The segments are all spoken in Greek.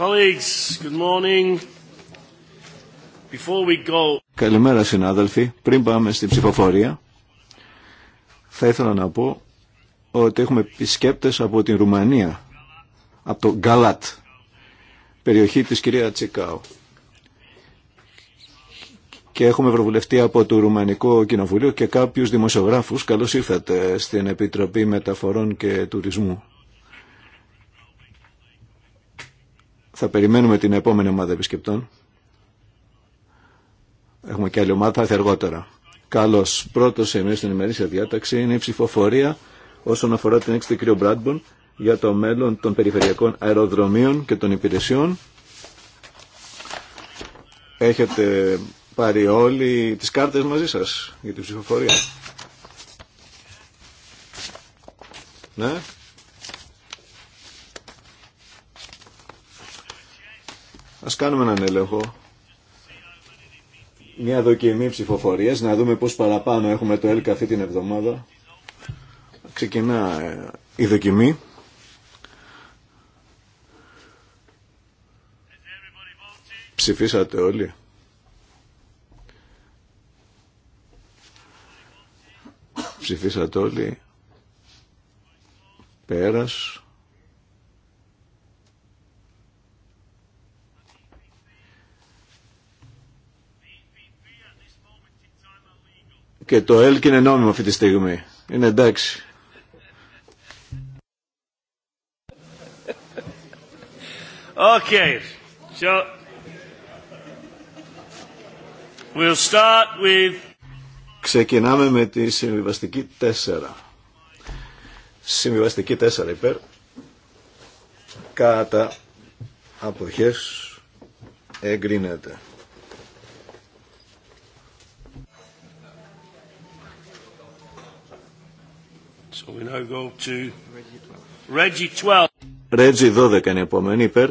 Colleagues, good morning. Καλημέρα συνάδελφοι. Πριν πάμε στην ψηφοφορία, θα ήθελα να πω ότι έχουμε επισκέπτες από την Ρουμανία, από το Γκαλάτ, περιοχή της κυρία Τσικάου. Και έχουμε ευρωβουλευτή από το Ρουμανικό Κοινοβουλίο και κάποιους δημοσιογράφους. Καλώς ήρθατε στην Επιτροπή Μεταφορών και Τουρισμού. Θα περιμένουμε την επόμενη ομάδα επισκεπτών. Έχουμε και άλλη ομάδα, θα έρθει αργότερα. Καλώ. Πρώτο σημείο στην ημερήσια διάταξη είναι η ψηφοφορία όσον αφορά την έξι του κ. Μπράντμπον για το μέλλον των περιφερειακών αεροδρομίων και των υπηρεσιών. Έχετε πάρει όλοι τις κάρτες μαζί σας για την ψηφοφορία. Ναι. Ας κάνουμε έναν έλεγχο. Μια δοκιμή ψηφοφορίας, να δούμε πώς παραπάνω έχουμε το ΕΛΚ αυτή την εβδομάδα. Ξεκινά ε, η δοκιμή. Ψηφίσατε όλοι. Ψηφίσατε όλοι. Πέρας. Και το ΕΛΚ είναι νόμιμο αυτή τη στιγμή. Είναι εντάξει. Okay. we'll start with... Ξεκινάμε με τη συμβιβαστική 4. Συμβιβαστική 4 υπέρ. Κατά αποχές εγκρίνεται. we 12. είναι επόμενη υπέρ.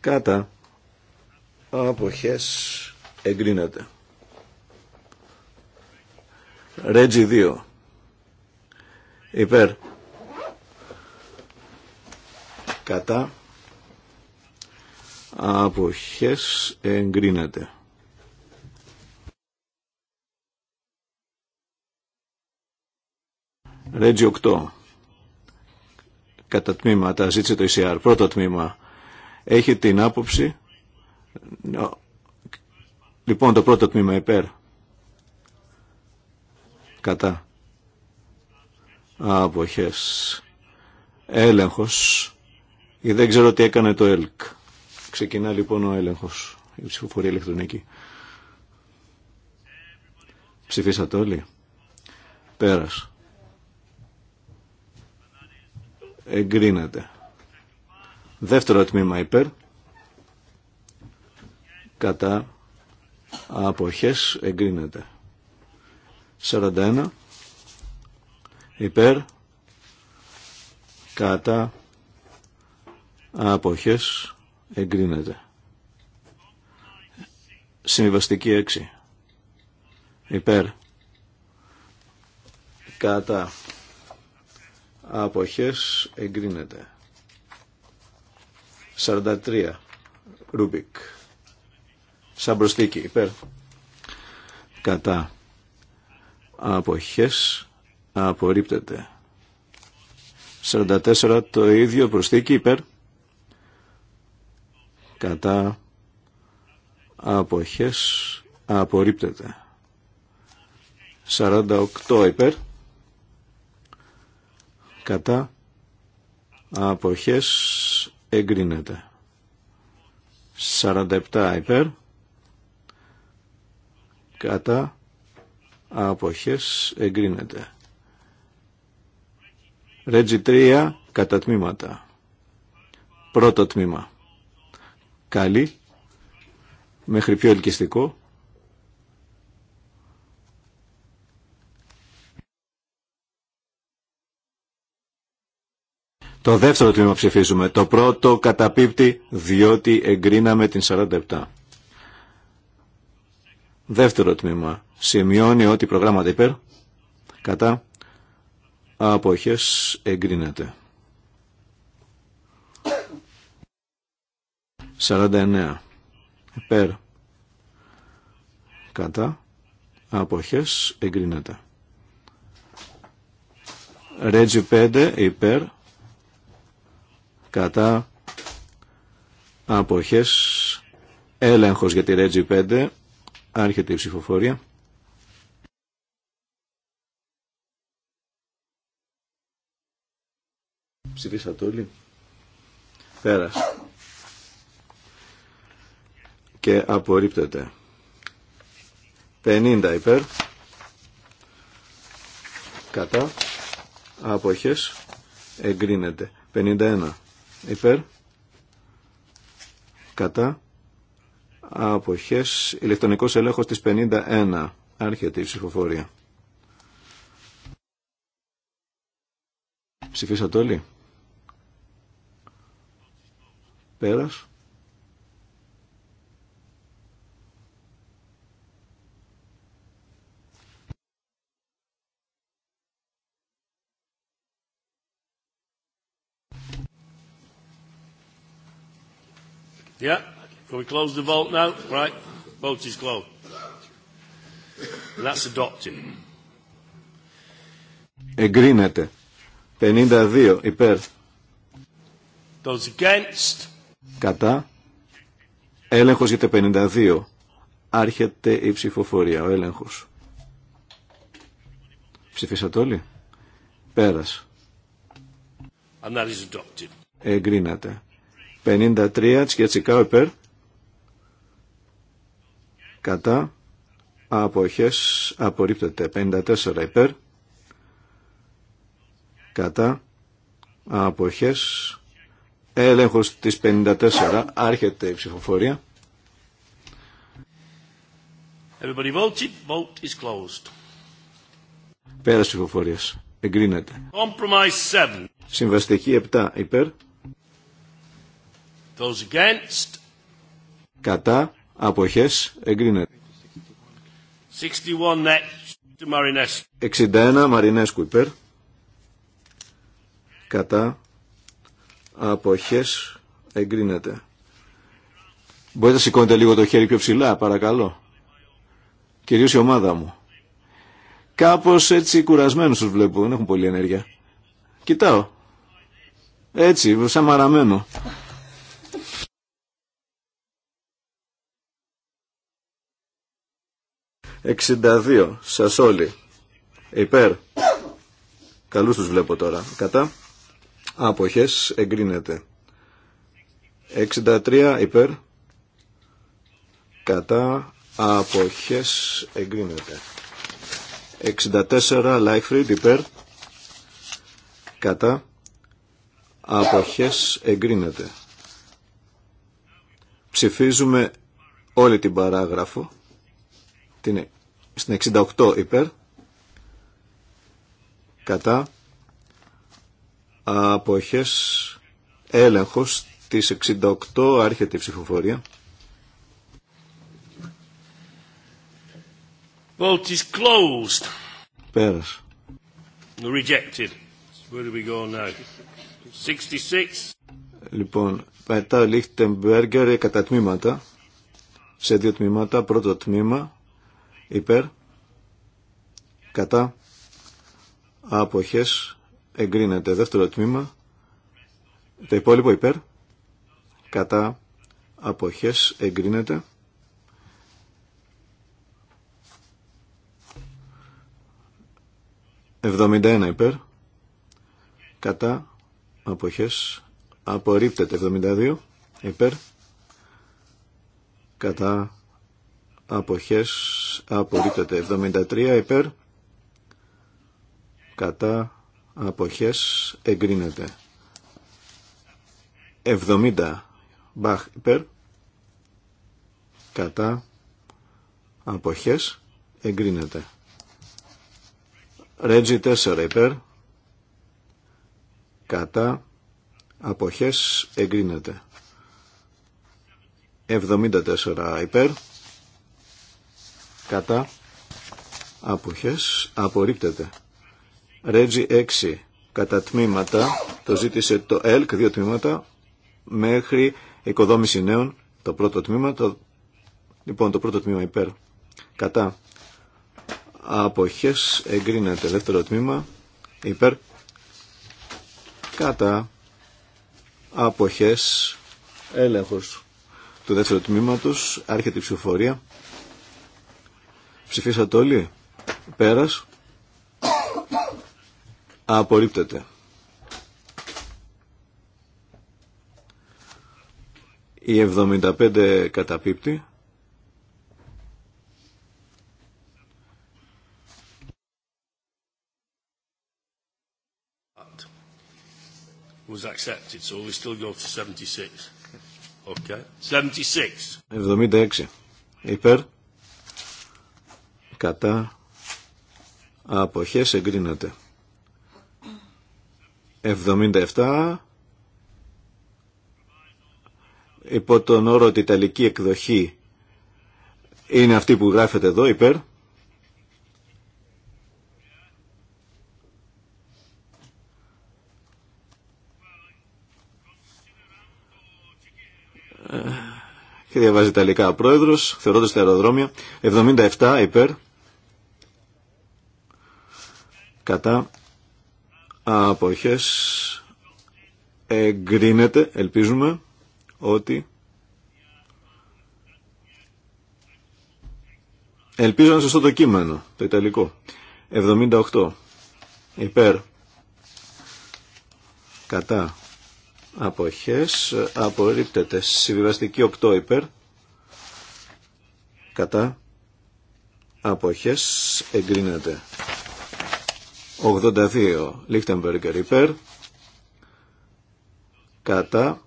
Κάτα. Αποχές εγκρίνεται. Ρέτζι 2. Υπέρ. Κατά. Αποχές εγκρίνεται. Ρέτζι 8. Κατά τμήματα, ζήτησε το ECR. Πρώτο τμήμα. Έχει την άποψη. Λοιπόν, το πρώτο τμήμα υπέρ. Κατά. Αποχές. Έλεγχος. Ή δεν ξέρω τι έκανε το ΕΛΚ. Ξεκινά λοιπόν ο έλεγχος. Η ψηφοφορία ηλεκτρονική. Ψηφίσατε όλοι. Πέρας. εγκρίνεται. Δεύτερο τμήμα υπέρ, κατά αποχές εγκρίνεται. 41 υπέρ, κατά αποχές εγκρίνεται. Συμβαστική 6 υπέρ, κατά Αποχές εγκρίνεται. 43. Ρούμπικ. Σαν προστίκη. Υπέρ. Κατά. Αποχές απορρίπτεται. 44. Το ίδιο προστίκι. Υπέρ. Κατά. Αποχές απορρίπτεται. 48. Υπέρ κατά αποχές εγκρίνεται 47 υπέρ κατά αποχές εγκρίνεται Ρέτζι 3 κατά τμήματα πρώτο τμήμα καλή μέχρι πιο ελκυστικό Το δεύτερο τμήμα ψηφίζουμε. Το πρώτο καταπίπτει διότι εγκρίναμε την 47. Δεύτερο τμήμα. Σημειώνει ότι προγράμματα υπέρ, κατά, αποχές εγκρίνεται. 49. Υπέρ, κατά, αποχές εγκρίνεται. Ρέτζι 5 υπέρ, κατά αποχές έλεγχος για τη Ρέτζι 5 άρχεται η ψηφοφορία ψηφίσατε όλοι πέρας και απορρίπτεται 50 υπέρ κατά αποχές εγκρίνεται 51 υπέρ κατά αποχές ηλεκτρονικός ελέγχος της 51 άρχεται η ψηφοφορία ψηφίσατε όλοι πέρας Yeah. Can we close the vote now? Right. Vote is closed. And that's adopted. Εγκρίνεται. 52 υπέρ. Those against. Κατά. Έλεγχος για τα 52. Άρχεται η ψηφοφορία, ο έλεγχος. Ψηφίσατε όλοι. Πέρας. And that is adopted. Εγκρίνεται. 53 της υπέρ κατά αποχές απορρίπτεται 54 υπέρ κατά αποχές έλεγχος της 54 άρχεται η ψηφοφορία Everybody voted. Vote is closed. Πέρας Εγκρίνεται. Compromise 7. Συμβαστική 7 υπέρ. Κατά αποχές εγκρίνεται. 61 next Marinescu. 61 Μαρινέσκου υπέρ. Κατά αποχές εγκρίνεται. Μπορείτε να σηκώνετε λίγο το χέρι πιο ψηλά, παρακαλώ. Κυρίως η ομάδα μου. Κάπως έτσι κουρασμένους τους βλέπω, δεν έχουν πολλή ενέργεια. Κοιτάω. Έτσι, σαν μαραμένο. 62. Σας όλοι. Υπέρ. Καλούς τους βλέπω τώρα. Κατά. Άποχες. Εγκρίνεται. 63. Υπέρ. Κατά. Άποχες. Εγκρίνεται. 64. Λάιχφριντ. Υπέρ. Κατά. Άποχες. Εγκρίνεται. Ψηφίζουμε όλη την παράγραφο την, στην 68 υπέρ κατά αποχές έλεγχος της 68 άρχεται η ψηφοφορία. is closed. Πέρας. Rejected. Where do we go now? 66. Λοιπόν, μετά Λίχτεμπεργκερ κατά τμήματα, σε δύο τμήματα, πρώτο τμήμα υπέρ κατά αποχές εγκρίνεται δεύτερο τμήμα το υπόλοιπο υπέρ κατά αποχές εγκρίνεται 71 ένα υπέρ κατά αποχές απορρίπτεται 72 υπέρ κατά αποχές απορρίπτεται 73 υπέρ κατά αποχές εγκρίνεται 70 μπαχ υπέρ κατά αποχές εγκρίνεται Ρέτζι 4 υπέρ κατά αποχές εγκρίνεται 74 υπέρ κατά αποχές απορρίπτεται. Ρέτζι 6 κατά τμήματα, το ζήτησε το ΕΛΚ, δύο τμήματα, μέχρι οικοδόμηση νέων, το πρώτο τμήμα, το... λοιπόν το πρώτο τμήμα υπέρ, κατά αποχές εγκρίνεται, δεύτερο τμήμα υπέρ, κατά αποχές έλεγχος του δεύτερου τμήματος, άρχεται η ψηφοφορία. Ψηφίσατε όλοι. Πέρας. Απορρίπτεται. Η 75 καταπίπτει. was accepted, so we still go to 76. Okay. 76. 76. Υπέρ κατά αποχές εγκρίνεται. 77 υπό τον όρο ότι η Ιταλική εκδοχή είναι αυτή που γράφεται εδώ υπέρ ε, και διαβάζει Ιταλικά ο πρόεδρος θεωρώντας τα αεροδρόμια 77 υπέρ κατά αποχές εγκρίνεται, ελπίζουμε ότι ελπίζω να είναι σωστό το κείμενο, το ιταλικό 78 υπέρ κατά αποχές απορρίπτεται συμβιβαστική 8 υπέρ κατά αποχές εγκρίνεται 82 Λίχτεμπεργκερ υπέρ κατά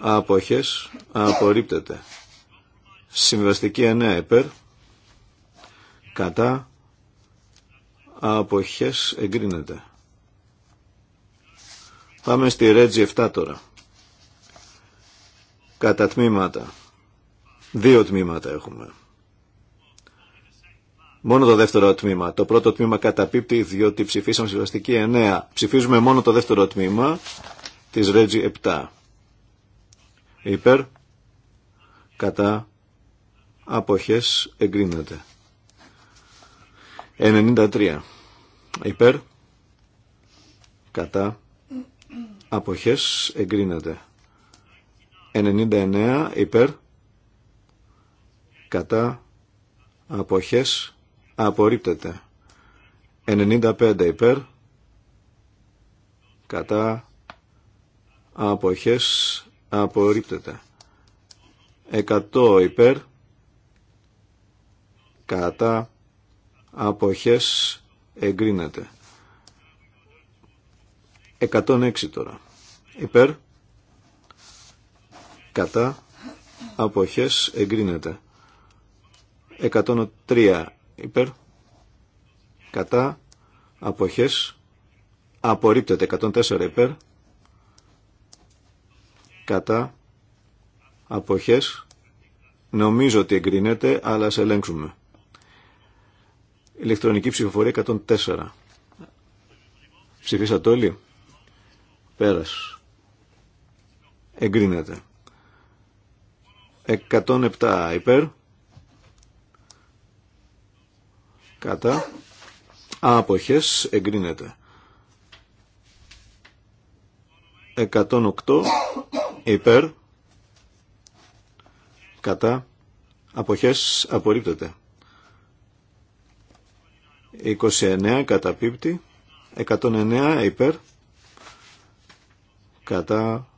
άποχες απορρίπτεται. Συμβαστική 9 υπέρ κατά αποχές εγκρίνεται. Πάμε στη Ρέτζι 7 τώρα. Κατά τμήματα. Δύο τμήματα έχουμε. Μόνο το δεύτερο τμήμα. Το πρώτο τμήμα καταπίπτει διότι ψηφίσαμε συμβαστική 9. Ψηφίζουμε μόνο το δεύτερο τμήμα της Ρέτζι 7. Υπέρ, κατά, αποχές, εγκρίνεται. 93. Υπέρ, κατά, αποχές, εγκρίνεται. 99. Υπέρ, κατά, αποχές, απορρίπτεται. 95 υπέρ κατά αποχές απορρίπτεται. 100 υπέρ κατά αποχές εγκρίνεται. 106 τώρα. Υπέρ κατά αποχές εγκρίνεται. 103 υπέρ κατά αποχές απορρίπτεται 104 υπέρ κατά αποχές νομίζω ότι εγκρίνεται αλλά σε ελέγξουμε ηλεκτρονική ψηφοφορία 104 ψηφίσατε όλοι πέρας εγκρίνεται 107 υπέρ κατά άποχες εγκρίνεται 108 υπέρ κατά αποχές απορρίπτεται 29 καταπίπτει 109 υπέρ κατά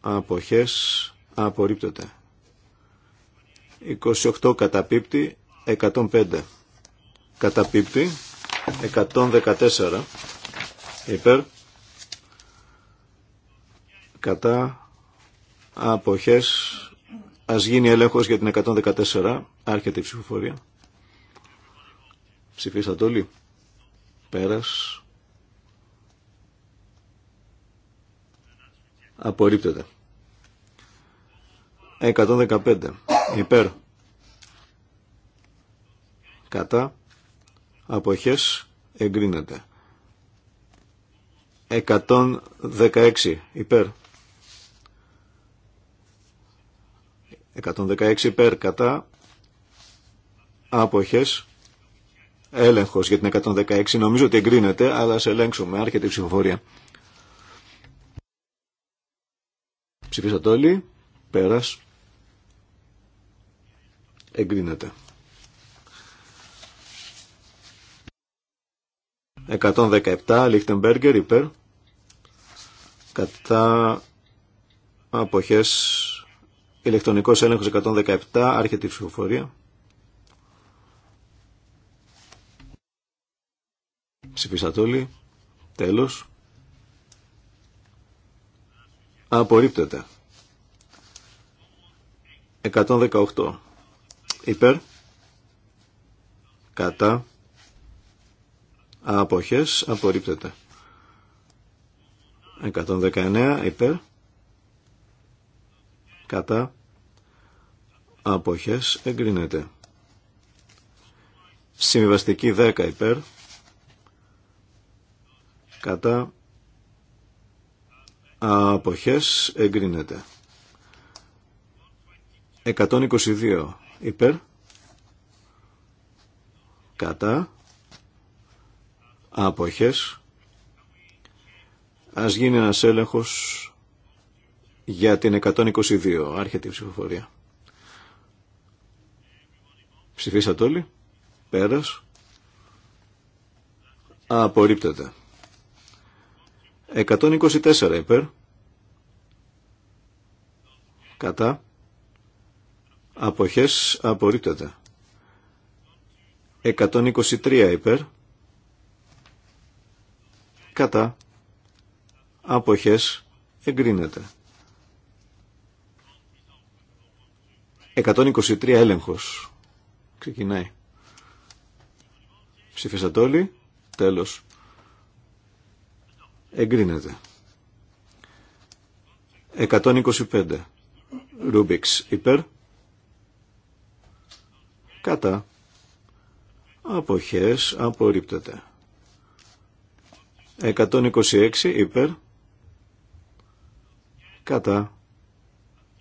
αποχές απορρίπτεται 28 καταπίπτει 105 Κατά πίπτη 114 υπέρ κατά αποχές ας γίνει ελέγχος για την 114 άρχεται η ψηφοφορία ψηφίσατε όλοι πέρας απορρίπτεται 115 υπέρ κατά αποχές εγκρίνεται. 116 υπέρ. 116 υπέρ κατά άποχες έλεγχος για την 116 νομίζω ότι εγκρίνεται αλλά σε ελέγξουμε άρχεται η ψηφοφορία ψηφίσατε όλοι πέρας εγκρίνεται 117 Λίχτεμπεργκερ υπέρ κατά αποχές ηλεκτρονικός έλεγχος 117 άρχεται η ψηφοφορία ψηφίσατε όλοι τέλος απορρίπτεται 118 υπέρ κατά αποχές απορρίπτεται 119 υπέρ κατά αποχές εγκρίνεται συμβιβαστική 10 υπέρ κατά αποχές εγκρίνεται 122 υπέρ κατά αποχές ας γίνει ένας έλεγχος για την 122 άρχεται η ψηφοφορία ψηφίσατε όλοι πέρας απορρίπτεται 124 υπέρ κατά αποχές απορρίπτεται 123 υπέρ κατά αποχές εγκρίνεται. 123 έλεγχος. Ξεκινάει. Ψηφίσατε Τέλος. Εγκρίνεται. 125. Ρούμπιξ υπέρ. Κατά. Αποχές απορρίπτεται. 126 υπέρ κατά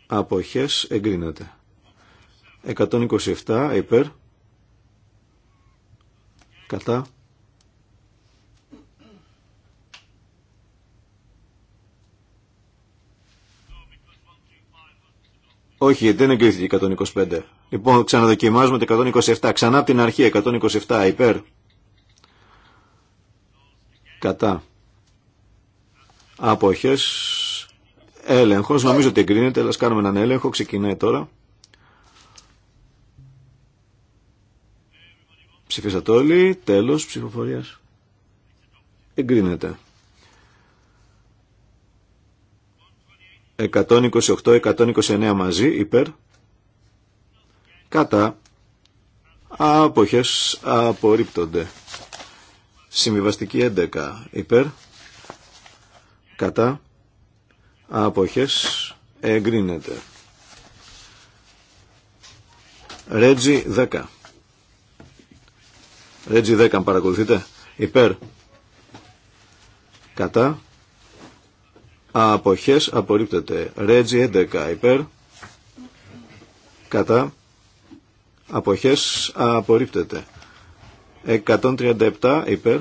αποχές εγκρίνεται 127 υπέρ κατά Όχι, δεν εγκρίθηκε 125. Λοιπόν, ξαναδοκιμάζουμε το 127. Ξανά από την αρχή, 127 υπέρ κατά αποχές έλεγχος νομίζω ότι εγκρίνεται αλλά κάνουμε έναν έλεγχο ξεκινάει τώρα ψηφίσατε όλοι τέλος ψηφοφορίας εγκρίνεται 128-129 μαζί υπέρ κατά αποχές απορρίπτονται Συμβιβαστική 11 υπέρ κατά άποχες εγκρίνεται. Ρέτζι 10. Ρέτζι 10 αν παρακολουθείτε. Υπέρ. Κατά. Αποχές απορρίπτεται. Ρέτζι 11 υπέρ. Κατά. Αποχές απορρίπτεται. 137 υπέρ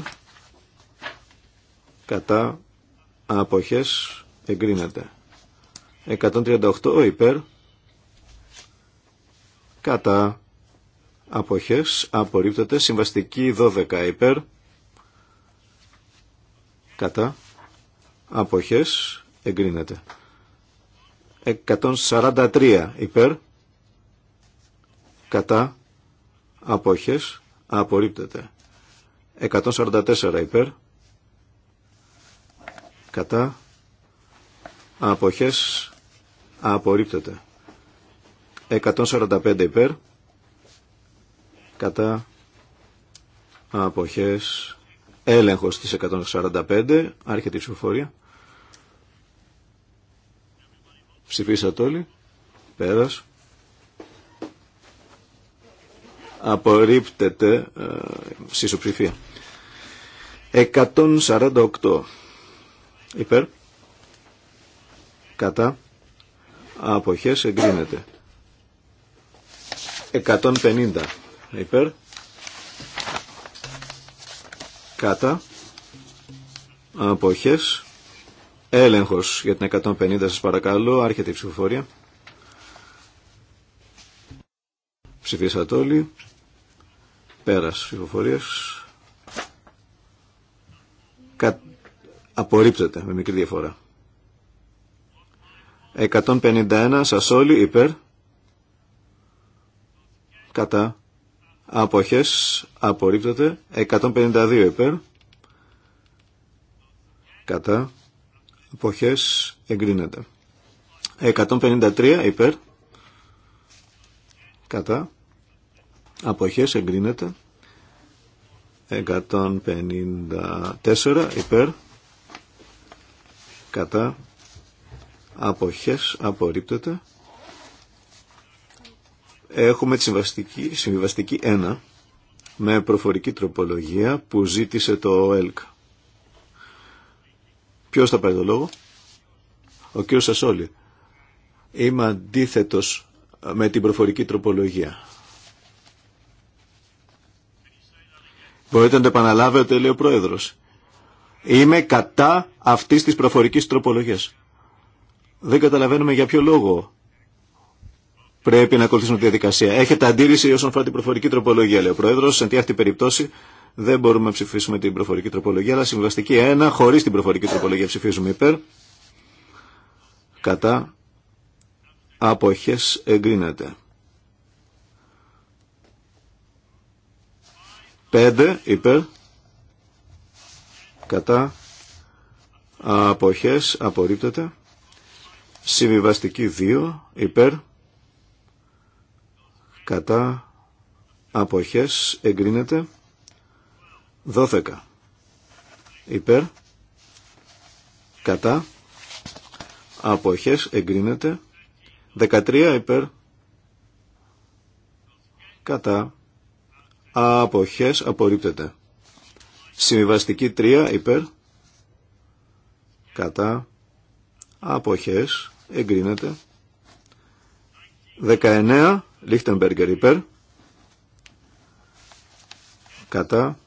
κατά αποχές εγκρίνεται 138 υπέρ κατά αποχές απορρίπτεται συμβαστική 12 υπέρ κατά αποχές εγκρίνεται 143 υπέρ κατά αποχές απορρίπτεται. 144 υπέρ, κατά, αποχές, απορρίπτεται. 145 υπέρ, κατά, αποχές, έλεγχος της 145, άρχεται η ψηφοφορία. Ψηφίσατε όλοι, πέρας απορρίπτεται ε, στη ισοψηφία. 148 υπέρ κατά αποχές εγκρίνεται 150 υπέρ κατά αποχές έλεγχος για την 150 σας παρακαλώ άρχεται η ψηφοφορία Ψηφίσατε όλοι. Πέρας ψηφοφορίας. Κα... Απορρίπτεται με μικρή διαφορά. 151 σας όλοι υπέρ. Κατά. Αποχές απορρίπτεται. 152 υπέρ. Κατά. Αποχές εγκρίνεται. 153 υπέρ. Κατά αποχές εγκρίνεται 154 υπέρ κατά αποχές απορρίπτεται έχουμε τη συμβαστική, συμβιβαστική 1 με προφορική τροπολογία που ζήτησε το ΕΛΚ ποιος θα πάρει το λόγο ο κύριος Σασόλη είμαι αντίθετος με την προφορική τροπολογία Μπορείτε να το επαναλάβετε, λέει ο Πρόεδρος. Είμαι κατά αυτής τη προφορική τροπολογία. Δεν καταλαβαίνουμε για ποιο λόγο πρέπει να ακολουθήσουμε τη διαδικασία. Έχετε αντίρρηση όσον αφορά την προφορική τροπολογία, λέει ο Πρόεδρος. Σε αυτή αυτή περιπτώση δεν μπορούμε να ψηφίσουμε την προφορική τροπολογία, αλλά συμβαστική ένα χωρί την προφορική τροπολογία ψηφίζουμε υπέρ. Κατά αποχές εγκρίνεται. 5 υπέρ κατά αποχές απορρίπτεται συμβιβαστική 2 υπέρ κατά αποχές εγκρίνεται 12 υπέρ κατά αποχές εγκρίνεται 13 υπέρ κατά αποχές απορρίπτεται. Συμβιβαστική 3 υπέρ κατά αποχές εγκρίνεται. 19 Λίχτεμπεργκερ υπέρ κατά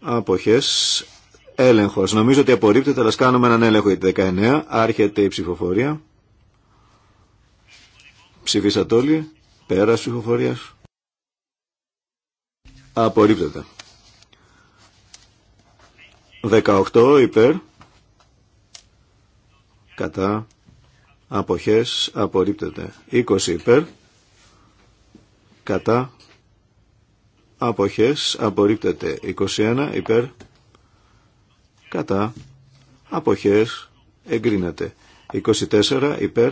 αποχές έλεγχος. Νομίζω ότι απορρίπτεται, αλλά κάνουμε έναν έλεγχο για τη 19. Άρχεται η ψηφοφορία. Ψηφίσατε όλοι. Πέρας ψηφοφορίας. Απορρίπτεται. 18 υπέρ. Κατά. Αποχές. Απορρίπτεται. 20 υπέρ. Κατά. Αποχές. Απορρίπτεται. 21 υπέρ. Κατά. Αποχές. Εγκρίνεται. 24 υπέρ.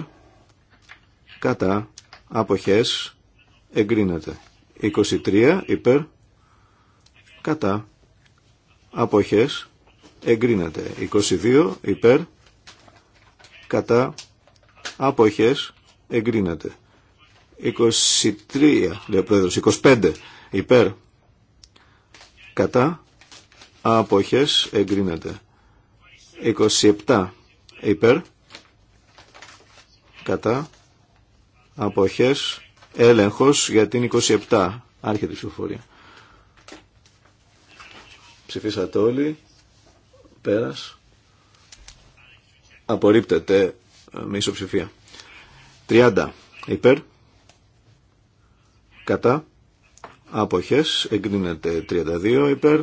Κατά. Αποχές. Εγκρίνεται. 23 υπέρ κατά αποχές εγκρίνεται 22 υπέρ κατά αποχές εγκρίνεται 23 λέει ο πρόεδρος 25 υπέρ κατά αποχές εγκρίνεται 27 υπέρ κατά αποχές έλεγχος για την 27 άρχεται η ψηφοφορία Ψηφίσατε όλοι. Πέρας. Απορρίπτεται ε, με ισοψηφία. 30 υπέρ. Κατά. Άποχες. Εγκρίνεται 32 υπέρ.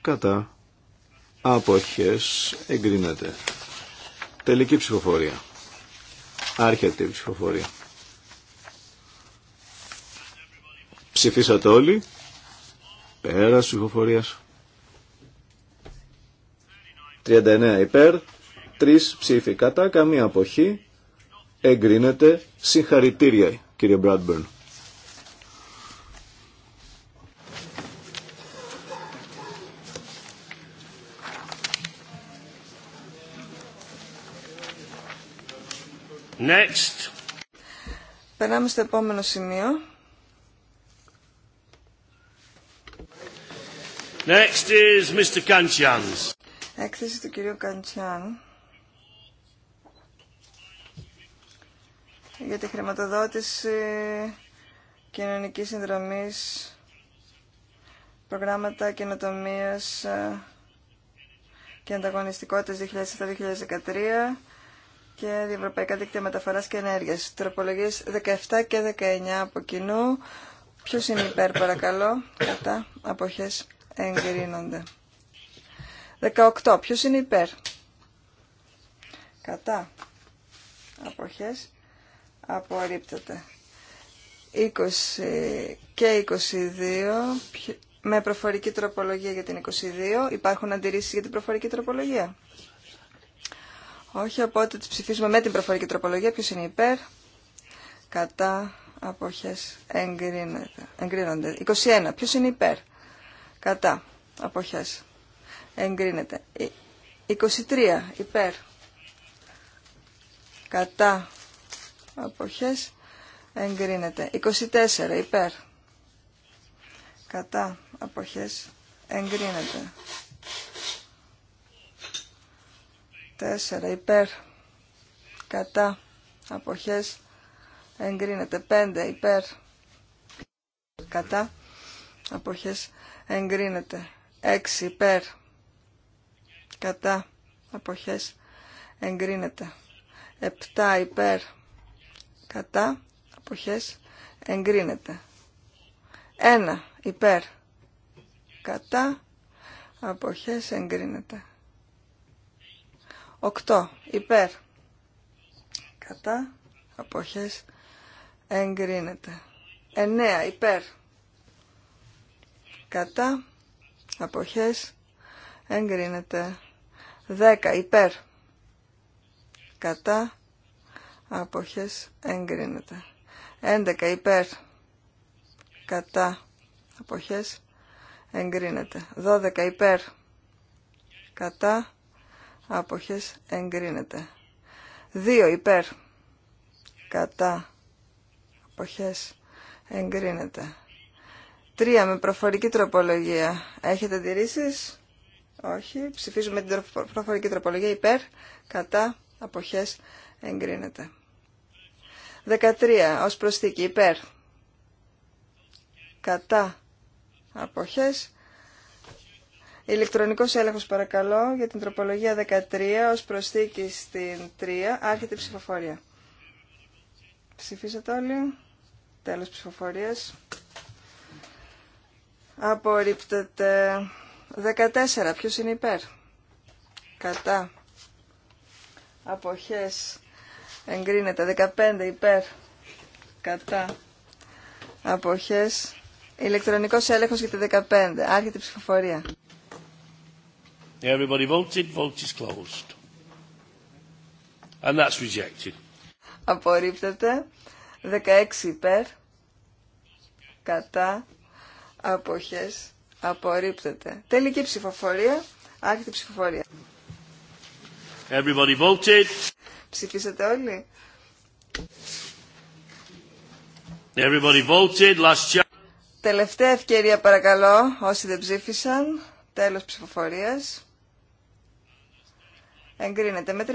Κατά. Άποχες. Εγκρίνεται. Τελική ψηφοφορία. Άρχεται η ψηφοφορία. Ψηφίσατε όλοι. Πέρας ψηφοφορίας. 39 υπέρ, 3 ψήφοι κατά, καμία αποχή. Εγκρίνεται. Συγχαρητήρια κύριε Μπράντμπερν. Next. Περνάμε στο επόμενο σημείο. Next is Mr. Έκθεση του κυρίου Καντσιάν για τη χρηματοδότηση κοινωνικής συνδρομής προγράμματα καινοτομίας και ανταγωνιστικότητας 2007-2013 και διευρωπαϊκά δίκτυα μεταφοράς και ενέργειας. Τροπολογίες 17 και 19 από κοινού. Ποιος είναι υπέρ παρακαλώ, κατά, αποχές εγκρίνονται. 18. Ποιος είναι υπέρ. Κατά. Αποχές. Απορρίπτεται. 20 και 22. Με προφορική τροπολογία για την 22. Υπάρχουν αντιρρήσεις για την προφορική τροπολογία. Όχι, οπότε τις ψηφίζουμε με την προφορική τροπολογία. Ποιος είναι υπέρ. Κατά. Αποχές. Εγκρίνονται. 21. Ποιος είναι υπέρ. Κατά. Αποχές. Εγκρίνεται. 23. Ε, Υπέρ. Κατά. Αποχές. Εγκρίνεται. 24. Υπέρ. Κατά. Αποχές. Εγκρίνεται. 4. Υπέρ. Κατά. Αποχές. Εγκρίνεται. 5. Υπέρ. Κατά. Αποχές εγκρίνεται. 6 υπέρ κατά αποχές εγκρίνεται. 7 υπέρ κατά αποχές εγκρίνεται. 1 υπέρ κατά αποχές εγκρίνεται. 8 υπέρ κατά αποχές εγκρίνεται. 9 υπέρ κατά, αποχές, εγκρίνεται. 10 υπέρ, κατά, αποχές, εγκρίνεται. 11 υπέρ, κατά, αποχές, εγκρίνεται. 12 υπέρ, κατά, αποχές, εγκρίνεται. 2 υπέρ, κατά, αποχές, εγκρίνεται. 3 με προφορική τροπολογία. Έχετε αντιρρήσει. Όχι. Ψηφίζουμε την προφορική τροπολογία υπέρ, κατά, αποχές, εγκρίνεται. 13 ως προσθήκη υπέρ, κατά, αποχές. Ηλεκτρονικός έλεγχος παρακαλώ για την τροπολογία 13 ως προσθήκη στην 3. Άρχεται η ψηφοφορία. Ψηφίσατε όλοι. Τέλος ψηφοφορίας. Απορρίπτεται. 14. Ποιος είναι υπέρ. Κατά. Αποχές. Εγκρίνεται. 15. Υπέρ. Κατά. Αποχές. Ηλεκτρονικός έλεγχος για τη 15. Άρχεται η ψηφοφορία. Everybody voted. Vote is closed. And that's rejected. Απορρίπτεται. 16 υπέρ. Κατά αποχές απορρίπτεται. Τελική ψηφοφορία, άρχιτη ψηφοφορία. Everybody voted. Ψηφίσατε όλοι. Everybody voted. Last year. Τελευταία ευκαιρία παρακαλώ όσοι δεν ψήφισαν. Τέλος ψηφοφορίας. Εγκρίνεται με 35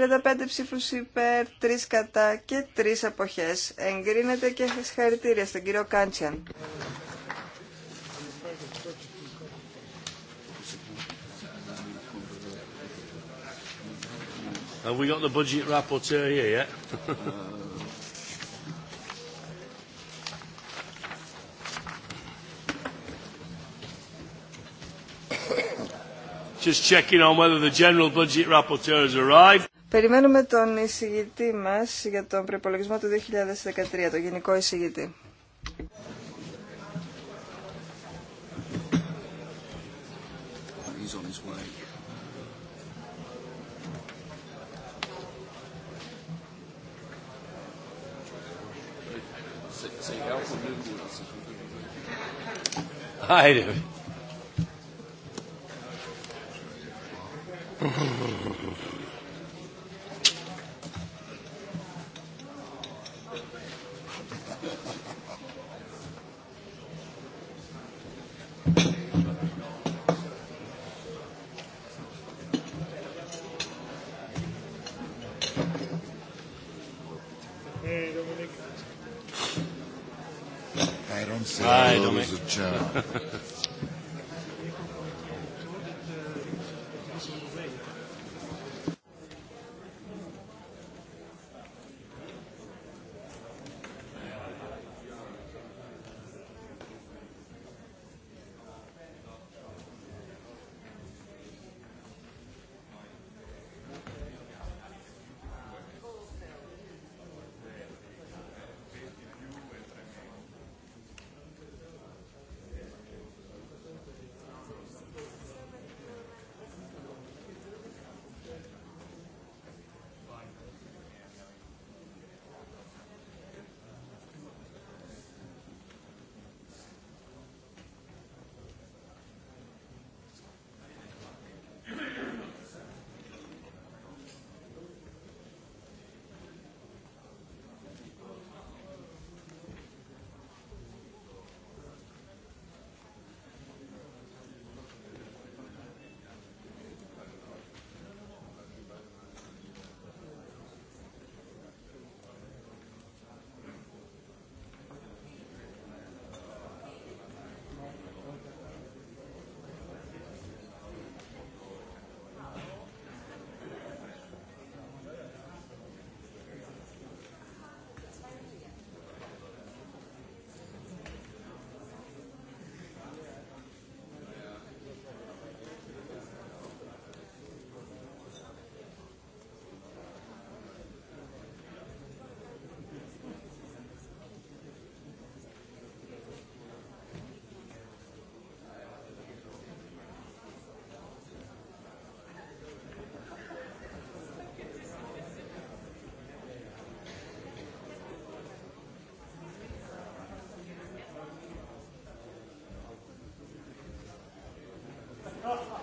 ψήφους υπέρ, 3 κατά και 3 αποχές. Εγκρίνεται και συγχαρητήρια στον κύριο Κάντσιαν. Have we got the budget rapporteur here yet? Just checking on whether the general budget rapporteur has arrived. Περιμένουμε τον εισηγητή μας για τον προϋπολογισμό του 2013, τον γενικό εισηγητή. I do. Ευχαριστώ.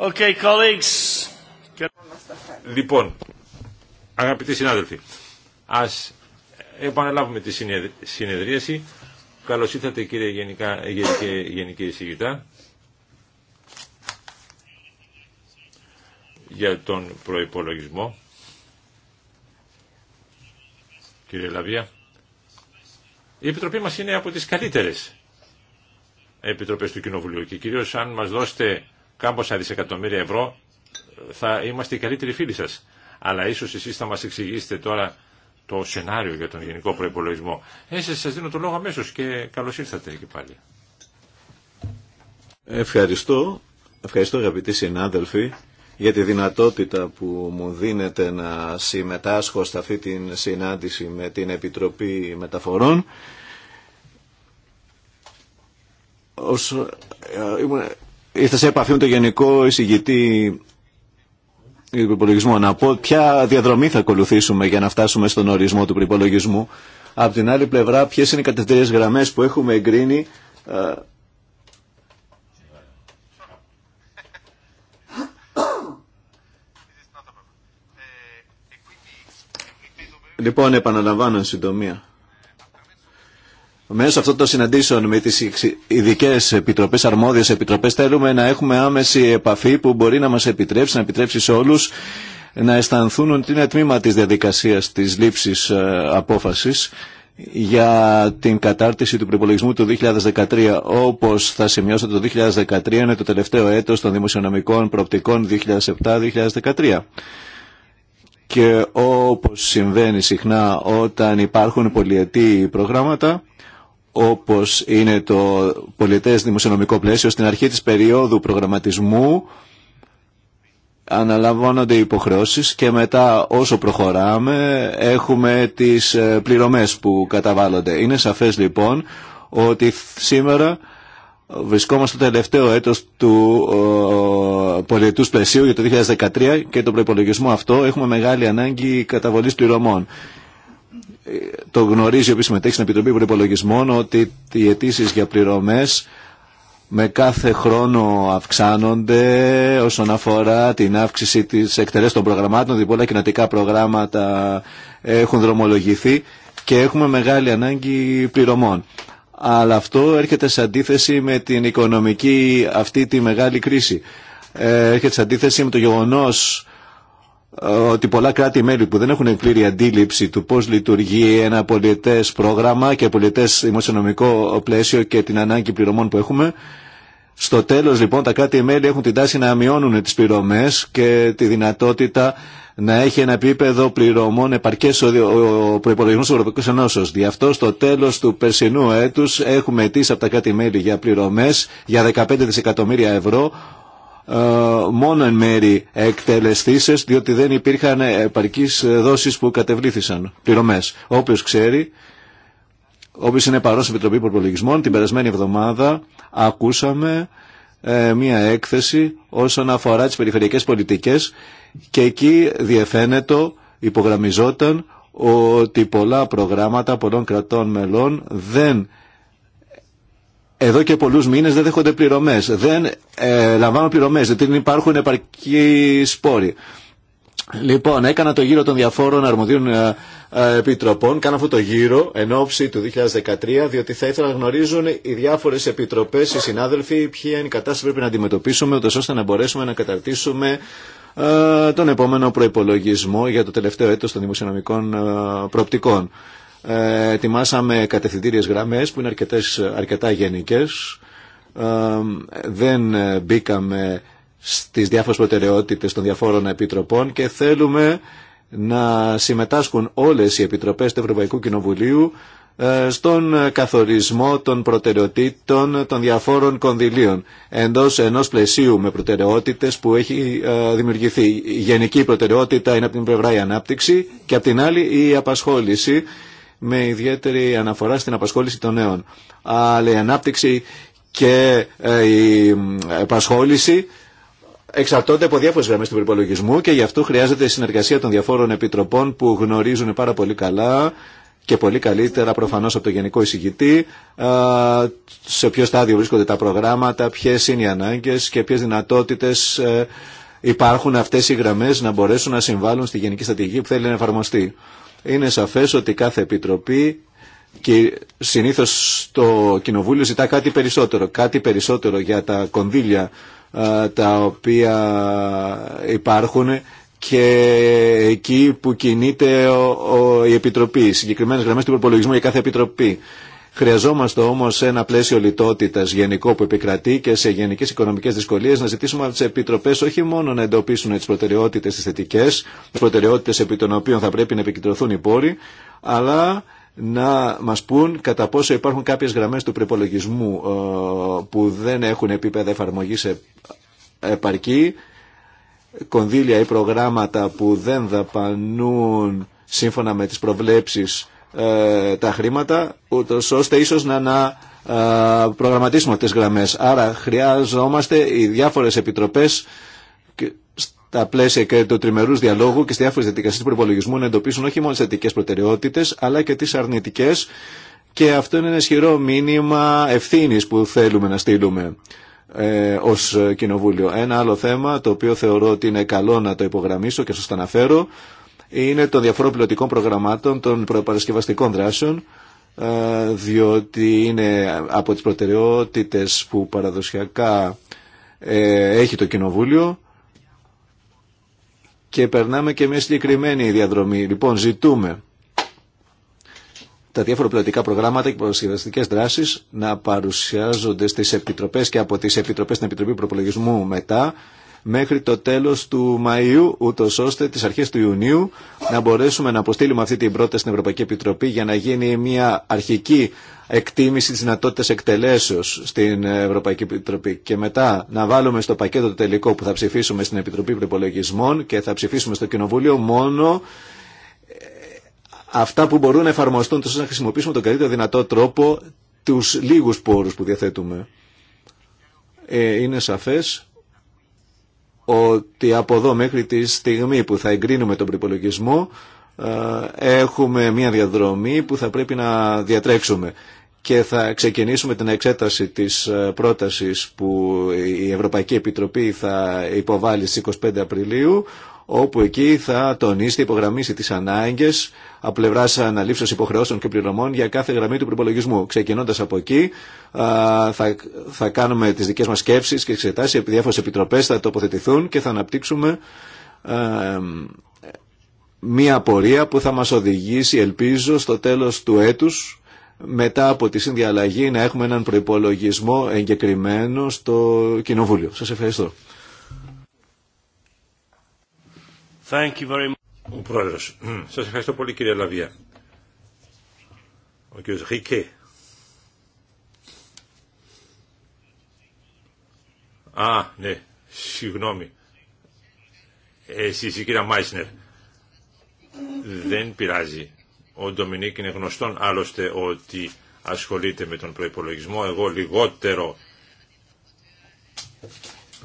Okay, colleagues. Λοιπόν, αγαπητοί συνάδελφοι, ας επαναλάβουμε τη συνεδρίαση. Καλώς ήρθατε κύριε Γενικά, Γενική, Γενική για τον προϋπολογισμό. Κύριε Λαβία, η Επιτροπή μας είναι από τις καλύτερες Επιτροπές του Κοινοβουλίου και κυρίως αν μας δώσετε κάμποσα δισεκατομμύρια ευρώ ε, θα είμαστε οι καλύτεροι φίλοι σας. Αλλά ίσως εσείς θα μας εξηγήσετε τώρα το σενάριο για τον γενικό προϋπολογισμό. Έτσι ε, σας δίνω το λόγο αμέσω και καλώς ήρθατε και πάλι. Ευχαριστώ. Ευχαριστώ αγαπητοί συνάδελφοι για τη δυνατότητα που μου δίνετε να συμμετάσχω σε αυτή την συνάντηση με την Επιτροπή Μεταφορών. Ε, Ήρθα σε επαφή με τον Γενικό Εισηγητή Υπολογισμού να πω ποια διαδρομή θα ακολουθήσουμε για να φτάσουμε στον ορισμό του προπολογισμού. Απ' την άλλη πλευρά, ποιε είναι οι κατευθυντήριε γραμμέ που έχουμε εγκρίνει ε, Λοιπόν, επαναλαμβάνω συντομία. Μέσω αυτών των συναντήσεων με τις ειδικέ επιτροπές, αρμόδιες επιτροπές, θέλουμε να έχουμε άμεση επαφή που μπορεί να μας επιτρέψει, να επιτρέψει σε όλους να αισθανθούν ότι είναι τμήμα της διαδικασίας της λήψης ε, απόφασης για την κατάρτιση του προπολογισμού του 2013. Όπως θα σημειώσω το 2013 είναι το τελευταίο έτος των δημοσιονομικών προοπτικών 2007-2013. Και όπως συμβαίνει συχνά όταν υπάρχουν πολυετή προγράμματα, όπως είναι το πολιτές δημοσιονομικό πλαίσιο, στην αρχή της περίοδου προγραμματισμού αναλαμβάνονται οι υποχρεώσεις και μετά όσο προχωράμε έχουμε τις ε, πληρωμές που καταβάλλονται. Είναι σαφές λοιπόν ότι σήμερα βρισκόμαστε το τελευταίο έτος του πολιτού πλαισίου για το 2013 και τον προπολογισμό αυτό έχουμε μεγάλη ανάγκη καταβολής πληρωμών το γνωρίζει όποιος συμμετέχει στην Επιτροπή Προπολογισμών ότι οι αιτήσει για πληρωμές με κάθε χρόνο αυξάνονται όσον αφορά την αύξηση της εκτελέσεις των προγραμμάτων, διότι πολλά κοινοτικά προγράμματα έχουν δρομολογηθεί και έχουμε μεγάλη ανάγκη πληρωμών. Αλλά αυτό έρχεται σε αντίθεση με την οικονομική αυτή τη μεγάλη κρίση. Ε, έρχεται σε αντίθεση με το γεγονός ότι πολλά κράτη-μέλη που δεν έχουν πλήρη αντίληψη του πώς λειτουργεί ένα πολιτές πρόγραμμα και πολιτές δημοσιονομικό πλαίσιο και την ανάγκη πληρωμών που έχουμε, στο τέλος λοιπόν τα κράτη-μέλη έχουν την τάση να μειώνουν τις πληρωμές και τη δυνατότητα να έχει ένα επίπεδο πληρωμών επαρκέ ο προπολογισμό τη Ευρωπαϊκή Ενώσεω. Γι' αυτό στο τέλο του περσινού έτου έχουμε αιτήσει από τα κράτη-μέλη για πληρωμέ για 15 δισεκατομμύρια ευρώ ε, μόνο εν μέρη εκτελεστήσεις διότι δεν υπήρχαν επαρκείς δόσεις που κατεβλήθησαν πληρωμές. Όποιος ξέρει, όποιος είναι παρόν στην Επιτροπή Προπολογισμών, την περασμένη εβδομάδα ακούσαμε ε, μία έκθεση όσον αφορά τις περιφερειακές πολιτικές και εκεί διεφαίνεται, υπογραμμιζόταν ότι πολλά προγράμματα πολλών κρατών μελών δεν εδώ και πολλούς μήνες δεν δέχονται πληρωμές. Δεν ε, λαμβάνουν πληρωμές, γιατί δεν υπάρχουν επαρκή σπόροι. Λοιπόν, έκανα το γύρο των διαφόρων αρμοδίων ε, ε, επιτροπών. Κάνω αυτό το γύρο εν ώψη του 2013, διότι θα ήθελα να γνωρίζουν οι διάφορες επιτροπές, οι συνάδελφοι, ποια είναι η κατάσταση που πρέπει να αντιμετωπίσουμε, ώστε να μπορέσουμε να καταρτήσουμε ε, τον επόμενο προϋπολογισμό για το τελευταίο έτος των δημοσιονομικών προοπτικών. Ε, ετοιμάσαμε κατευθυντήριες γραμμές που είναι αρκετές, αρκετά γενικές. Ε, δεν μπήκαμε στις διάφορες προτεραιότητες των διαφόρων επιτροπών και θέλουμε να συμμετάσχουν όλες οι επιτροπές του Ευρωπαϊκού Κοινοβουλίου ε, στον καθορισμό των προτεραιοτήτων των διαφόρων κονδυλίων εντός ενός πλαισίου με προτεραιότητες που έχει δημιουργηθεί. Η γενική προτεραιότητα είναι από την πλευρά η ανάπτυξη και από την άλλη η απασχόληση με ιδιαίτερη αναφορά στην απασχόληση των νέων. Αλλά η ανάπτυξη και ε, η απασχόληση εξαρτώνται από διάφορε γραμμέ του προπολογισμού και γι' αυτό χρειάζεται η συνεργασία των διαφόρων επιτροπών που γνωρίζουν πάρα πολύ καλά και πολύ καλύτερα προφανώς από το Γενικό Εισηγητή ε, σε ποιο στάδιο βρίσκονται τα προγράμματα, ποιες είναι οι ανάγκες και ποιες δυνατότητες ε, υπάρχουν αυτές οι γραμμές να μπορέσουν να συμβάλλουν στη γενική στρατηγική που θέλει να εφαρμοστεί. Είναι σαφές ότι κάθε επιτροπή και συνήθως το Κοινοβούλιο ζητά κάτι περισσότερο, κάτι περισσότερο για τα κονδύλια τα οποία υπάρχουν και εκεί που κινείται η Επιτροπή, συγκεκριμένες γραμμές του προπολογισμού για κάθε Επιτροπή. Χρειαζόμαστε όμω ένα πλαίσιο λιτότητα γενικό που επικρατεί και σε γενικέ οικονομικέ δυσκολίε να ζητήσουμε από τι επιτροπέ όχι μόνο να εντοπίσουν τι προτεραιότητε τι θετικέ, τι προτεραιότητε επί των οποίων θα πρέπει να επικεντρωθούν οι πόροι, αλλά να μα πούν κατά πόσο υπάρχουν κάποιε γραμμέ του προπολογισμού ε, που δεν έχουν επίπεδα σε επαρκή, κονδύλια ή προγράμματα που δεν δαπανούν σύμφωνα με τι προβλέψει ε, τα χρήματα, ούτως ώστε ίσως να, να ε, προγραμματίσουμε αυτές τις γραμμές. Άρα χρειάζομαστε οι διάφορες επιτροπές στα πλαίσια και του τριμερούς διαλόγου και στις διάφορε διαδικασίε του προπολογισμού να εντοπίσουν όχι μόνο τι θετικέ προτεραιότητες, αλλά και τι αρνητικέ, και αυτό είναι ένα ισχυρό μήνυμα ευθύνη που θέλουμε να στείλουμε ε, ως κοινοβούλιο. Ένα άλλο θέμα το οποίο θεωρώ ότι είναι καλό να το υπογραμμίσω και σα το αναφέρω είναι των διαφόρων πιλωτικών προγραμμάτων, των προπαρασκευαστικών δράσεων, ε, διότι είναι από τις προτεραιότητες που παραδοσιακά ε, έχει το Κοινοβούλιο και περνάμε και μια συγκεκριμένη διαδρομή. Λοιπόν, ζητούμε τα διάφορα πιλωτικά προγράμματα και παρασκευαστικέ δράσεις να παρουσιάζονται στις επιτροπές και από τις επιτροπέ στην Επιτροπή Προπολογισμού μετά μέχρι το τέλος του Μαΐου, ούτω ώστε τις αρχές του Ιουνίου να μπορέσουμε να αποστείλουμε αυτή την πρόταση στην Ευρωπαϊκή Επιτροπή για να γίνει μια αρχική εκτίμηση της δυνατότητα εκτελέσεως στην Ευρωπαϊκή Επιτροπή και μετά να βάλουμε στο πακέτο το τελικό που θα ψηφίσουμε στην Επιτροπή Προπολογισμών και θα ψηφίσουμε στο Κοινοβούλιο μόνο ε, αυτά που μπορούν να εφαρμοστούν τόσο να χρησιμοποιήσουμε τον καλύτερο δυνατό τρόπο τους λίγους πόρους που διαθέτουμε. Ε, είναι σαφές ότι από εδώ μέχρι τη στιγμή που θα εγκρίνουμε τον προπολογισμό ε, έχουμε μια διαδρομή που θα πρέπει να διατρέξουμε και θα ξεκινήσουμε την εξέταση της ε, πρότασης που η Ευρωπαϊκή Επιτροπή θα υποβάλει στις 25 Απριλίου όπου εκεί θα τονίσει και υπογραμμίσει τι ανάγκε από πλευρά αναλήψεω υποχρεώσεων και πληρωμών για κάθε γραμμή του προπολογισμού. Ξεκινώντα από εκεί, θα, θα κάνουμε τι δικέ μα σκέψει και εξετάσει, επειδή διάφορε επιτροπέ θα τοποθετηθούν και θα αναπτύξουμε μία πορεία που θα μα οδηγήσει, ελπίζω, στο τέλο του έτου, μετά από τη συνδιαλλαγή, να έχουμε έναν προϋπολογισμό εγκεκριμένο στο Κοινοβούλιο. Σας ευχαριστώ. Thank Ο Πρόεδρος. Σας ευχαριστώ πολύ κύριε Λαβία. Ο κύριος Ρίκε. Α, ναι, συγγνώμη. Εσείς η κυρία Μάισνερ. Δεν πειράζει. Ο Ντομινίκ είναι γνωστόν άλλωστε ότι ασχολείται με τον προϋπολογισμό. Εγώ λιγότερο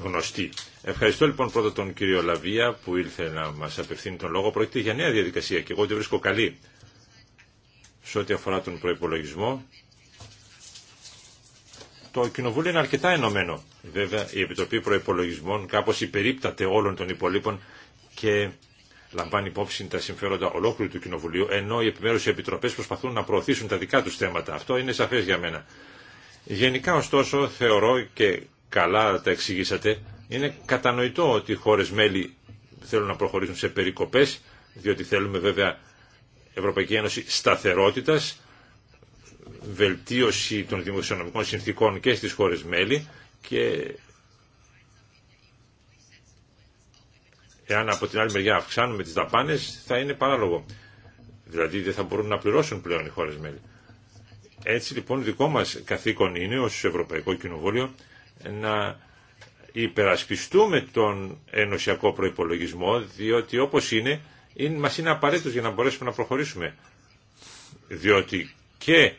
γνωστή. Ευχαριστώ λοιπόν πρώτα τον κύριο Λαβία που ήλθε να μα απευθύνει τον λόγο. Πρόκειται για νέα διαδικασία και εγώ τη βρίσκω καλή σε ό,τι αφορά τον προπολογισμό. Το κοινοβούλιο είναι αρκετά ενωμένο. Βέβαια η Επιτροπή προπολογισμών, κάπω υπερίπταται όλων των υπολείπων και λαμβάνει υπόψη τα συμφέροντα ολόκληρου του Κοινοβουλίου, ενώ οι επιμέρου επιτροπέ προσπαθούν να προωθήσουν τα δικά του θέματα. Αυτό είναι σαφέ για μένα. Γενικά, ωστόσο, θεωρώ και καλά τα εξηγήσατε. Είναι κατανοητό ότι οι χώρες μέλη θέλουν να προχωρήσουν σε περικοπές, διότι θέλουμε βέβαια Ευρωπαϊκή Ένωση σταθερότητας, βελτίωση των δημοσιονομικών συνθήκων και στις χώρες μέλη και εάν από την άλλη μεριά αυξάνουμε τις δαπάνες θα είναι παράλογο. Δηλαδή δεν θα μπορούν να πληρώσουν πλέον οι χώρες μέλη. Έτσι λοιπόν δικό μας καθήκον είναι ως Ευρωπαϊκό Κοινοβούλιο να υπερασπιστούμε τον ενωσιακό προϋπολογισμό, διότι όπως είναι, είναι μας είναι απαραίτητο για να μπορέσουμε να προχωρήσουμε. Διότι και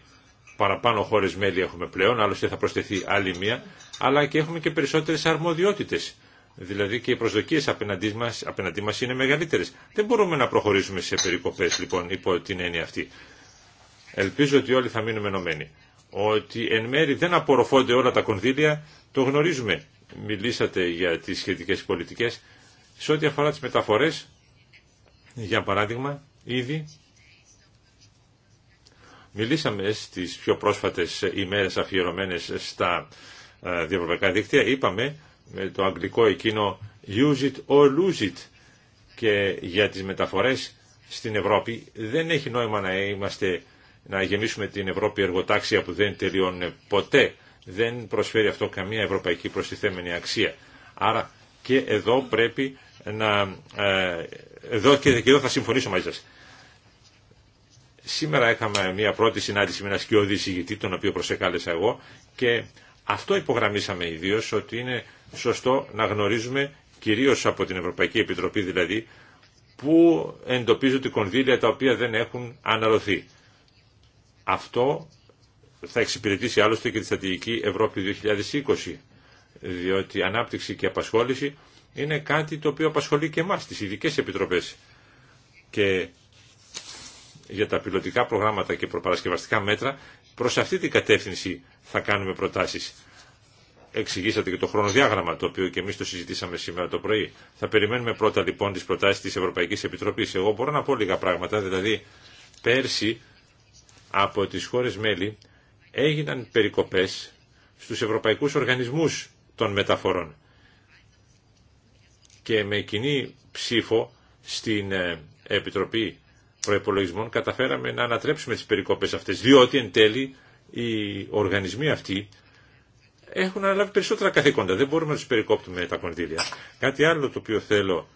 παραπάνω χώρες μέλη έχουμε πλέον, άλλωστε θα προσθεθεί άλλη μία, αλλά και έχουμε και περισσότερες αρμοδιότητες. Δηλαδή και οι προσδοκίες... απέναντί μα μας είναι μεγαλύτερες. Δεν μπορούμε να προχωρήσουμε σε περίκοπες... λοιπόν υπό την έννοια αυτή. Ελπίζω ότι όλοι θα μείνουμε ενωμένοι. Ότι εν μέρη δεν απορροφώνται όλα τα κονδύλια το γνωρίζουμε. Μιλήσατε για τις σχετικές πολιτικές. Σε ό,τι αφορά τις μεταφορές, για παράδειγμα, ήδη μιλήσαμε στις πιο πρόσφατες ημέρες αφιερωμένες στα ε, διευρωπαϊκά δίκτυα. Είπαμε με το αγγλικό εκείνο «use it or lose it» και για τις μεταφορές στην Ευρώπη δεν έχει νόημα να, είμαστε, να γεμίσουμε την Ευρώπη εργοτάξια που δεν τελειώνουν ποτέ δεν προσφέρει αυτό καμία ευρωπαϊκή προστιθέμενη αξία. Άρα και εδώ πρέπει να... Ε, εδώ και εδώ θα συμφωνήσω μαζί σας. Σήμερα είχαμε μια πρώτη συνάντηση με ένα σκιώδη συγητή, τον οποίο προσεκάλεσα εγώ, και αυτό υπογραμμίσαμε ιδίω ότι είναι σωστό να γνωρίζουμε, κυρίως από την Ευρωπαϊκή Επιτροπή δηλαδή, που εντοπίζονται κονδύλια τα οποία δεν έχουν αναρωθεί. Αυτό θα εξυπηρετήσει άλλωστε και τη στρατηγική Ευρώπη 2020, διότι ανάπτυξη και απασχόληση είναι κάτι το οποίο απασχολεί και εμάς, τις ειδικέ επιτροπές. Και για τα πιλωτικά προγράμματα και προπαρασκευαστικά μέτρα, προς αυτή την κατεύθυνση θα κάνουμε προτάσεις. Εξηγήσατε και το χρονοδιάγραμμα, το οποίο και εμεί το συζητήσαμε σήμερα το πρωί. Θα περιμένουμε πρώτα λοιπόν τι προτάσει τη Ευρωπαϊκή Επιτροπή. Εγώ μπορώ να πω λίγα πράγματα. Δηλαδή, πέρσι από τι χώρε μέλη έγιναν περικοπές στους ευρωπαϊκούς οργανισμούς των μεταφορών και με κοινή ψήφο στην ε, Επιτροπή Προϋπολογισμών καταφέραμε να ανατρέψουμε τις περικοπές αυτές, διότι εν τέλει οι οργανισμοί αυτοί έχουν αναλάβει περισσότερα καθήκοντα. Δεν μπορούμε να τους περικόπτουμε τα κονδύλια. Κάτι άλλο το οποίο θέλω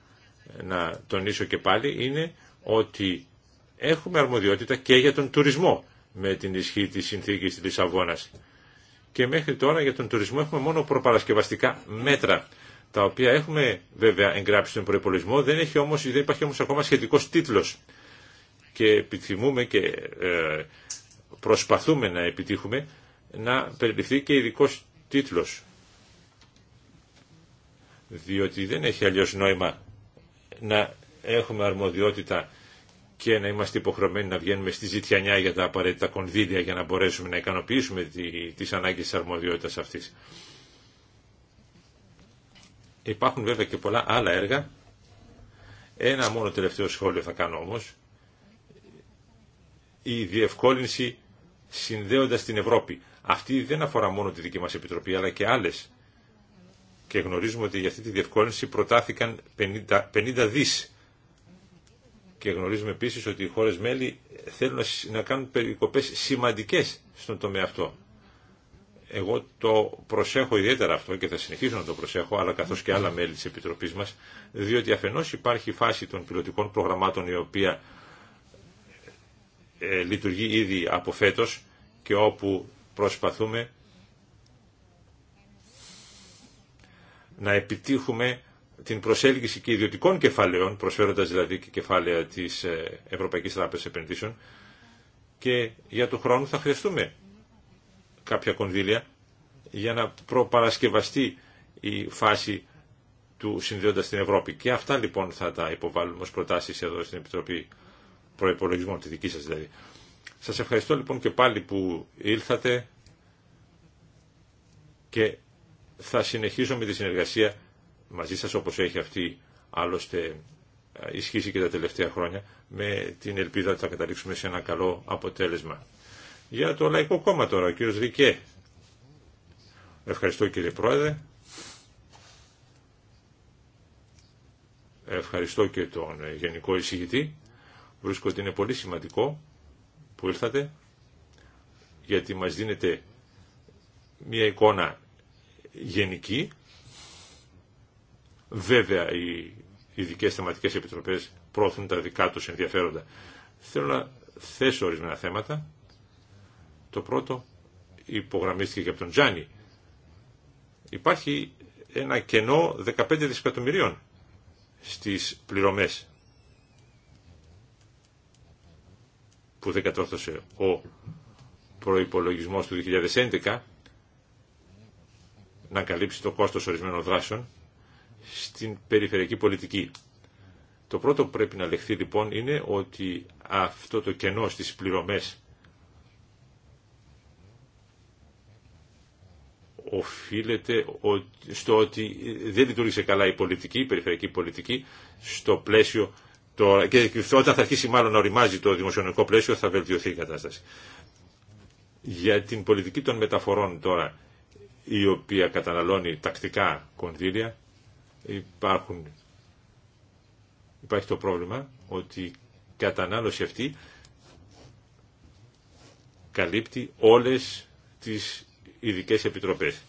να τονίσω και πάλι είναι ότι έχουμε αρμοδιότητα και για τον τουρισμό με την ισχύ της συνθήκης της Λισαβόνας. Και μέχρι τώρα για τον τουρισμό έχουμε μόνο προπαρασκευαστικά μέτρα, τα οποία έχουμε βέβαια εγγράψει στον προπολογισμό, δεν, έχει όμως, δεν υπάρχει όμως ακόμα σχετικός τίτλος. Και επιθυμούμε και ε, προσπαθούμε να επιτύχουμε να περιληφθεί και ειδικό τίτλος. Διότι δεν έχει αλλιώς νόημα να έχουμε αρμοδιότητα και να είμαστε υποχρεωμένοι να βγαίνουμε στη ζητιανιά για τα απαραίτητα κονδύλια για να μπορέσουμε να ικανοποιήσουμε τις ανάγκες της αρμοδιότητας αυτής. Υπάρχουν βέβαια και πολλά άλλα έργα. Ένα μόνο τελευταίο σχόλιο θα κάνω όμως. Η διευκόλυνση συνδέοντας την Ευρώπη. Αυτή δεν αφορά μόνο τη δική μας Επιτροπή αλλά και άλλες. Και γνωρίζουμε ότι για αυτή τη διευκόλυνση προτάθηκαν 50, 50 δις και γνωρίζουμε επίση ότι οι χώρες μέλη θέλουν να κάνουν περικοπές σημαντικές στον τομέα αυτό. Εγώ το προσέχω ιδιαίτερα αυτό και θα συνεχίσω να το προσέχω, αλλά καθώς και άλλα μέλη τη Επιτροπής μα, διότι αφενός υπάρχει η φάση των πιλωτικών προγραμμάτων η οποία ε, λειτουργεί ήδη από φέτος και όπου προσπαθούμε να επιτύχουμε την προσέλκυση και ιδιωτικών κεφαλαίων, προσφέροντας δηλαδή και κεφάλαια της ε, Ευρωπαϊκής Τράπεζας Επενδύσεων και για του χρόνου θα χρειαστούμε κάποια κονδύλια για να προπαρασκευαστεί η φάση του συνδέοντα στην Ευρώπη. Και αυτά λοιπόν θα τα υποβάλουμε ως προτάσεις εδώ στην Επιτροπή Προϋπολογισμών, τη δική σας δηλαδή. Σας ευχαριστώ λοιπόν και πάλι που ήλθατε και θα συνεχίσω με τη συνεργασία μαζί σας όπως έχει αυτή άλλωστε ε, ισχύσει και τα τελευταία χρόνια με την ελπίδα ότι θα καταλήξουμε σε ένα καλό αποτέλεσμα. Για το Λαϊκό Κόμμα τώρα, ο κύριος Ρικέ. Ευχαριστώ κύριε Πρόεδρε. Ευχαριστώ και τον ε, Γενικό Εισηγητή. Βρίσκω ότι είναι πολύ σημαντικό που ήρθατε γιατί μας δίνετε μια εικόνα γενική Βέβαια οι ειδικέ θεματικές επιτροπές πρόθουν τα δικά του ενδιαφέροντα. Θέλω να θέσω ορισμένα θέματα. Το πρώτο υπογραμμίστηκε και από τον Τζάνι. Υπάρχει ένα κενό 15 δισεκατομμυρίων στις πληρωμές που δεν κατόρθωσε ο προϋπολογισμός του 2011 να καλύψει το κόστος ορισμένων δράσεων στην περιφερειακή πολιτική. Το πρώτο που πρέπει να λεχθεί λοιπόν είναι ότι αυτό το κενό στις πληρωμές οφείλεται στο ότι δεν λειτουργήσε καλά η πολιτική, η περιφερειακή πολιτική, στο πλαίσιο το, και όταν θα αρχίσει μάλλον να οριμάζει το δημοσιονομικό πλαίσιο θα βελτιωθεί η κατάσταση. Για την πολιτική των μεταφορών τώρα, η οποία καταναλώνει τακτικά κονδύλια, υπάρχουν, υπάρχει το πρόβλημα ότι η κατανάλωση αυτή καλύπτει όλες τις ειδικέ επιτροπές.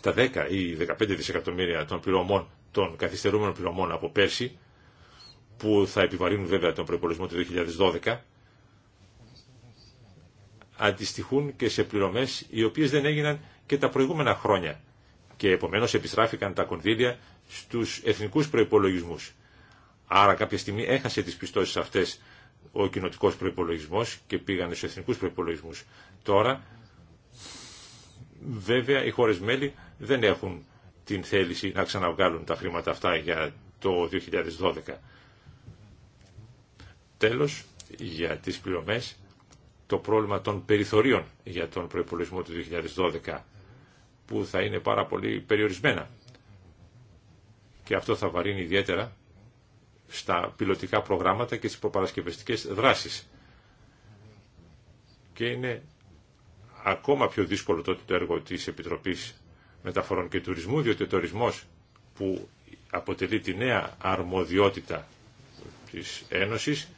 Τα 10 ή 15 δισεκατομμύρια των πληρωμών, των καθυστερούμενων πληρωμών από πέρσι, που θα επιβαρύνουν βέβαια τον προπολογισμό του 2012, αντιστοιχούν και σε πληρωμές οι οποίες δεν έγιναν και τα προηγούμενα χρόνια και επομένως επιστράφηκαν τα κονδύλια στους εθνικούς προϋπολογισμούς. Άρα κάποια στιγμή έχασε τις πιστώσεις αυτές ο κοινοτικός προϋπολογισμός και πήγανε στους εθνικούς προϋπολογισμούς. Τώρα βέβαια οι χώρες μέλη δεν έχουν την θέληση να ξαναβγάλουν τα χρήματα αυτά για το 2012. Τέλος, για τις πληρωμές το πρόβλημα των περιθωρίων για τον προϋπολογισμό του 2012 που θα είναι πάρα πολύ περιορισμένα. Και αυτό θα βαρύνει ιδιαίτερα στα πιλωτικά προγράμματα και στις προπαρασκευαστικές δράσεις. Και είναι ακόμα πιο δύσκολο τότε το έργο της Επιτροπής Μεταφορών και Τουρισμού, διότι ο τουρισμός που αποτελεί τη νέα αρμοδιότητα της Ένωσης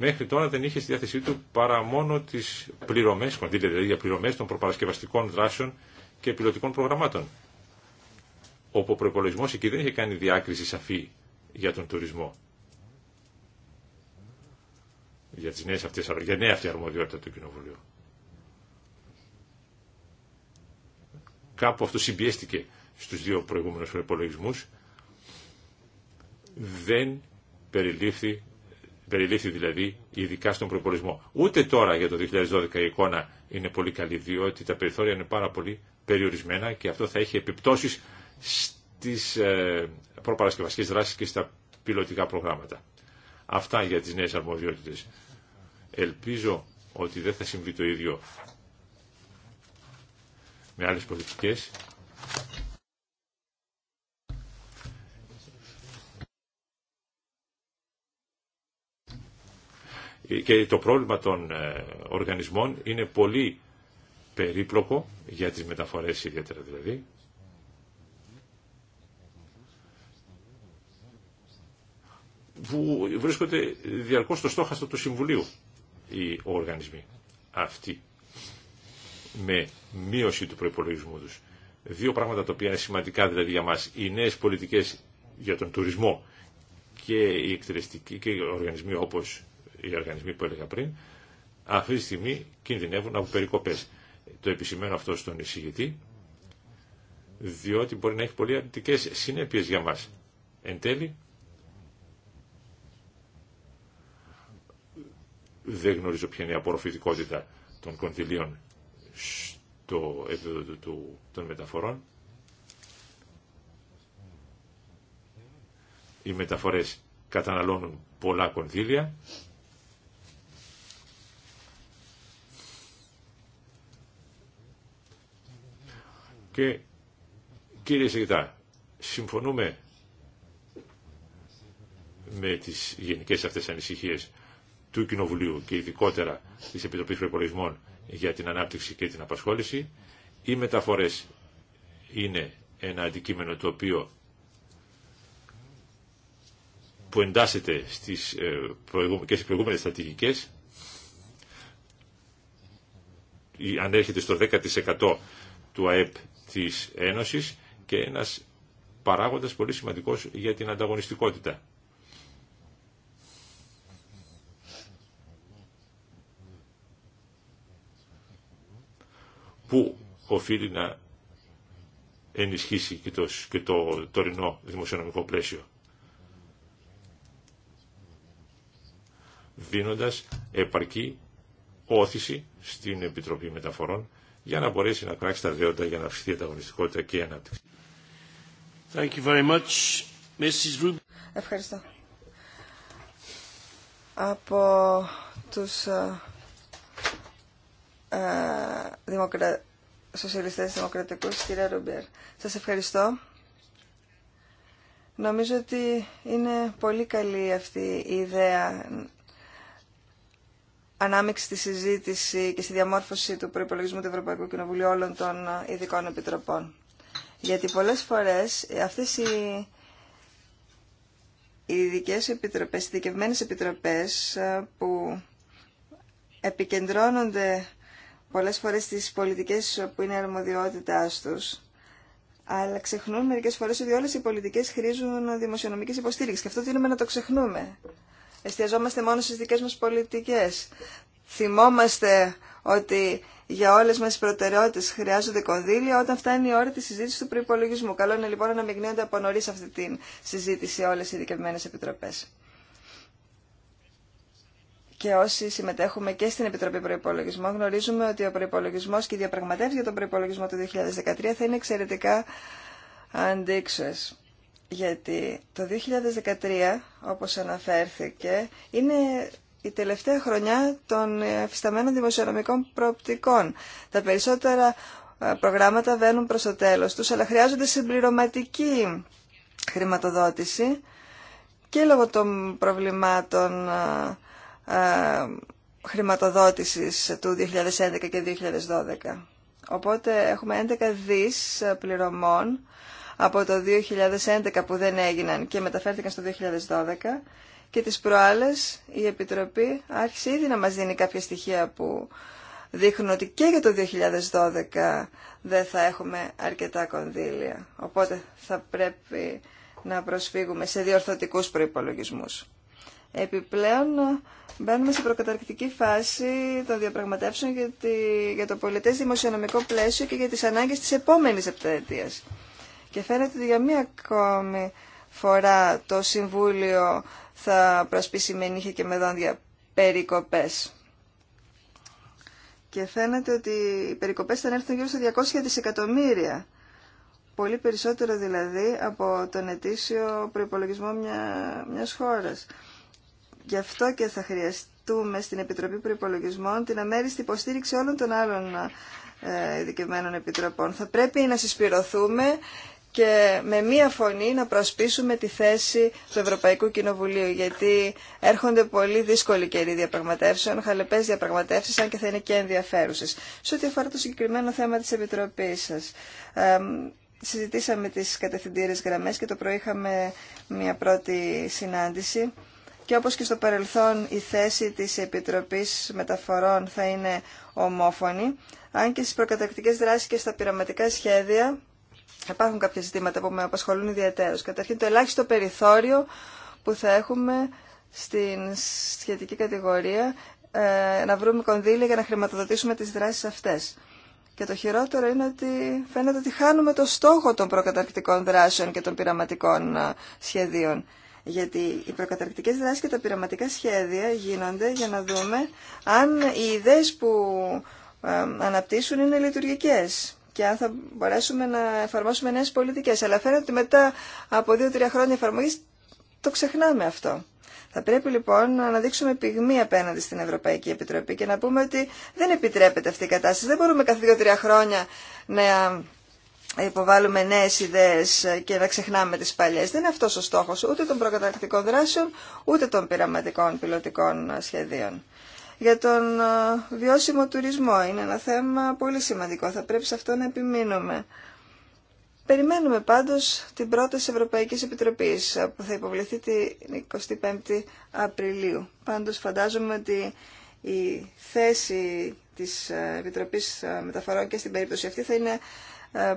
μέχρι τώρα δεν είχε στη διάθεσή του παρά μόνο τι πληρωμέ, δηλαδή για πληρωμέ των προπαρασκευαστικών δράσεων και πιλωτικών προγραμμάτων. Όπου ο προπολογισμό εκεί δεν είχε κάνει διάκριση σαφή για τον τουρισμό. Για, τις αυτές, για νέα αυτή αρμοδιότητα του Κοινοβουλίου. Κάπου αυτό συμπιέστηκε στους δύο προηγούμενους προπολογισμού. Δεν περιλήφθη περιλήφθη δηλαδή ειδικά στον προπολισμό. Ούτε τώρα για το 2012 η εικόνα είναι πολύ καλή, διότι τα περιθώρια είναι πάρα πολύ περιορισμένα και αυτό θα έχει επιπτώσεις στις ε, προπαρασκευαστικές δράσεις και στα πιλωτικά προγράμματα. Αυτά για τις νέες αρμοδιότητες. Ελπίζω ότι δεν θα συμβεί το ίδιο με άλλες πολιτικές και το πρόβλημα των ε, οργανισμών είναι πολύ περίπλοκο για τις μεταφορές ιδιαίτερα δηλαδή. που βρίσκονται διαρκώς στο στόχαστο του Συμβουλίου οι οργανισμοί αυτοί με μείωση του προϋπολογισμού τους. Δύο πράγματα τα οποία είναι σημαντικά δηλαδή για μας. Οι νέες πολιτικές για τον τουρισμό και οι, εκτελεστικοί, και οι οργανισμοί όπως οι οργανισμοί που έλεγα πριν, αυτή τη στιγμή κινδυνεύουν από περικοπέ. Το επισημαίνω αυτό στον εισηγητή, διότι μπορεί να έχει πολύ αρνητικέ συνέπειες για μας. Εν τέλει, δεν γνωρίζω ποια είναι η απορροφητικότητα των κονδυλίων στο επίπεδο του, των μεταφορών. Οι μεταφορές καταναλώνουν πολλά κονδύλια Και κύριε Σεγητά, συμφωνούμε με τις γενικές αυτές ανησυχίες του Κοινοβουλίου και ειδικότερα της Επιτροπής Προπολογισμών για την ανάπτυξη και την απασχόληση. Οι μεταφορές είναι ένα αντικείμενο το οποίο που εντάσσεται στις ε, προηγούμενες, και στις προηγούμενες στρατηγικές ανέρχεται στο 10% του ΑΕΠ της Ένωσης και ένας παράγοντας πολύ σημαντικός για την ανταγωνιστικότητα. Που οφείλει να ενισχύσει και το, και το τωρινό δημοσιονομικό πλαίσιο. Δίνοντας επαρκή όθηση στην Επιτροπή Μεταφορών για να μπορέσει να πράξει τα δέοντα για να αυξηθεί η ανταγωνιστικότητα και η ανάπτυξη. Thank you very much. Mrs. Ευχαριστώ. Από τους ε, δημοκρατικού, ε, δημοκρα... σοσιαλιστές δημοκρατικούς, κύριε Ρουμπιέρ. Σας ευχαριστώ. Νομίζω ότι είναι πολύ καλή αυτή η ιδέα ανάμειξη στη συζήτηση και στη διαμόρφωση του προϋπολογισμού του Ευρωπαϊκού Κοινοβουλίου όλων των ειδικών επιτροπών. Γιατί πολλές φορές ε, αυτές οι ειδικέ επιτροπές, οι δικευμένες επιτροπές ε, που επικεντρώνονται πολλές φορές στις πολιτικές που είναι αρμοδιότητάς τους, αλλά ξεχνούν μερικές φορές ότι όλες οι πολιτικές χρήζουν δημοσιονομικές υποστήριξης και αυτό δίνουμε να το ξεχνούμε εστιαζόμαστε μόνο στις δικές μας πολιτικές. Θυμόμαστε ότι για όλες μας τις προτεραιότητες χρειάζονται κονδύλια όταν φτάνει η ώρα της συζήτησης του προϋπολογισμού. Καλό είναι λοιπόν να μειγνύονται από νωρίς αυτή τη συζήτηση όλες οι ειδικευμένες επιτροπές. Και όσοι συμμετέχουμε και στην Επιτροπή Προπολογισμών, γνωρίζουμε ότι ο προπολογισμό και η διαπραγματεύση για τον προπολογισμό του 2013 θα είναι εξαιρετικά αντίξωε γιατί το 2013, όπως αναφέρθηκε, είναι η τελευταία χρονιά των αφισταμένων δημοσιονομικών προοπτικών. Τα περισσότερα ε, προγράμματα βαίνουν προς το τέλος τους, αλλά χρειάζονται συμπληρωματική χρηματοδότηση και λόγω των προβλημάτων ε, ε, χρηματοδότησης του 2011 και 2012. Οπότε έχουμε 11 δις πληρωμών από το 2011 που δεν έγιναν και μεταφέρθηκαν στο 2012 και τις προάλλες η Επιτροπή άρχισε ήδη να μας δίνει κάποια στοιχεία που δείχνουν ότι και για το 2012 δεν θα έχουμε αρκετά κονδύλια. Οπότε θα πρέπει να προσφύγουμε σε διορθωτικούς προϋπολογισμούς. Επιπλέον μπαίνουμε σε προκαταρκτική φάση των διαπραγματεύσεων για, το πολιτές δημοσιονομικό πλαίσιο και για τις ανάγκες της επόμενης επταετίας. Και φαίνεται ότι για μία ακόμη φορά το Συμβούλιο θα προσπίσει με νύχια και με δόντια περικοπές. Και φαίνεται ότι οι περικοπές θα έρθουν γύρω στα 200 δισεκατομμύρια. Πολύ περισσότερο δηλαδή από τον ετήσιο προϋπολογισμό μια, μιας χώρας. Γι' αυτό και θα χρειαστούμε στην Επιτροπή Προϋπολογισμών την αμέριστη υποστήριξη όλων των άλλων ε, ειδικευμένων επιτροπών. Θα πρέπει να συσπηρωθούμε και με μία φωνή να προσπίσουμε τη θέση του Ευρωπαϊκού Κοινοβουλίου, γιατί έρχονται πολύ δύσκολοι καιροί διαπραγματεύσεων, χαλεπές διαπραγματεύσεις, αν και θα είναι και ενδιαφέρουσες. Σε ό,τι αφορά το συγκεκριμένο θέμα της Επιτροπής σας, συζητήσαμε τις κατευθυντήρες γραμμές και το πρωί είχαμε μία πρώτη συνάντηση. Και όπως και στο παρελθόν η θέση της Επιτροπής Μεταφορών θα είναι ομόφωνη, αν και στις προκατακτικές δράσεις και στα πειραματικά σχέδια Υπάρχουν κάποια ζητήματα που με απασχολούν ιδιαίτερως. Καταρχήν το ελάχιστο περιθώριο που θα έχουμε στην σχετική κατηγορία ε, να βρούμε κονδύλια για να χρηματοδοτήσουμε τις δράσεις αυτές. Και το χειρότερο είναι ότι φαίνεται ότι χάνουμε το στόχο των προκαταρκτικών δράσεων και των πειραματικών ε, σχεδίων. Γιατί οι προκαταρκτικές δράσεις και τα πειραματικά σχέδια γίνονται για να δούμε αν οι ιδέες που ε, αναπτύσσουν είναι λειτουργικές και αν θα μπορέσουμε να εφαρμόσουμε νέες πολιτικές. Αλλά φαίνεται ότι μετά από δύο-τρία χρόνια εφαρμογής το ξεχνάμε αυτό. Θα πρέπει λοιπόν να αναδείξουμε πυγμή απέναντι στην Ευρωπαϊκή Επιτροπή και να πούμε ότι δεν επιτρέπεται αυτή η κατάσταση. Δεν μπορούμε κάθε δύο-τρία χρόνια να υποβάλλουμε νέες ιδέες και να ξεχνάμε τις παλιές. Δεν είναι αυτός ο στόχος ούτε των προκαταρκτικών δράσεων, ούτε των πειραματικών πιλωτικών σχεδίων. Για τον ε, βιώσιμο τουρισμό είναι ένα θέμα πολύ σημαντικό. Θα πρέπει σε αυτό να επιμείνουμε. Περιμένουμε πάντως την πρόταση Ευρωπαϊκή Επιτροπή ε, που θα υποβληθεί την 25η Απριλίου. Πάντως φαντάζομαι ότι η θέση της ε, Επιτροπής Μεταφορών και στην περίπτωση αυτή θα είναι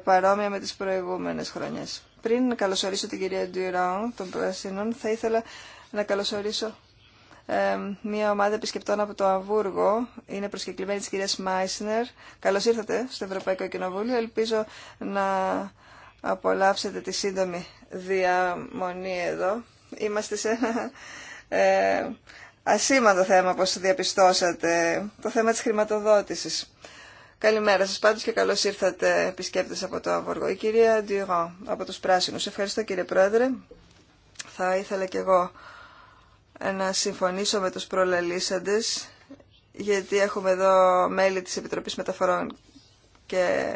παρόμοια με τις προηγούμενες χρονιές. Πριν καλωσορίσω την κυρία Ντουιρόν των Πρασίνων, θα ήθελα να καλωσορίσω ε, μια ομάδα επισκεπτών από το Αβούργο Είναι προσκεκλημένη της κυρίας Μάισνερ. Καλώς ήρθατε στο Ευρωπαϊκό Κοινοβούλιο. Ελπίζω να απολαύσετε τη σύντομη διαμονή εδώ. Είμαστε σε ένα ε, ασήμαντο θέμα, όπως διαπιστώσατε, το θέμα της χρηματοδότησης. Καλημέρα σας πάντως και καλώς ήρθατε επισκέπτες από το Αβούργο. Η κυρία Ντιουρό από τους Πράσινους. Ευχαριστώ κύριε Πρόεδρε. Θα ήθελα κι εγώ να συμφωνήσω με τους προλαλήσαντες, γιατί έχουμε εδώ μέλη της Επιτροπής Μεταφορών και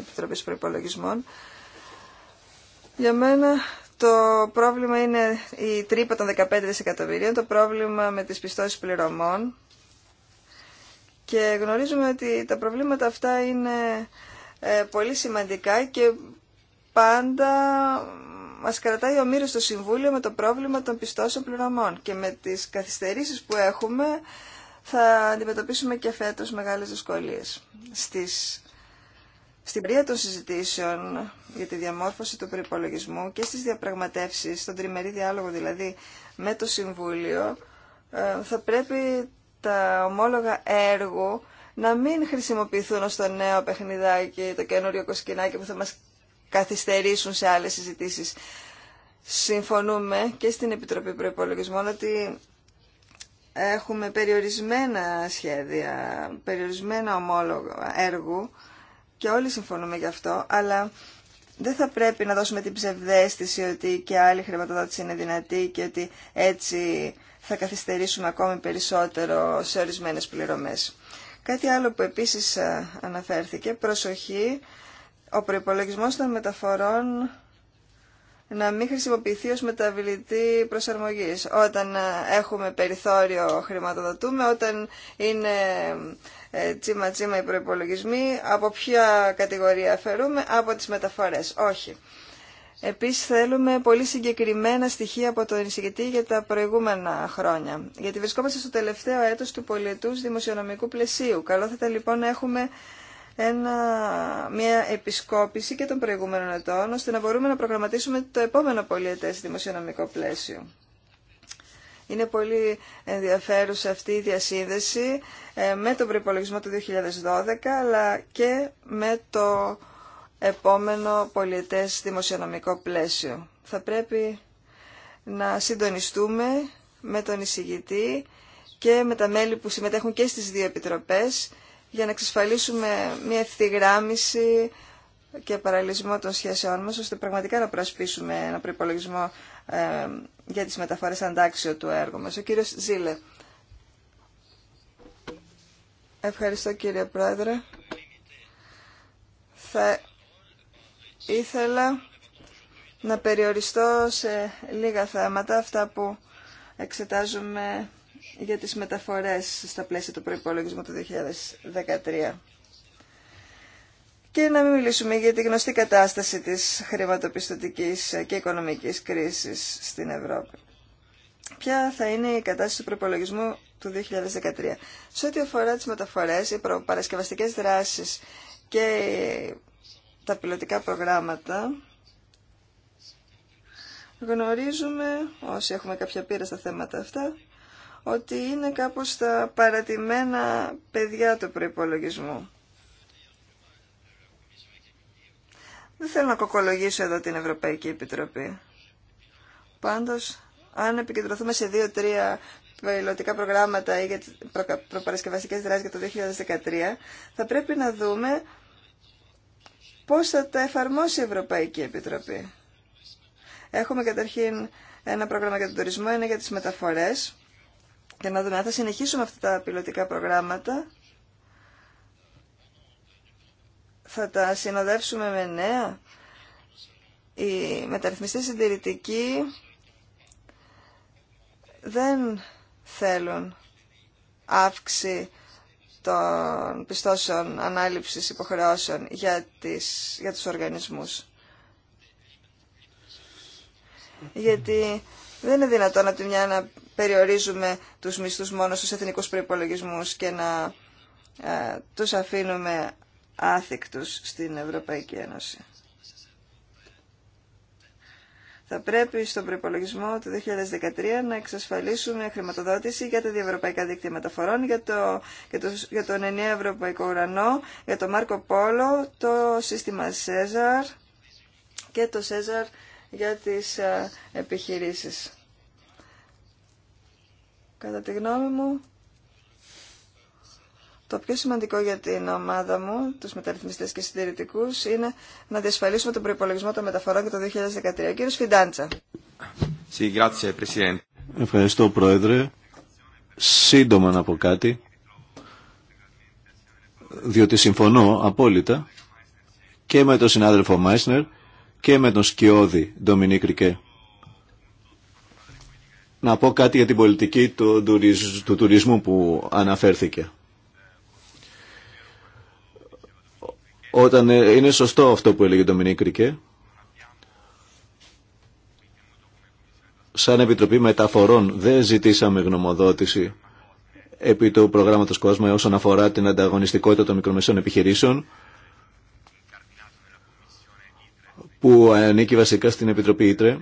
Επιτροπής Προϋπολογισμών. Για μένα το πρόβλημα είναι η τρύπα των 15 δισεκατομμυρίων, το πρόβλημα με τις πιστώσεις πληρωμών και γνωρίζουμε ότι τα προβλήματα αυτά είναι ε, πολύ σημαντικά και πάντα Μα κρατάει ο μύρος στο Συμβούλιο με το πρόβλημα των πιστώσεων πληρωμών και με τις καθυστερήσεις που έχουμε θα αντιμετωπίσουμε και φέτος μεγάλες δυσκολίες. Στις, στην πρία των συζητήσεων για τη διαμόρφωση του προπολογισμού και στις διαπραγματεύσεις, στον τριμερή διάλογο δηλαδή με το Συμβούλιο, ε, θα πρέπει τα ομόλογα έργου να μην χρησιμοποιηθούν ως το νέο παιχνιδάκι, το καινούριο κοσκινάκι που θα μας καθυστερήσουν σε άλλες συζητήσεις. Συμφωνούμε και στην Επιτροπή Προϋπολογισμών ότι έχουμε περιορισμένα σχέδια, περιορισμένα ομόλογα έργου και όλοι συμφωνούμε γι' αυτό, αλλά δεν θα πρέπει να δώσουμε την ψευδέστηση ότι και άλλη χρηματοδότηση είναι δυνατή και ότι έτσι θα καθυστερήσουμε ακόμη περισσότερο σε ορισμένες πληρωμές. Κάτι άλλο που επίσης αναφέρθηκε, προσοχή ο προϋπολογισμός των μεταφορών να μην χρησιμοποιηθεί ως μεταβλητή προσαρμογής. Όταν ε, έχουμε περιθώριο χρηματοδοτούμε, όταν είναι ε, τσίμα τσίμα οι προϋπολογισμοί, από ποια κατηγορία αφαιρούμε, από τις μεταφορές. Όχι. Επίσης θέλουμε πολύ συγκεκριμένα στοιχεία από τον εισηγητή για τα προηγούμενα χρόνια. Γιατί βρισκόμαστε στο τελευταίο έτος του πολιετούς δημοσιονομικού πλαισίου. Καλό θα ήταν λοιπόν να έχουμε ένα, μια επισκόπηση και των προηγούμενων ετών, ώστε να μπορούμε να προγραμματίσουμε το επόμενο πολιετές δημοσιονομικό πλαίσιο. Είναι πολύ ενδιαφέρουσα αυτή η διασύνδεση ε, με τον προπολογισμό του 2012, αλλά και με το επόμενο πολιετές δημοσιονομικό πλαίσιο. Θα πρέπει να συντονιστούμε με τον εισηγητή και με τα μέλη που συμμετέχουν και στις δύο επιτροπές για να εξασφαλίσουμε μια ευθυγράμμιση και παραλυσμό των σχέσεών μας, ώστε πραγματικά να προσπίσουμε ένα προπολογισμό ε, για τις μεταφορές αντάξιο του έργου μας. Ο κύριος Ζήλε. Ευχαριστώ κύριε Πρόεδρε. Θα ήθελα να περιοριστώ σε λίγα θέματα, αυτά που εξετάζουμε για τις μεταφορές στα πλαίσια του προϋπολογισμού του 2013. Και να μην μιλήσουμε για τη γνωστή κατάσταση της χρηματοπιστωτικής και οικονομικής κρίσης στην Ευρώπη. Ποια θα είναι η κατάσταση του προπολογισμού του 2013. Σε ό,τι αφορά τις μεταφορές, οι παρασκευαστικές δράσεις και τα πιλωτικά προγράμματα, γνωρίζουμε, όσοι έχουμε κάποια πείρα στα θέματα αυτά, ότι είναι κάπως τα παρατημένα παιδιά του προϋπολογισμού. Δεν θέλω να κοκολογήσω εδώ την Ευρωπαϊκή Επιτροπή. Πάντως, αν επικεντρωθούμε σε δύο-τρία πιλωτικά προγράμματα ή για προπαρασκευαστικές δράσεις για το 2013, θα πρέπει να δούμε πώς θα τα εφαρμόσει η Ευρωπαϊκή Επιτροπή. Έχουμε καταρχήν ένα πρόγραμμα για τον τουρισμό, ένα για τις μεταφορές για να δούμε αν θα συνεχίσουμε αυτά τα πιλωτικά προγράμματα. Θα τα συνοδεύσουμε με νέα. Οι μεταρρυθμιστές συντηρητικοί δεν θέλουν αύξηση των πιστώσεων ανάληψης υποχρεώσεων για, τις, για τους οργανισμούς. Γιατί δεν είναι δυνατόν από τη μια να περιορίζουμε τους μισθούς μόνο στους εθνικούς προϋπολογισμούς και να ε, τους αφήνουμε άθικτους στην Ευρωπαϊκή Ένωση. Θα πρέπει στον προπολογισμό του 2013 να εξασφαλίσουμε χρηματοδότηση για τα διευρωπαϊκά δίκτυα μεταφορών, για, το, για, το, για τον ενιαίο ευρωπαϊκό ουρανό, για το Μάρκο Πόλο, το σύστημα ΣΕΖΑΡ και το ΣΕΖΑΡ για τις ε, επιχειρήσεις. Κατά τη γνώμη μου, το πιο σημαντικό για την ομάδα μου, τους μεταρρυθμιστές και συντηρητικού, είναι να διασφαλίσουμε τον προϋπολογισμό των μεταφορών και το 2013. Κύριος Φιντάντσα. Ευχαριστώ, Πρόεδρε. Σύντομα να πω κάτι, διότι συμφωνώ απόλυτα και με τον συνάδελφο Μάισνερ και με τον Σκιώδη Ντομινίκ Να πω κάτι για την πολιτική του, του τουρισμού που αναφέρθηκε. Όταν ε, είναι σωστό αυτό που έλεγε ο Ντομινίκ σαν Επιτροπή Μεταφορών δεν ζητήσαμε γνωμοδότηση επί του προγράμματος Κόσμου όσον αφορά την ανταγωνιστικότητα των μικρομεσαίων επιχειρήσεων που ανήκει βασικά στην Επιτροπή Ήτρε,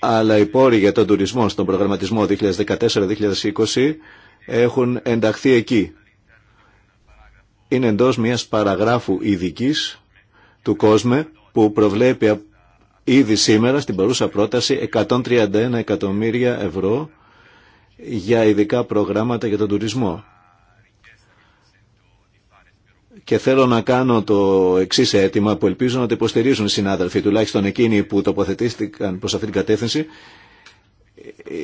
αλλά οι πόροι για τον τουρισμό στον προγραμματισμό 2014-2020 έχουν ενταχθεί εκεί. Είναι εντός μιας παραγράφου ειδική του κόσμου που προβλέπει ήδη σήμερα στην παρούσα πρόταση 131 εκατομμύρια ευρώ για ειδικά προγράμματα για τον τουρισμό. Και θέλω να κάνω το εξή αίτημα που ελπίζω να το υποστηρίζουν οι συνάδελφοι, τουλάχιστον εκείνοι που τοποθετήθηκαν προς αυτή την κατεύθυνση,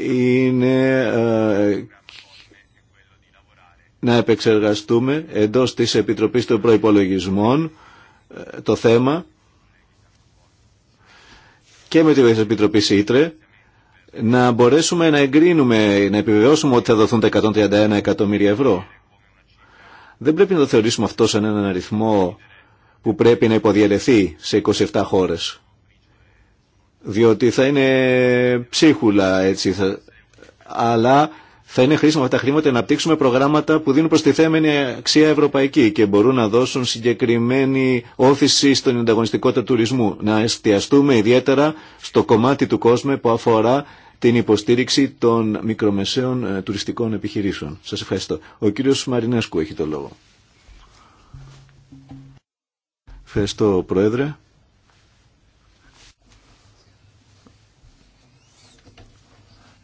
είναι ε, να επεξεργαστούμε εντός της Επιτροπής των Προϋπολογισμών ε, το θέμα και με την Επιτροπή ΣΥΤΡΕ να μπορέσουμε να εγκρίνουμε, να επιβεβαιώσουμε ότι θα δοθούν τα 131 εκατομμύρια ευρώ. Δεν πρέπει να το θεωρήσουμε αυτό σαν έναν αριθμό που πρέπει να υποδιαιρεθεί σε 27 χώρες. Διότι θα είναι ψίχουλα έτσι, θα... αλλά θα είναι χρήσιμο αυτά τα χρήματα να αναπτύξουμε προγράμματα που δίνουν προστιθέμενη αξία ευρωπαϊκή και μπορούν να δώσουν συγκεκριμένη όθηση στον ανταγωνιστικότητα τουρισμού. Να εστιαστούμε ιδιαίτερα στο κομμάτι του κόσμου που αφορά την υποστήριξη των μικρομεσαίων ε, τουριστικών επιχειρήσεων. Σας ευχαριστώ. Ο κύριος Μαρινέσκου έχει το λόγο. Ευχαριστώ, Πρόεδρε.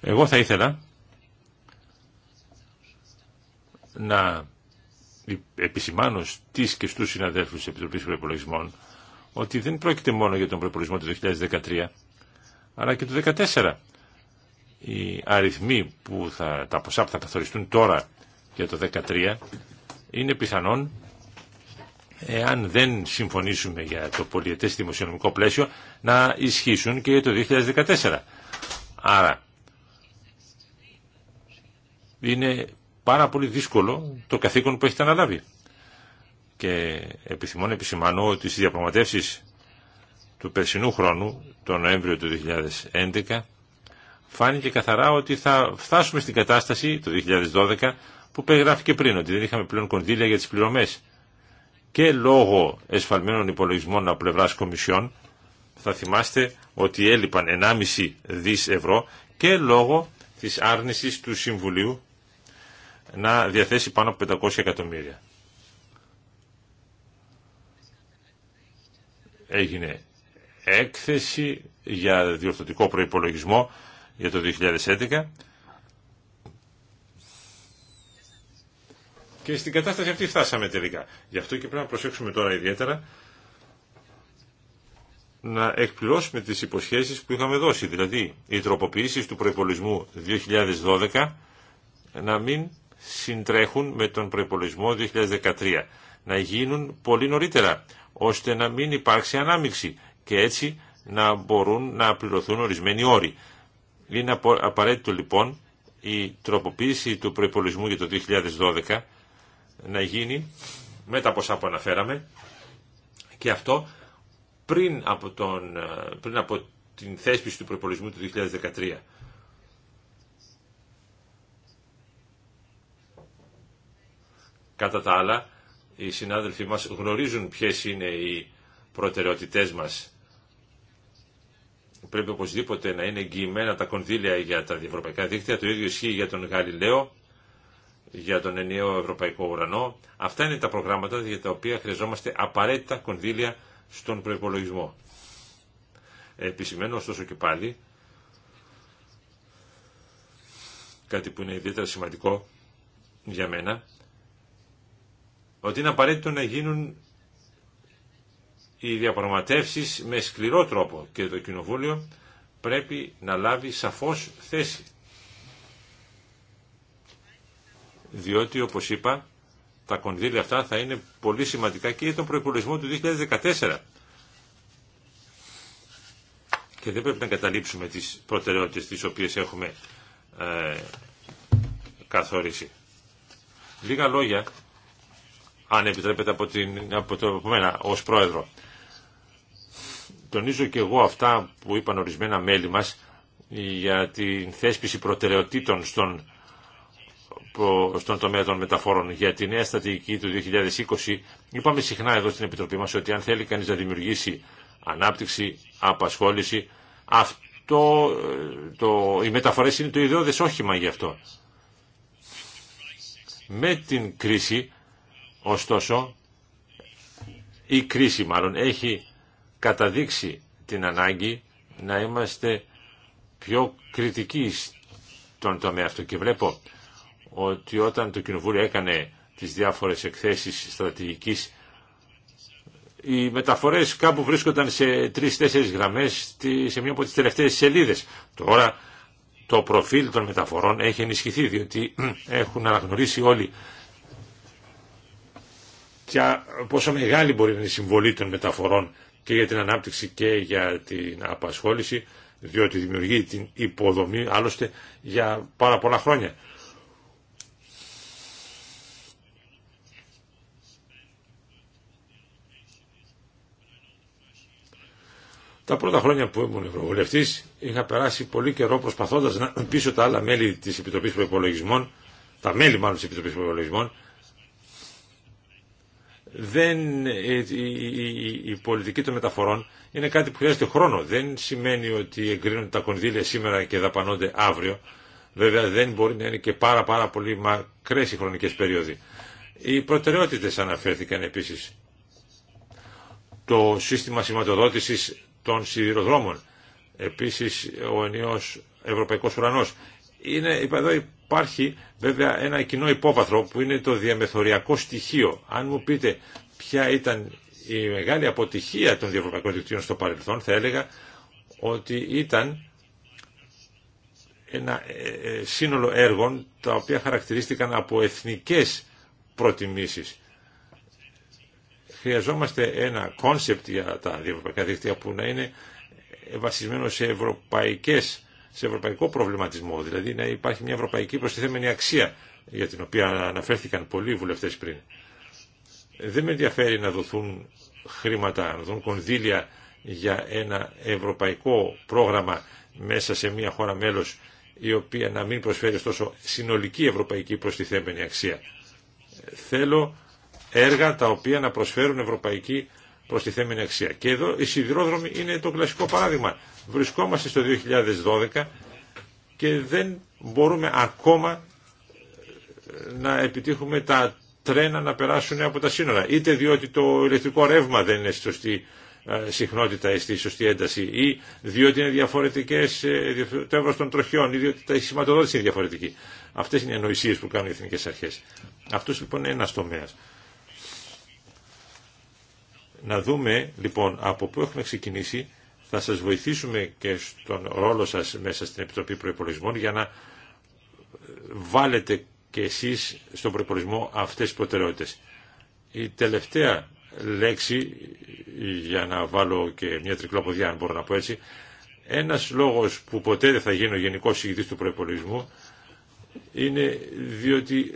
Εγώ θα ήθελα να επισημάνω στις και στους συναδέλφους της Επιτροπής Προπολογισμών ότι δεν πρόκειται μόνο για τον προπολογισμό του 2013 αλλά και του 2014 οι αριθμοί που θα, τα ποσά που θα καθοριστούν τώρα για το 2013 είναι πιθανόν εάν δεν συμφωνήσουμε για το πολιετές δημοσιονομικό πλαίσιο να ισχύσουν και για το 2014. Άρα είναι πάρα πολύ δύσκολο το καθήκον που έχετε αναλάβει. Και επιθυμώ να επισημάνω ότι στις διαπραγματεύσεις του περσινού χρόνου, τον Νοέμβριο του 2011, φάνηκε καθαρά ότι θα φτάσουμε στην κατάσταση το 2012 που περιγράφηκε πριν, ότι δεν είχαμε πλέον κονδύλια για τις πληρωμές. Και λόγω εσφαλμένων υπολογισμών από πλευρά κομισιών, θα θυμάστε ότι έλειπαν 1,5 δις ευρώ και λόγω της άρνησης του Συμβουλίου να διαθέσει πάνω από 500 εκατομμύρια. Έγινε έκθεση για διορθωτικό προϋπολογισμό για το 2011 και στην κατάσταση αυτή φτάσαμε τελικά. Γι' αυτό και πρέπει να προσέξουμε τώρα ιδιαίτερα να εκπληρώσουμε τις υποσχέσεις που είχαμε δώσει. Δηλαδή, οι τροποποίησει του προϋπολισμού 2012 να μην συντρέχουν με τον προϋπολισμό 2013. Να γίνουν πολύ νωρίτερα, ώστε να μην υπάρξει ανάμειξη και έτσι να μπορούν να πληρωθούν ορισμένοι όροι. Είναι απαραίτητο λοιπόν η τροποποίηση του προϋπολογισμού για το 2012 να γίνει με τα ποσά που αναφέραμε και αυτό πριν από, τον, πριν από την θέσπιση του προϋπολογισμού του 2013. Κατά τα άλλα, οι συνάδελφοί μας γνωρίζουν ποιες είναι οι προτεραιότητές μας πρέπει οπωσδήποτε να είναι εγγυημένα τα κονδύλια για τα ευρωπαϊκά. δίκτυα. Το ίδιο ισχύει για τον Γαλιλαίο, για τον ενιαίο ευρωπαϊκό ουρανό. Αυτά είναι τα προγράμματα για τα οποία χρειαζόμαστε απαραίτητα κονδύλια στον προπολογισμό. Επισημένω ωστόσο και πάλι κάτι που είναι ιδιαίτερα σημαντικό για μένα ότι είναι απαραίτητο να γίνουν οι διαπραγματεύσεις με σκληρό τρόπο και το Κοινοβούλιο πρέπει να λάβει σαφώς θέση. Διότι, όπως είπα, τα κονδύλια αυτά θα είναι πολύ σημαντικά και για τον προϋπολογισμό του 2014. Και δεν πρέπει να καταλήψουμε τις προτεραιότητες τις οποίες έχουμε ε, καθορίσει. Λίγα λόγια, αν επιτρέπετε από, την, από το επόμενα ως πρόεδρο, τονίζω και εγώ αυτά που είπαν ορισμένα μέλη μας για την θέσπιση προτεραιοτήτων στον, στον τομέα των μεταφορών για τη νέα στρατηγική του 2020. Είπαμε συχνά εδώ στην Επιτροπή μας ότι αν θέλει κανείς να δημιουργήσει ανάπτυξη, απασχόληση, αυτό, ε, το, οι μεταφορές είναι το ιδεώδες όχημα γι' αυτό. Με την κρίση, ωστόσο, η κρίση μάλλον έχει καταδείξει την ανάγκη να είμαστε πιο κριτικοί στον τομέα αυτό. Και βλέπω ότι όταν το Κοινοβούλιο έκανε τις διάφορες εκθέσεις στρατηγικής, οι μεταφορές κάπου βρίσκονταν σε τρεις-τέσσερις γραμμές σε μία από τις τελευταίες σελίδες. Τώρα το προφίλ των μεταφορών έχει ενισχυθεί, διότι hm, έχουν αναγνωρίσει όλοι και πόσο μεγάλη μπορεί να είναι η συμβολή των μεταφορών και για την ανάπτυξη και για την απασχόληση, διότι δημιουργεί την υποδομή άλλωστε για πάρα πολλά χρόνια. Τα πρώτα χρόνια που ήμουν Ευρωβουλευτή είχα περάσει πολύ καιρό προσπαθώντα να πείσω τα άλλα μέλη τη Επιτροπή Προπολογισμών, τα μέλη μάλλον τη Επιτροπή Προπολογισμών, δεν, ε, η, η, η, πολιτική των μεταφορών είναι κάτι που χρειάζεται χρόνο. Δεν σημαίνει ότι εγκρίνονται τα κονδύλια σήμερα και δαπανώνται αύριο. Βέβαια δεν μπορεί να είναι και πάρα πάρα πολύ μακρές οι χρονικές περίοδοι. Οι προτεραιότητες αναφέρθηκαν επίσης. Το σύστημα σηματοδότησης των σιδηροδρόμων. Επίσης ο ενιαίος Ευρωπαϊκός Ουρανός. Είναι εδώ Υπάρχει βέβαια ένα κοινό υπόβαθρο που είναι το διαμεθοριακό στοιχείο. Αν μου πείτε ποια ήταν η μεγάλη αποτυχία των διευρωπαϊκών δικτύων στο παρελθόν, θα έλεγα ότι ήταν ένα ε, ε, σύνολο έργων τα οποία χαρακτηρίστηκαν από εθνικές προτιμήσεις. Χρειαζόμαστε ένα κόνσεπτ για τα διευρωπαϊκά δίκτυα που να είναι βασισμένο σε ευρωπαϊκές σε ευρωπαϊκό προβληματισμό, δηλαδή να υπάρχει μια ευρωπαϊκή προστιθέμενη αξία για την οποία αναφέρθηκαν πολλοί βουλευτές πριν. Δεν με ενδιαφέρει να δοθούν χρήματα, να δοθούν κονδύλια για ένα ευρωπαϊκό πρόγραμμα μέσα σε μια χώρα μέλος η οποία να μην προσφέρει ωστόσο συνολική ευρωπαϊκή προστιθέμενη αξία. Θέλω έργα τα οποία να προσφέρουν ευρωπαϊκή θέμενη αξία. Και εδώ οι σιδηρόδρομοι είναι το κλασικό παράδειγμα. Βρισκόμαστε στο 2012 και δεν μπορούμε ακόμα ε, να επιτύχουμε τα τρένα να περάσουν από τα σύνορα. Είτε διότι το ηλεκτρικό ρεύμα δεν είναι στη σωστή ε, συχνότητα ή στη σωστή ένταση ή διότι είναι διαφορετικές ε, το έβρος των τροχιών ή διότι τα σηματοδότηση είναι διαφορετική. Αυτές είναι οι ανοησίες που κάνουν οι εθνικές αρχές. Αυτός λοιπόν είναι ένας τομέας. Να δούμε λοιπόν από πού έχουμε ξεκινήσει. Θα σας βοηθήσουμε και στον ρόλο σας μέσα στην Επιτροπή Προϋπολογισμών για να βάλετε και εσείς στον προϋπολογισμό αυτές τις προτεραιότητες. Η τελευταία λέξη, για να βάλω και μια τρικλόποδιά αν μπορώ να πω έτσι, ένας λόγος που ποτέ δεν θα γίνω γενικός συγητής του προϋπολογισμού είναι διότι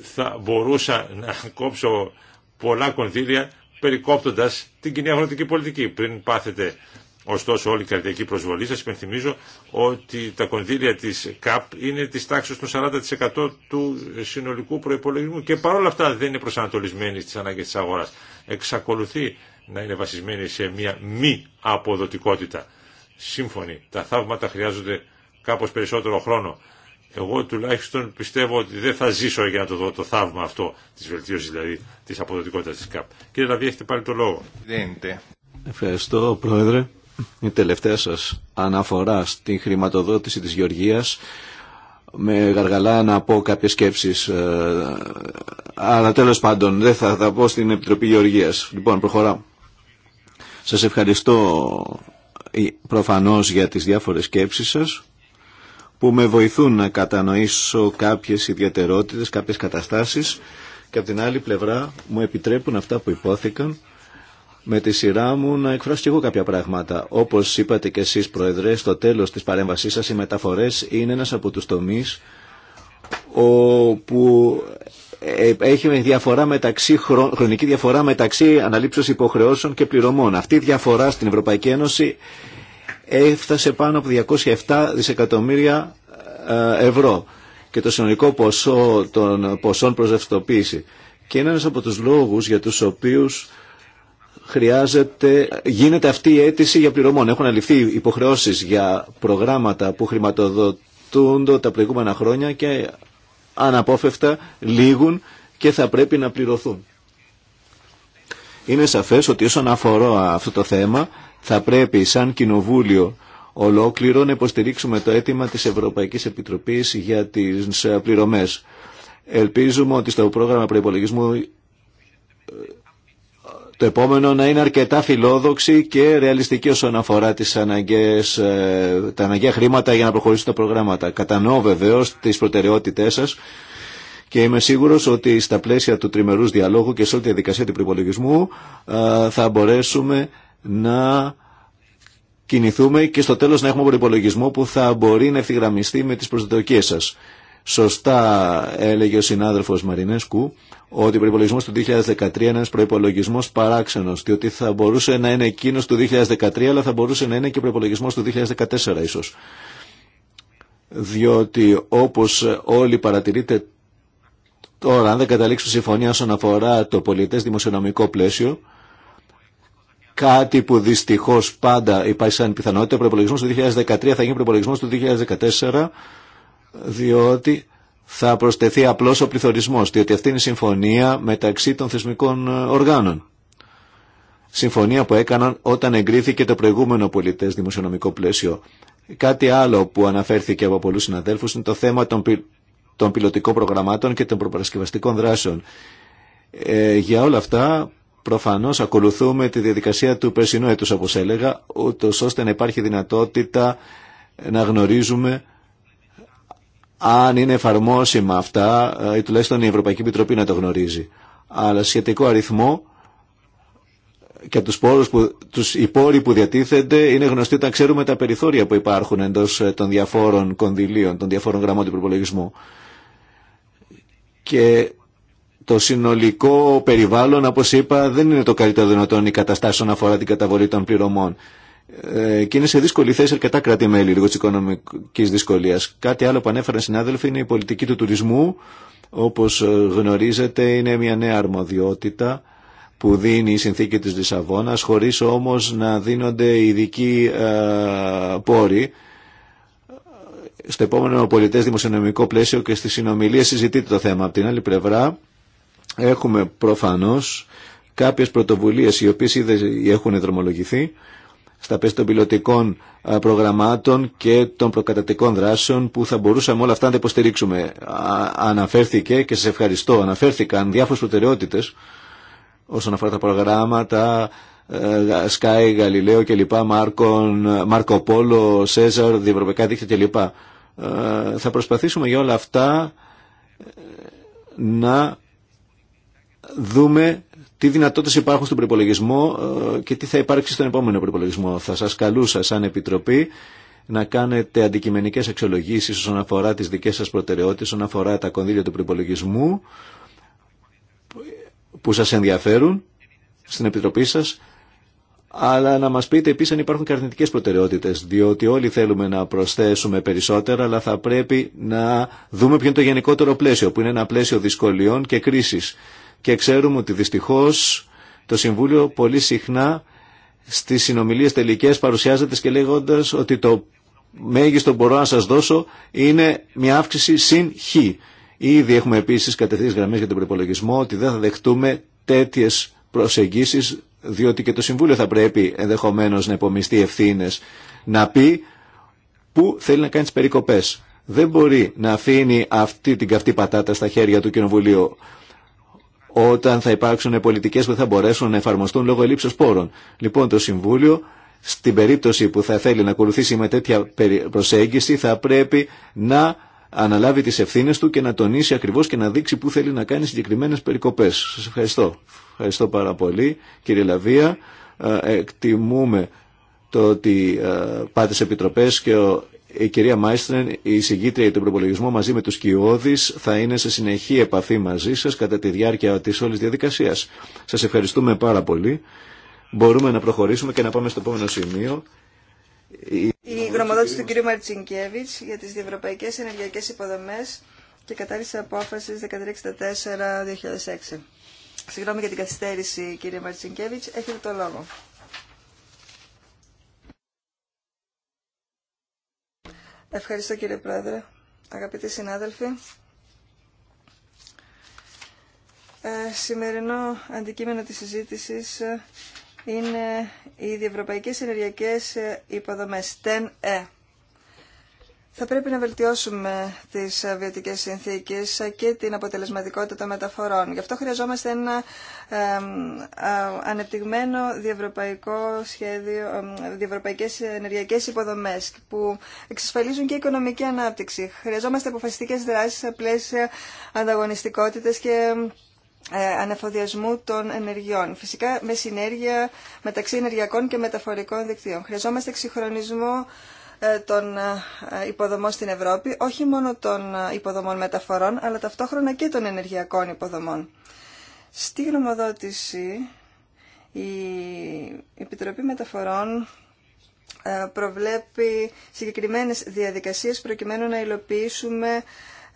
θα μπορούσα να κόψω πολλά κονδύλια περικόπτοντας την κοινή αγροτική πολιτική. Πριν πάθετε ωστόσο όλη η καρδιακή προσβολή σας, υπενθυμίζω ότι τα κονδύλια τη ΚΑΠ είναι τη τάξη των 40% του συνολικού προπολογισμού. και παρόλα αυτά δεν είναι προσανατολισμένη στις ανάγκες τη αγοράς. Εξακολουθεί να είναι βασισμένη σε μια μη αποδοτικότητα. Σύμφωνοι, τα θαύματα χρειάζονται κάπως περισσότερο χρόνο. Εγώ τουλάχιστον πιστεύω ότι δεν θα ζήσω για να το δω το θαύμα αυτό της βελτίωσης δηλαδή της αποδοτικότητας της ΚΑΠ. Κύριε Λαβή, έχετε πάλι το λόγο. Ευχαριστώ Πρόεδρε. Η τελευταία σας αναφορά στην χρηματοδότηση της Γεωργίας με γαργαλά να πω κάποιες σκέψεις ε, αλλά τέλος πάντων δεν θα τα πω στην Επιτροπή Γεωργίας. Λοιπόν, προχωράω. Σας ευχαριστώ ε, προφανώς για τις διάφορες σκέψεις σας που με βοηθούν να κατανοήσω κάποιες ιδιαιτερότητες, κάποιες καταστάσεις και από την άλλη πλευρά μου επιτρέπουν αυτά που υπόθηκαν με τη σειρά μου να εκφράσω και εγώ κάποια πράγματα. Όπως είπατε και εσείς Πρόεδρε, στο τέλος της παρέμβασής σας οι μεταφορές είναι ένας από τους τομείς όπου έχει διαφορά μεταξύ, χρονική διαφορά μεταξύ αναλήψεως υποχρεώσεων και πληρωμών. Αυτή η διαφορά στην Ευρωπαϊκή Ένωση έφτασε πάνω από 207 δισεκατομμύρια ε, ευρώ και το συνολικό ποσό των ποσών προς Και είναι ένας από τους λόγους για τους οποίους χρειάζεται, γίνεται αυτή η αίτηση για πληρωμών. Έχουν αληφθεί υποχρεώσεις για προγράμματα που χρηματοδοτούνται τα προηγούμενα χρόνια και αναπόφευτα λήγουν και θα πρέπει να πληρωθούν. Είναι σαφές ότι όσον αφορά αυτό το θέμα θα πρέπει σαν κοινοβούλιο ολόκληρο να υποστηρίξουμε το αίτημα της Ευρωπαϊκής Επιτροπής για τις ε, πληρωμές. Ελπίζουμε ότι στο πρόγραμμα προϋπολογισμού ε, το επόμενο να είναι αρκετά φιλόδοξη και ρεαλιστική όσον αφορά τις αναγκαίες, ε, τα αναγκαία χρήματα για να προχωρήσουν τα προγράμματα. Κατανοώ βεβαίως τις προτεραιότητές σας και είμαι σίγουρος ότι στα πλαίσια του τριμερούς διαλόγου και σε όλη τη διαδικασία του προπολογισμού θα μπορέσουμε να κινηθούμε και στο τέλος να έχουμε προπολογισμό που θα μπορεί να ευθυγραμμιστεί με τις προσδοκίες σας. Σωστά έλεγε ο συνάδελφος Μαρινέσκου ότι ο προπολογισμό του 2013 είναι ένα προπολογισμό παράξενο, διότι θα μπορούσε να είναι εκείνο του 2013, αλλά θα μπορούσε να είναι και ο προπολογισμό του 2014 ίσω. Διότι όπω όλοι παρατηρείτε τώρα, αν δεν καταλήξουν συμφωνία όσον αφορά το πολιτέ δημοσιονομικό πλαίσιο, Κάτι που δυστυχώ πάντα υπάρχει σαν πιθανότητα. Ο προπολογισμό του 2013 θα γίνει προπολογισμό του 2014, διότι θα προσθεθεί απλώ ο πληθωρισμό, διότι αυτή είναι η συμφωνία μεταξύ των θεσμικών ε, οργάνων. Συμφωνία που έκαναν όταν εγκρίθηκε το προηγούμενο πολιτέ δημοσιονομικό πλαίσιο. Κάτι άλλο που αναφέρθηκε από πολλού συναδέλφου είναι το θέμα των, των πιλωτικών προγραμμάτων και των προπαρασκευαστικών δράσεων. Ε, για όλα αυτά Προφανώς ακολουθούμε τη διαδικασία του περσινού έτους όπως έλεγα, ούτως ώστε να υπάρχει δυνατότητα να γνωρίζουμε αν είναι εφαρμόσιμα αυτά ή τουλάχιστον η Ευρωπαϊκή Επιτροπή να το γνωρίζει. Αλλά σχετικό αριθμό και τους, πόρους που, τους οι που διατίθενται είναι γνωστοί όταν ξέρουμε τα περιθώρια που υπάρχουν εντός ε, των διαφόρων κονδυλίων, των διαφόρων γραμμών του προπολογισμού. Και το συνολικό περιβάλλον, όπω είπα, δεν είναι το καλύτερο δυνατόν η καταστάση όσον αφορά την καταβολή των πληρωμών. Ε, και είναι σε δύσκολη θέση αρκετά κράτη-μέλη λίγο τη οικονομική δυσκολία. Κάτι άλλο που ανέφεραν συνάδελφοι είναι η πολιτική του τουρισμού. Όπω ε, γνωρίζετε, είναι μια νέα αρμοδιότητα που δίνει η συνθήκη της Λισαβόνα, χωρίς όμως να δίνονται ειδικοί ε, πόροι στο επόμενο πολιτές δημοσιονομικό πλαίσιο και στη συνομιλίε συζητείται το θέμα. Από την άλλη πλευρά Έχουμε προφανώς κάποιες πρωτοβουλίες οι οποίες ήδη έχουν δρομολογηθεί στα πέστη των πιλωτικών προγραμμάτων και των προκατατικών δράσεων που θα μπορούσαμε όλα αυτά να τα υποστηρίξουμε. Αναφέρθηκε και σας ευχαριστώ, αναφέρθηκαν διάφορες προτεραιότητες όσον αφορά τα προγράμματα ε, Sky, Galileo κλπ, Μάρκο Πόλο, Σέζαρ, Διευρωπαϊκά Δίκτυα κλπ. Ε, θα προσπαθήσουμε για όλα αυτά ε, να δούμε τι δυνατότητες υπάρχουν στον προπολογισμό ε, και τι θα υπάρξει στον επόμενο προπολογισμό. Θα σας καλούσα σαν Επιτροπή να κάνετε αντικειμενικές αξιολογήσεις όσον αφορά τις δικές σας προτεραιότητες, όσον αφορά τα κονδύλια του προπολογισμού που σας ενδιαφέρουν στην Επιτροπή σας, αλλά να μας πείτε επίσης αν υπάρχουν και προτεραιότητες, διότι όλοι θέλουμε να προσθέσουμε περισσότερα, αλλά θα πρέπει να δούμε ποιο είναι το γενικότερο πλαίσιο, που είναι ένα πλαίσιο δυσκολιών και κρίσης. Και ξέρουμε ότι δυστυχώς το Συμβούλιο πολύ συχνά στις συνομιλίες τελικές παρουσιάζεται και λέγοντας ότι το μέγιστο μπορώ να σας δώσω είναι μια αύξηση συν χ. Ήδη έχουμε επίσης κατευθείς γραμμές για τον προπολογισμό ότι δεν θα δεχτούμε τέτοιες προσεγγίσεις διότι και το Συμβούλιο θα πρέπει ενδεχομένως να υπομειστεί ευθύνε να πει που θέλει να κάνει τις περικοπές. Δεν μπορεί να αφήνει αυτή την καυτή πατάτα στα χέρια του Κοινοβουλίου όταν θα υπάρξουν πολιτικές που θα μπορέσουν να εφαρμοστούν λόγω ελλείψεως πόρων. Λοιπόν, το Συμβούλιο στην περίπτωση που θα θέλει να ακολουθήσει με τέτοια προσέγγιση θα πρέπει να αναλάβει τις ευθύνες του και να τονίσει ακριβώς και να δείξει που θέλει να κάνει συγκεκριμένες περικοπές. Σας ευχαριστώ. Ευχαριστώ πάρα πολύ κύριε Λαβία. Ε, εκτιμούμε το ότι ε, πάτε σε επιτροπές και ο η κυρία Μάιστρεν, η συγκήτρια για τον προπολογισμό μαζί με τους κοιόδης θα είναι σε συνεχή επαφή μαζί σας κατά τη διάρκεια της όλης διαδικασίας. Σας ευχαριστούμε πάρα πολύ. Μπορούμε να προχωρήσουμε και να πάμε στο επόμενο σημείο. Η, η γνωμοδότηση του κυρίου Μαρτσινκέβιτς για τις διευρωπαϊκές ενεργειακές υποδομές και κατάρριση απόφασης 1364-2006. Συγγνώμη για την καθυστέρηση, κύριε Μαρτσινκέβιτς. Έχετε το λόγο. Ευχαριστώ κύριε Πρόεδρε, αγαπητοί συνάδελφοι. Ε, σημερινό αντικείμενο της συζήτησης ε, είναι οι διευρωπαϊκές ενεργειακές ε, υποδομές TEN-E. Θα πρέπει να βελτιώσουμε τι βιωτικέ συνθήκε και την αποτελεσματικότητα των μεταφορών. Γι' αυτό χρειαζόμαστε ένα ανεπτυγμένο διευρωπαϊκό σχέδιο, διευρωπαϊκές ενεργειακές υποδομές που εξασφαλίζουν και οικονομική ανάπτυξη. Χρειαζόμαστε αποφασιστικέ δράσει σε πλαίσια ανταγωνιστικότητες και ε, ανεφοδιασμού των ενεργειών. Φυσικά με συνέργεια μεταξύ ενεργειακών και μεταφορικών δικτύων. Χρειαζόμαστε εξυγχρονισμό ε, των ε, υποδομών στην Ευρώπη, όχι μόνο των ε, υποδομών μεταφορών, αλλά ταυτόχρονα και των ενεργειακών υποδομών. Στη γνωμοδότηση, η Επιτροπή Μεταφορών προβλέπει συγκεκριμένες διαδικασίες προκειμένου να υλοποιήσουμε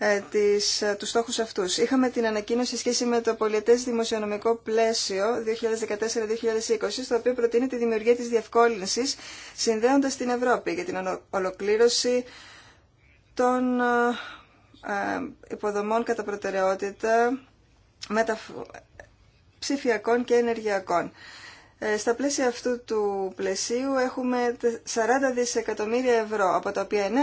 ε, τις, ε, τους στόχους αυτούς. Είχαμε την ανακοίνωση σχέση με το πολιτες δημοσιονομικο δημοσιονομικό πλαίσιο 2014-2020, στο οποίο προτείνει τη δημιουργία της διευκόλυνσης συνδέοντας την Ευρώπη για την ολοκλήρωση των ε, υποδομών κατά προτεραιότητα ψηφιακών και ενεργειακών. Ε, στα πλαίσια αυτού του πλαισίου έχουμε 40 δισεκατομμύρια ευρώ, από τα οποία 9,1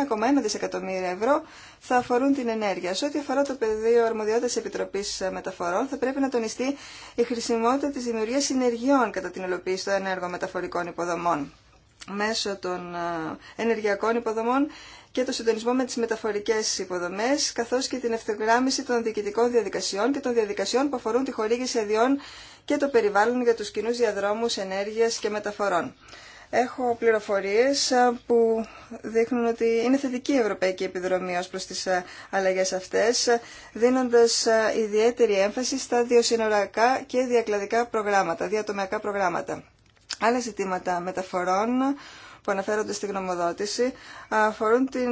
δισεκατομμύρια ευρώ θα αφορούν την ενέργεια. Σε ό,τι αφορά το πεδίο αρμοδιότητας Επιτροπής ε, Μεταφορών, θα πρέπει να τονιστεί η χρησιμότητα της δημιουργίας συνεργειών κατά την υλοποίηση των ενέργων μεταφορικών υποδομών μέσω των ε, ενεργειακών υποδομών και το συντονισμό με τις μεταφορικές υποδομές, καθώς και την ευθυγράμμιση των διοικητικών διαδικασιών και των διαδικασιών που αφορούν τη χορήγηση αδειών και το περιβάλλον για τους κοινούς διαδρόμους ενέργειας και μεταφορών. Έχω πληροφορίες ε, που δείχνουν ότι είναι θετική η Ευρωπαϊκή Επιδρομή ως προς τις ε, αλλαγές αυτές, ε, δίνοντας ιδιαίτερη έμφαση στα διοσυνοριακά και διακλαδικά προγράμματα, διατομιακά προγράμματα. Άλλα ζητήματα μεταφορών που αναφέρονται στη γνωμοδότηση αφορούν την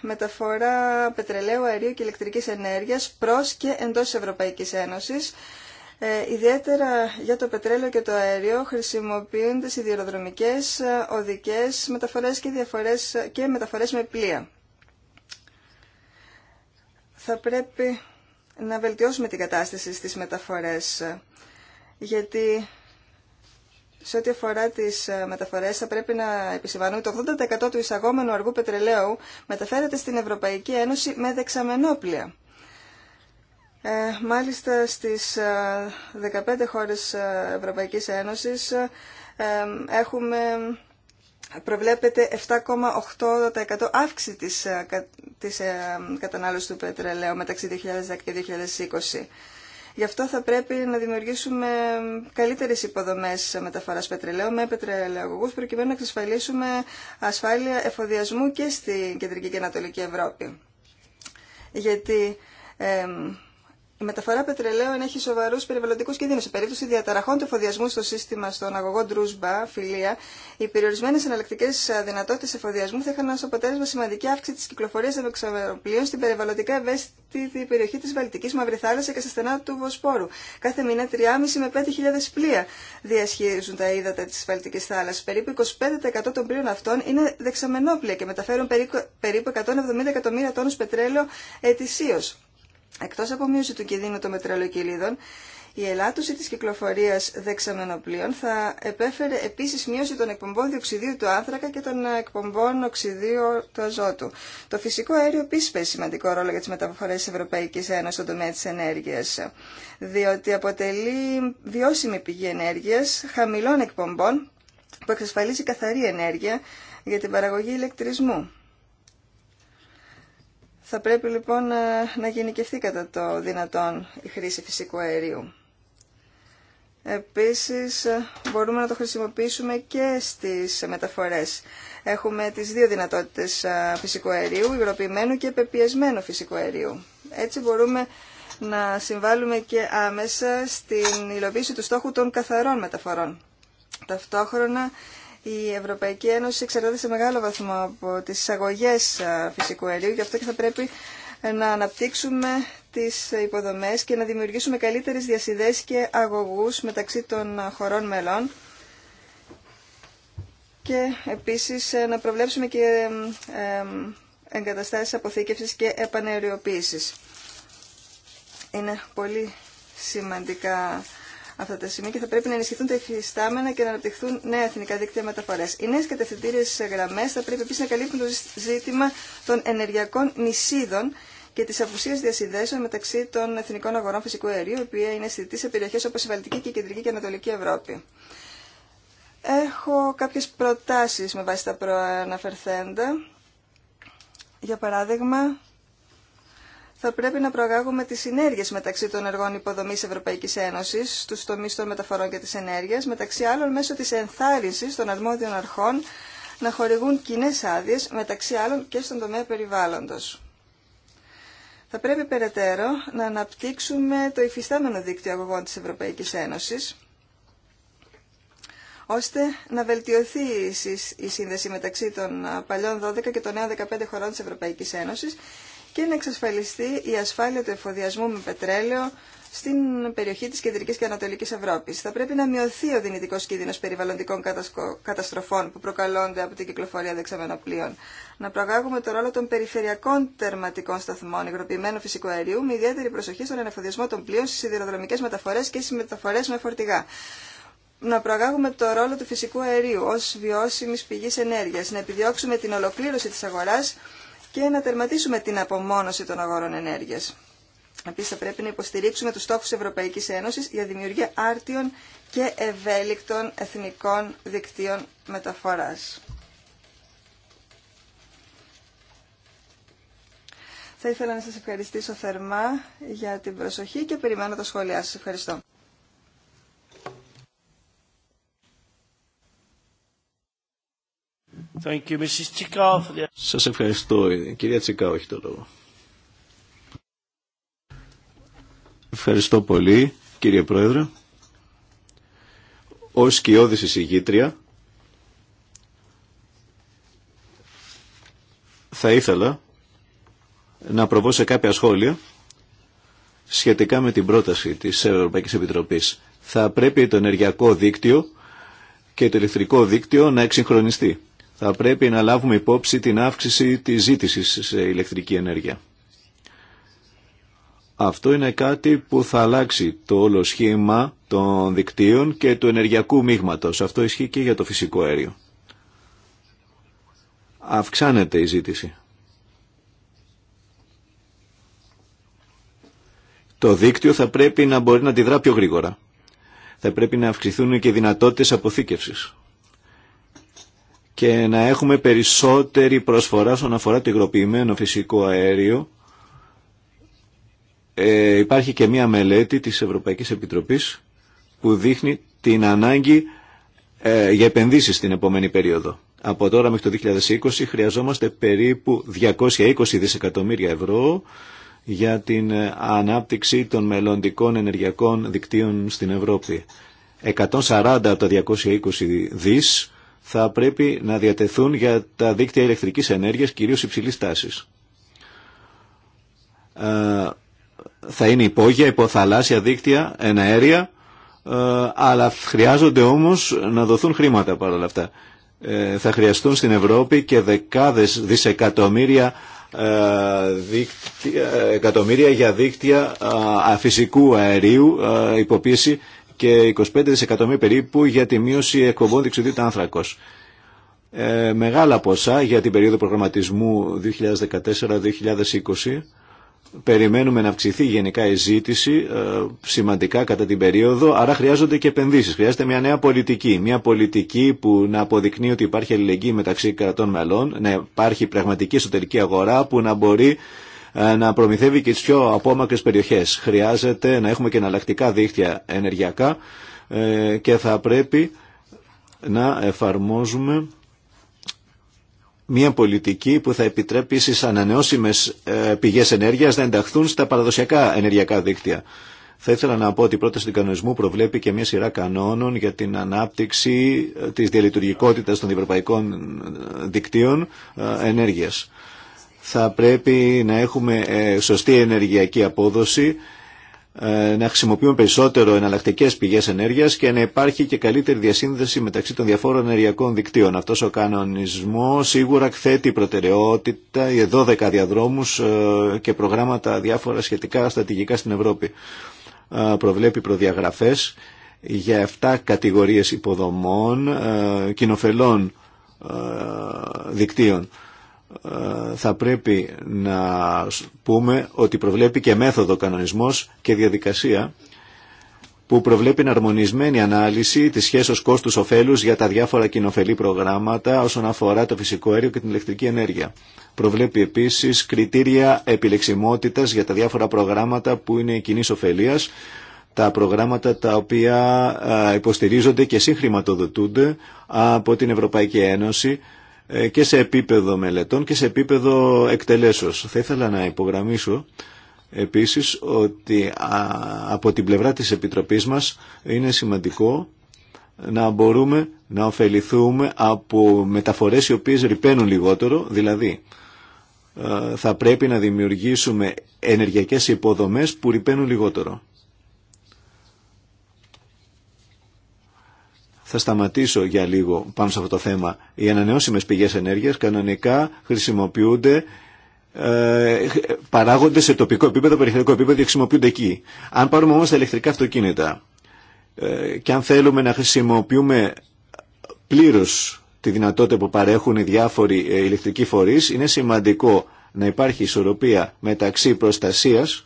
μεταφορά πετρελαίου, αερίου και ηλεκτρικής ενέργειας προς και εντός Ευρωπαϊκής Ένωσης ε, ιδιαίτερα για το πετρέλαιο και το αέριο χρησιμοποιούνται σιδηροδρομικές, ε, οδικές μεταφορές και, διαφορές, ε, και μεταφορές με πλοία. Θα πρέπει να βελτιώσουμε την κατάσταση στις μεταφορές, ε, γιατί σε ό,τι αφορά τις μεταφορές θα πρέπει να επισημανούμε το 80% του εισαγόμενου αργού πετρελαίου μεταφέρεται στην Ευρωπαϊκή Ένωση με δεξαμενόπλια. Ε, μάλιστα στις 15 ε, χώρες ε, Ευρωπαϊκής Ένωσης έχουμε προβλέπεται 7,8% αύξηση της, της κατανάλωσης του πετρελαίου μεταξύ 2010 και 2020. Γι' αυτό θα πρέπει να δημιουργήσουμε καλύτερες υποδομές μεταφοράς πετρελαίου με πετρελαγωγούς προκειμένου να εξασφαλίσουμε ασφάλεια εφοδιασμού και στην Κεντρική και Ανατολική Ευρώπη. Γιατί η μεταφορά πετρελαίων έχει σοβαρού περιβαλλοντικού κινδύνου. Σε περίπτωση διαταραχών του εφοδιασμού στο σύστημα στον αγωγό Ντρούσμπα, φιλία, οι περιορισμένε εναλλακτικέ δυνατότητε εφοδιασμού θα είχαν ω αποτέλεσμα σημαντική αύξηση τη κυκλοφορία των εξαεροπλοίων στην περιβαλλοντικά ευαίσθητη περιοχή τη Βαλτική, Μαύρη Θάλασσα και στα στενά του Βοσπόρου. Κάθε μήνα 3,5 με 5.000 πλοία διασχίζουν τα ύδατα τη Βαλτική θάλασσα. Περίπου 25% των πλοίων αυτών είναι δεξαμενόπλια και μεταφέρουν περίπου 170 εκατομμύρια τόνου πετρέλαιο ετησίω. Εκτός από μείωση του κινδύνου των μετραλοκυλίδων, η ελάττωση της κυκλοφορίας δεξαμενοπλοίων θα επέφερε επίσης μείωση των εκπομπών διοξιδίου του άνθρακα και των εκπομπών οξιδίου του αζότου. Το φυσικό αέριο επίσης παίζει σημαντικό ρόλο για τις μεταφορές της Ευρωπαϊκής Ένωσης στον τομέα της ενέργειας, διότι αποτελεί βιώσιμη πηγή ενέργειας χαμηλών εκπομπών που εξασφαλίζει καθαρή ενέργεια για την παραγωγή ηλεκτρισμού. Θα πρέπει λοιπόν ε, να, να κατά το δυνατόν η χρήση φυσικού αερίου. Επίσης ε, μπορούμε να το χρησιμοποιήσουμε και στις μεταφορές. Έχουμε τις δύο δυνατότητες ε, φυσικού αερίου, υγροποιημένου και πεπιεσμένου φυσικού αερίου. Έτσι μπορούμε να συμβάλλουμε και άμεσα στην υλοποίηση του στόχου των καθαρών μεταφορών. Ταυτόχρονα η Ευρωπαϊκή Ένωση εξαρτάται σε μεγάλο βαθμό από τις εισαγωγές φυσικού αερίου, γι' αυτό και θα πρέπει να αναπτύξουμε τις υποδομές και να δημιουργήσουμε καλύτερες διασυνδέσεις και αγωγούς μεταξύ των χωρών μελών και επίσης ε, να προβλέψουμε και ε, εγκαταστάσεις αποθήκευσης και επανεριοποίησης. Είναι πολύ σημαντικά αυτά τα σημεία και θα πρέπει να ενισχυθούν τα υφιστάμενα και να αναπτυχθούν νέα εθνικά δίκτυα μεταφορέ. Οι νέε κατευθυντήριε γραμμέ θα πρέπει επίση να καλύπτουν το ζήτημα των ενεργειακών νησίδων και τη απουσία διασυνδέσεων μεταξύ των εθνικών αγορών φυσικού αερίου, η οποία είναι αισθητή σε περιοχέ όπω η Βαλτική και η Κεντρική και η Ανατολική Ευρώπη. Έχω κάποιε προτάσει με βάση τα προαναφερθέντα. Για παράδειγμα, θα πρέπει να προαγάγουμε τι συνέργειε μεταξύ των εργών υποδομή Ευρωπαϊκή Ένωση, στους τομεί των μεταφορών και τη ενέργεια, μεταξύ άλλων μέσω τη ενθάρρυνση των αρμόδιων αρχών να χορηγούν κοινέ άδειε μεταξύ άλλων και στον τομέα περιβάλλοντο. Θα πρέπει περαιτέρω να αναπτύξουμε το υφιστάμενο δίκτυο αγωγών τη Ευρωπαϊκή Ένωση, ώστε να βελτιωθεί η σύνδεση μεταξύ των παλιών 12 και των νέων 15 χωρών της Ευρωπαϊκής Ένωσης και να εξασφαλιστεί η ασφάλεια του εφοδιασμού με πετρέλαιο στην περιοχή της Κεντρικής και Ανατολικής Ευρώπης. Θα πρέπει να μειωθεί ο δυνητικός κίνδυνος περιβαλλοντικών καταστροφών που προκαλώνται από την κυκλοφορία δεξαμενών Να προαγάγουμε το ρόλο των περιφερειακών τερματικών σταθμών υγροποιημένου φυσικού αερίου με ιδιαίτερη προσοχή στον ανεφοδιασμό των πλοίων στις σιδηροδρομικές μεταφορές και στι μεταφορές με φορτηγά να προαγάγουμε το ρόλο του φυσικού αερίου ως βιώσιμης πηγής ενέργειας, να επιδιώξουμε την ολοκλήρωση της αγοράς και να τερματίσουμε την απομόνωση των αγορών ενέργειας. Επίση θα πρέπει να υποστηρίξουμε τους στόχους Ευρωπαϊκής Ένωσης για δημιουργία άρτιων και ευέλικτων εθνικών δικτύων μεταφοράς. Θα ήθελα να σας ευχαριστήσω θερμά για την προσοχή και περιμένω τα σχόλιά σας. Ευχαριστώ. Thank Σας ευχαριστώ. κυρία Τσικάου έχει το λόγο. Ευχαριστώ πολύ, κύριε Πρόεδρε. Ως σκιώδης εισηγήτρια θα ήθελα να προβώ σε κάποια σχόλια σχετικά με την πρόταση της Ευρωπαϊκής Επιτροπής. Θα πρέπει το ενεργειακό δίκτυο και το ηλεκτρικό δίκτυο να εξυγχρονιστεί θα πρέπει να λάβουμε υπόψη την αύξηση της ζήτησης σε ηλεκτρική ενέργεια. Αυτό είναι κάτι που θα αλλάξει το όλο σχήμα των δικτύων και του ενεργειακού μείγματος. Αυτό ισχύει και για το φυσικό αέριο. Αυξάνεται η ζήτηση. Το δίκτυο θα πρέπει να μπορεί να αντιδρά πιο γρήγορα. Θα πρέπει να αυξηθούν και οι δυνατότητες αποθήκευσης και να έχουμε περισσότερη προσφορά στον αφορά το υγροποιημένο φυσικό αέριο. Ε, υπάρχει και μία μελέτη της Ευρωπαϊκής Επιτροπής που δείχνει την ανάγκη ε, για επενδύσεις στην επόμενη περίοδο. Από τώρα μέχρι το 2020 χρειαζόμαστε περίπου 220 δισεκατομμύρια ευρώ για την ε, ανάπτυξη των μελλοντικών ενεργειακών δικτύων στην Ευρώπη. 140 από τα 220 δις θα πρέπει να διατεθούν για τα δίκτυα ηλεκτρικής ενέργειας, κυρίως υψηλής τάσης. Ε, θα είναι υπόγεια, υποθαλάσσια δίκτυα, εναέρια, ε, αλλά χρειάζονται όμως να δοθούν χρήματα παρόλα αυτά. Ε, θα χρειαστούν στην Ευρώπη και δεκάδες δισεκατομμύρια ε, δίκτυα, εκατομμύρια για δίκτυα αφυσικού αερίου, υποποίηση και 25 δισεκατομμύρια περίπου για τη μείωση εκπομπών διεξουδίου του Ε, μεγάλα ποσά για την περίοδο προγραμματισμού 2014-2020. Περιμένουμε να αυξηθεί γενικά η ζήτηση ε, σημαντικά κατά την περίοδο, άρα χρειάζονται και επενδύσεις. Χρειάζεται μια νέα πολιτική. Μια πολιτική που να αποδεικνύει ότι υπάρχει αλληλεγγύη μεταξύ κρατών μελών, να υπάρχει πραγματική εσωτερική αγορά που να μπορεί ε, να προμηθεύει και τι πιο απόμακρες περιοχές. Χρειάζεται να έχουμε και εναλλακτικά δίκτυα ενεργειακά ε, και θα πρέπει να εφαρμόζουμε μια πολιτική που θα επιτρέπει στις ανανεώσιμες ε, πηγές ενέργειας να ενταχθούν στα παραδοσιακά ενεργειακά δίκτυα. Θα ήθελα να πω ότι η πρόταση του κανονισμού προβλέπει και μια σειρά κανόνων για την ανάπτυξη της διαλειτουργικότητας των ευρωπαϊκών δικτύων ενέργειας θα πρέπει να έχουμε ε, σωστή ενεργειακή απόδοση, ε, να χρησιμοποιούμε περισσότερο εναλλακτικέ πηγέ ενέργεια και να υπάρχει και καλύτερη διασύνδεση μεταξύ των διαφόρων ενεργειακών δικτύων. Αυτό ο κανονισμό σίγουρα θέτει προτεραιότητα για 12 διαδρόμου ε, και προγράμματα διάφορα σχετικά στρατηγικά στην Ευρώπη. Προβλέπει προδιαγραφέ για 7 κατηγορίες υποδομών κοινοφελών δικτύων ε, θα πρέπει να πούμε ότι προβλέπει και μέθοδο κανονισμός και διαδικασία που προβλέπει αρμονισμένη ανάλυση της σχέσης κόστους κόστους-οφέλους για τα διάφορα κοινοφελή προγράμματα όσον αφορά το φυσικό αέριο και την ηλεκτρική ενέργεια. Προβλέπει επίσης κριτήρια επιλεξιμότητας για τα διάφορα προγράμματα που είναι κοινή τα προγράμματα τα οποία ε, υποστηρίζονται και συγχρηματοδοτούνται από την Ευρωπαϊκή Ένωση ε, και σε επίπεδο μελετών και σε επίπεδο εκτελέσεως. Θα ήθελα να υπογραμμίσω επίσης ότι από την πλευρά της Επιτροπής μας είναι σημαντικό να μπορούμε να ωφεληθούμε από μεταφορές οι οποίες ρηπαίνουν λιγότερο, δηλαδή ε, θα πρέπει να δημιουργήσουμε ενεργειακές υποδομές που ρηπαίνουν λιγότερο. Θα σταματήσω για λίγο πάνω σε αυτό το θέμα. Οι ανανεώσιμε πηγέ ενέργεια κανονικά χρησιμοποιούνται, ε, παράγονται σε τοπικό επίπεδο, περιφερειακό επίπεδο και χρησιμοποιούνται εκεί. Αν πάρουμε όμω τα ηλεκτρικά αυτοκίνητα ε, και αν θέλουμε να χρησιμοποιούμε πλήρω τη δυνατότητα που παρέχουν οι διάφοροι ε, ηλεκτρικοί φορεί, είναι σημαντικό να υπάρχει ισορροπία μεταξύ προστασίας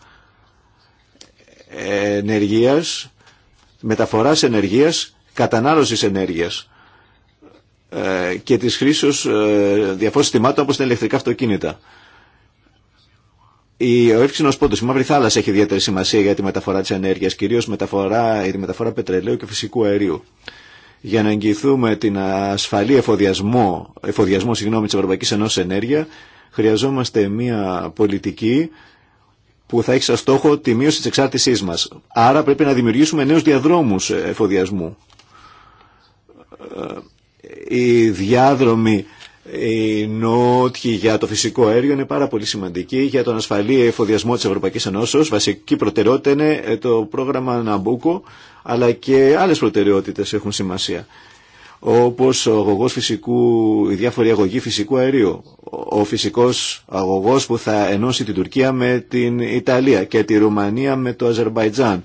ενεργείας, μεταφοράς ενεργείας κατανάλωσης ενέργειας ε, και της χρήσης ε, διαφόρων συστημάτων όπως τα ηλεκτρικά αυτοκίνητα. Η, ο εύξηνο πόντο, η Μαύρη Θάλασσα έχει ιδιαίτερη σημασία για τη μεταφορά της ενέργειας, κυρίως μεταφορά, για τη μεταφορά πετρελαίου και φυσικού αερίου. Για να εγγυηθούμε την ασφαλή εφοδιασμό, εφοδιασμό συγγνώμη, τη Ευρωπαϊκή Ενώση Ενέργεια, χρειαζόμαστε μια πολιτική που θα έχει σαν στόχο τη μείωση τη εξάρτησή μα. Άρα πρέπει να δημιουργήσουμε νέου διαδρόμου εφοδιασμού οι ε, διάδρομοι νότια για το φυσικό αέριο είναι πάρα πολύ σημαντικοί για τον ασφαλή εφοδιασμό της Ευρωπαϊκής Ενώσεως. Βασική προτεραιότητα είναι ε, το πρόγραμμα Ναμπούκο, αλλά και άλλες προτεραιότητες έχουν σημασία. Όπως ο αγωγός φυσικού, η διάφορη αγωγή φυσικού αερίου, ο φυσικός αγωγός που θα ενώσει την Τουρκία με την Ιταλία και τη Ρουμανία με το Αζερμπαϊτζάν.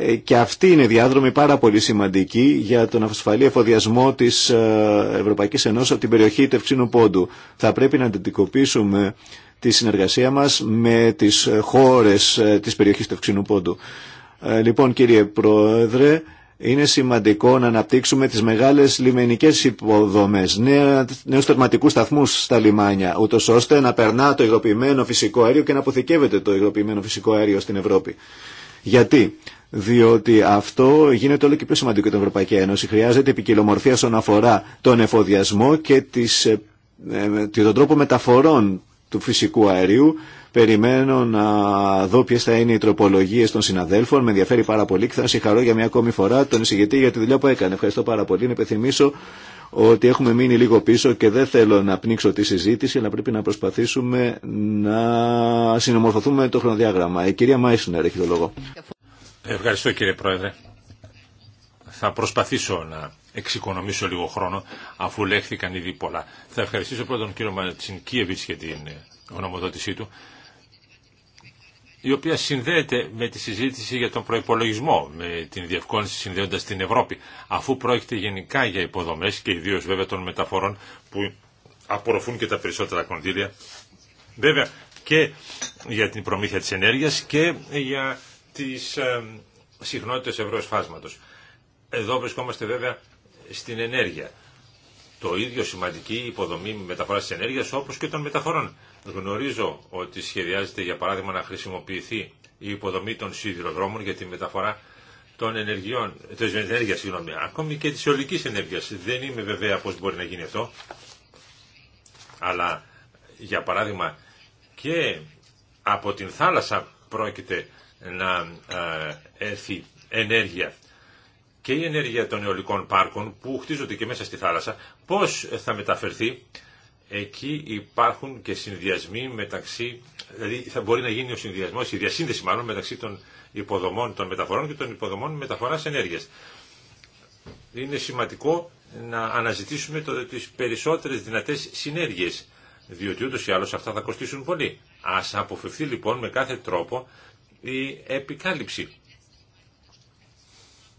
Ε, και αυτή είναι διάδρομη πάρα πολύ σημαντική για τον ασφαλή εφοδιασμό της ε, Ευρωπαϊκής Ενώσης από την περιοχή Τευξίνου Πόντου. Θα πρέπει να αντιτικοποιήσουμε τη συνεργασία μας με τις χώρες ε, της περιοχής Τευξίνου Πόντου. Λοιπόν κύριε Πρόεδρε, είναι σημαντικό να αναπτύξουμε τις μεγάλες λιμενικές υποδομές, νέους τερματικούς σταθμούς στα λιμάνια, ούτως ώστε να περνά το υγροποιημένο φυσικό αέριο και να αποθηκεύεται το υγροποιημένο φυσικό αέριο στην Ευρώπη. Γιατί διότι αυτό γίνεται όλο και πιο σημαντικό για την Ευρωπαϊκή Ένωση. Χρειάζεται επικοινομορφία στον αφορά τον εφοδιασμό και τις, ε, ε, τον τρόπο μεταφορών του φυσικού αερίου. Περιμένω να δω ποιε θα είναι οι τροπολογίε των συναδέλφων. Με ενδιαφέρει πάρα πολύ και θα συγχαρώ για μια ακόμη φορά τον εισηγητή για τη δουλειά που έκανε. Ευχαριστώ πάρα πολύ. Να υπενθυμίσω ότι έχουμε μείνει λίγο πίσω και δεν θέλω να πνίξω τη συζήτηση, αλλά πρέπει να προσπαθήσουμε να συνομορφωθούμε το χρονοδιάγραμμα. Η κυρία Μάισνερ έχει το λόγο. Ευχαριστώ κύριε Πρόεδρε. Θα προσπαθήσω να εξοικονομήσω λίγο χρόνο, αφού λέχθηκαν ήδη πολλά. Θα ευχαριστήσω πρώτον τον κύριο Ματσινκίεβιτς για την γνωμοδότησή του, η οποία συνδέεται με τη συζήτηση για τον προϋπολογισμό, με την διευκόλυνση συνδέοντας την Ευρώπη, αφού πρόκειται γενικά για υποδομές και ιδίως βέβαια των μεταφορών που απορροφούν και τα περισσότερα κονδύλια. Βέβαια και για την προμήθεια της ενέργειας και για της συχνότητα ευρώ Εδώ βρισκόμαστε βέβαια στην ενέργεια. Το ίδιο σημαντική υποδομή μεταφοράς της ενέργειας όπως και των μεταφορών. Γνωρίζω ότι σχεδιάζεται για παράδειγμα να χρησιμοποιηθεί η υποδομή των σιδηροδρόμων για τη μεταφορά των ενεργειών, της ενέργειας, συγγνώμη, ακόμη και της ολικής ενέργειας. Δεν είμαι βέβαια πώς μπορεί να γίνει αυτό, αλλά για παράδειγμα και από την θάλασσα πρόκειται να έρθει ενέργεια και η ενέργεια των αιωλικών πάρκων που χτίζονται και μέσα στη θάλασσα, πώς θα μεταφερθεί. Εκεί υπάρχουν και συνδυασμοί μεταξύ, δηλαδή θα μπορεί να γίνει ο συνδυασμός, η διασύνδεση μάλλον μεταξύ των υποδομών των μεταφορών και των υποδομών μεταφοράς ενέργειας. Είναι σημαντικό να αναζητήσουμε το, τις περισσότερες δυνατές συνέργειες, διότι ούτως ή άλλως αυτά θα κοστίσουν πολύ. Ας αποφευθεί λοιπόν με κάθε τρόπο η επικάλυψη.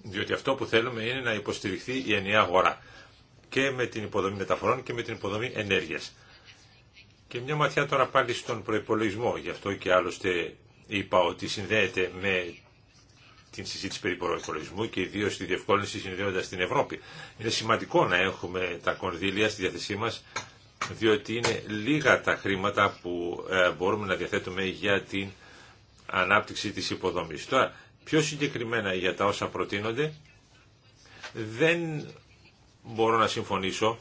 Διότι αυτό που θέλουμε είναι να υποστηριχθεί η ενιαία αγορά και με την υποδομή μεταφορών και με την υποδομή ενέργειας. Και μια ματιά τώρα πάλι στον προπολογισμό. Γι' αυτό και άλλωστε είπα ότι συνδέεται με την συζήτηση περί προϋπολογισμού και ιδίω τη διευκόλυνση συνδέοντα την Ευρώπη. Είναι σημαντικό να έχουμε τα κονδύλια στη διάθεσή μας διότι είναι λίγα τα χρήματα που ε, μπορούμε να διαθέτουμε για την ανάπτυξη της υποδομής. Τώρα, πιο συγκεκριμένα για τα όσα προτείνονται, δεν μπορώ να συμφωνήσω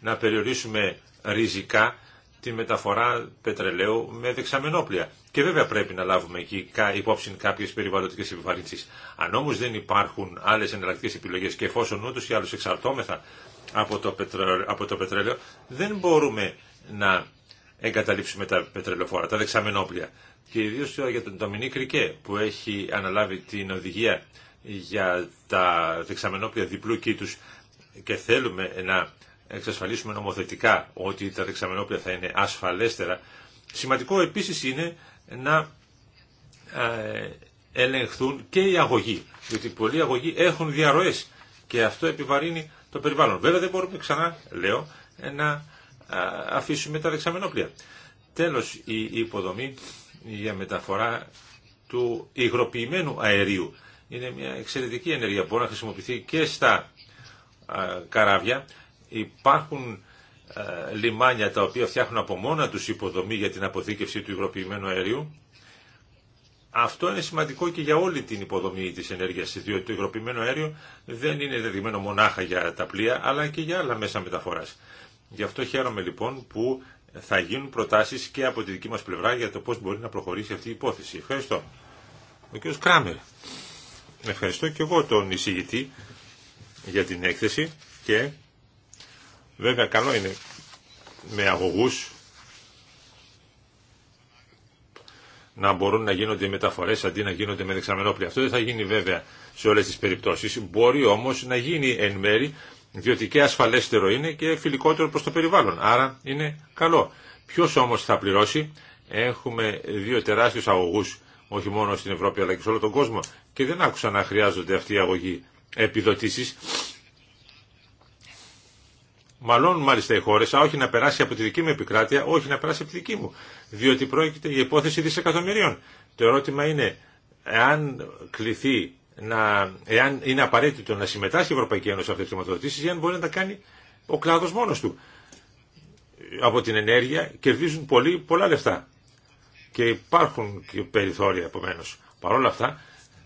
να περιορίσουμε ριζικά τη μεταφορά πετρελαίου με δεξαμενόπλια. Και βέβαια πρέπει να λάβουμε εκεί υπόψη κάποιε περιβαλλοντικέ επιβαρύνσει. Αν όμω δεν υπάρχουν άλλε εναλλακτικέ επιλογέ και εφόσον ούτω ή άλλω εξαρτώμεθα από το, από το πετρέλαιο, δεν μπορούμε να εγκαταλείψουμε τα πετρελοφόρα, τα δεξαμενόπλια. Και ιδίω για τον Ντομινίκ Κρικέ που έχει αναλάβει την οδηγία για τα δεξαμενόπλια διπλού κήτου και θέλουμε να εξασφαλίσουμε νομοθετικά ότι τα δεξαμενόπλια θα είναι ασφαλέστερα. Σημαντικό επίσης είναι να ε, ελεγχθούν και οι αγωγοί, διότι πολλοί αγωγοί έχουν διαρροές και αυτό επιβαρύνει το περιβάλλον. Βέβαια δεν μπορούμε ξανά, λέω, να αφήσουμε τα δεξαμενόπλια. Τέλος, η υποδομή για μεταφορά του υγροποιημένου αερίου. Είναι μια εξαιρετική ενέργεια που μπορεί να χρησιμοποιηθεί και στα καράβια. Υπάρχουν λιμάνια τα οποία φτιάχνουν από μόνα τους υποδομή για την αποθήκευση του υγροποιημένου αερίου. Αυτό είναι σημαντικό και για όλη την υποδομή της ενέργειας, διότι το υγροποιημένο αέριο δεν είναι δεδομένο μονάχα για τα πλοία, αλλά και για άλλα μέσα μεταφοράς. Γι' αυτό χαίρομαι λοιπόν που θα γίνουν προτάσεις και από τη δική μας πλευρά για το πώ μπορεί να προχωρήσει αυτή η υπόθεση. Ευχαριστώ. Ο κ. Κράμερ. Ευχαριστώ και εγώ τον εισηγητή για την έκθεση και βέβαια καλό είναι με αγωγούς να μπορούν να γίνονται μεταφορές αντί να γίνονται με δεξαμενόπλια. Αυτό δεν θα γίνει βέβαια σε όλες τις περιπτώσεις. Μπορεί όμως να γίνει εν μέρη διότι και ασφαλέστερο είναι και φιλικότερο προς το περιβάλλον. Άρα είναι καλό. Ποιος όμως θα πληρώσει. Έχουμε δύο τεράστιους αγωγούς, όχι μόνο στην Ευρώπη αλλά και σε όλο τον κόσμο και δεν άκουσα να χρειάζονται αυτοί οι αγωγοί επιδοτήσεις. Μαλώνουν μάλιστα οι χώρε, όχι να περάσει από τη δική μου επικράτεια, όχι να περάσει από τη δική μου. Διότι πρόκειται η υπόθεση δισεκατομμυρίων. Το ερώτημα είναι, εάν κληθεί να, εάν είναι απαραίτητο να συμμετάσχει η Ευρωπαϊκή Ένωση σε αυτέ τι χρηματοδοτήσει, ή αν μπορεί να τα κάνει ο κλάδο μόνο του. Από την ενέργεια κερδίζουν πολύ, πολλά λεφτά και υπάρχουν και περιθώρια επομένω. Παρ' όλα αυτά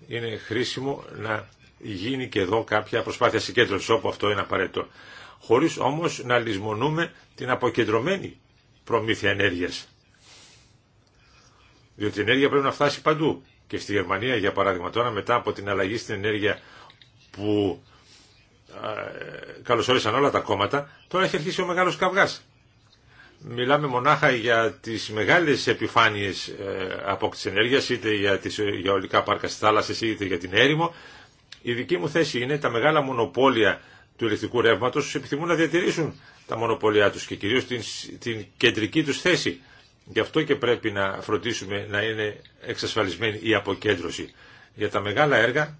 είναι χρήσιμο να γίνει και εδώ κάποια προσπάθεια συγκέντρωση όπου αυτό είναι απαραίτητο. Χωρί όμω να λησμονούμε την αποκεντρωμένη προμήθεια ενέργεια. Διότι η ενέργεια πρέπει να φτάσει παντού. Και στη Γερμανία, για παράδειγμα, τώρα μετά από την αλλαγή στην ενέργεια που καλωσόρισαν όλα τα κόμματα, τώρα έχει αρχίσει ο μεγάλος καυγάς. Μιλάμε μονάχα για τις μεγάλες επιφάνειες ε, απόκτησης ενέργειας, είτε για, τις, για ολικά πάρκα στις θάλασσες, είτε για την έρημο. Η δική μου θέση είναι τα μεγάλα μονοπόλια του ηλεκτρικού ρεύματος επιθυμούν να διατηρήσουν τα μονοπόλια τους και κυρίως την, την κεντρική τους θέση. Γι' αυτό και πρέπει να φροντίσουμε να είναι εξασφαλισμένη η αποκέντρωση. Για τα μεγάλα έργα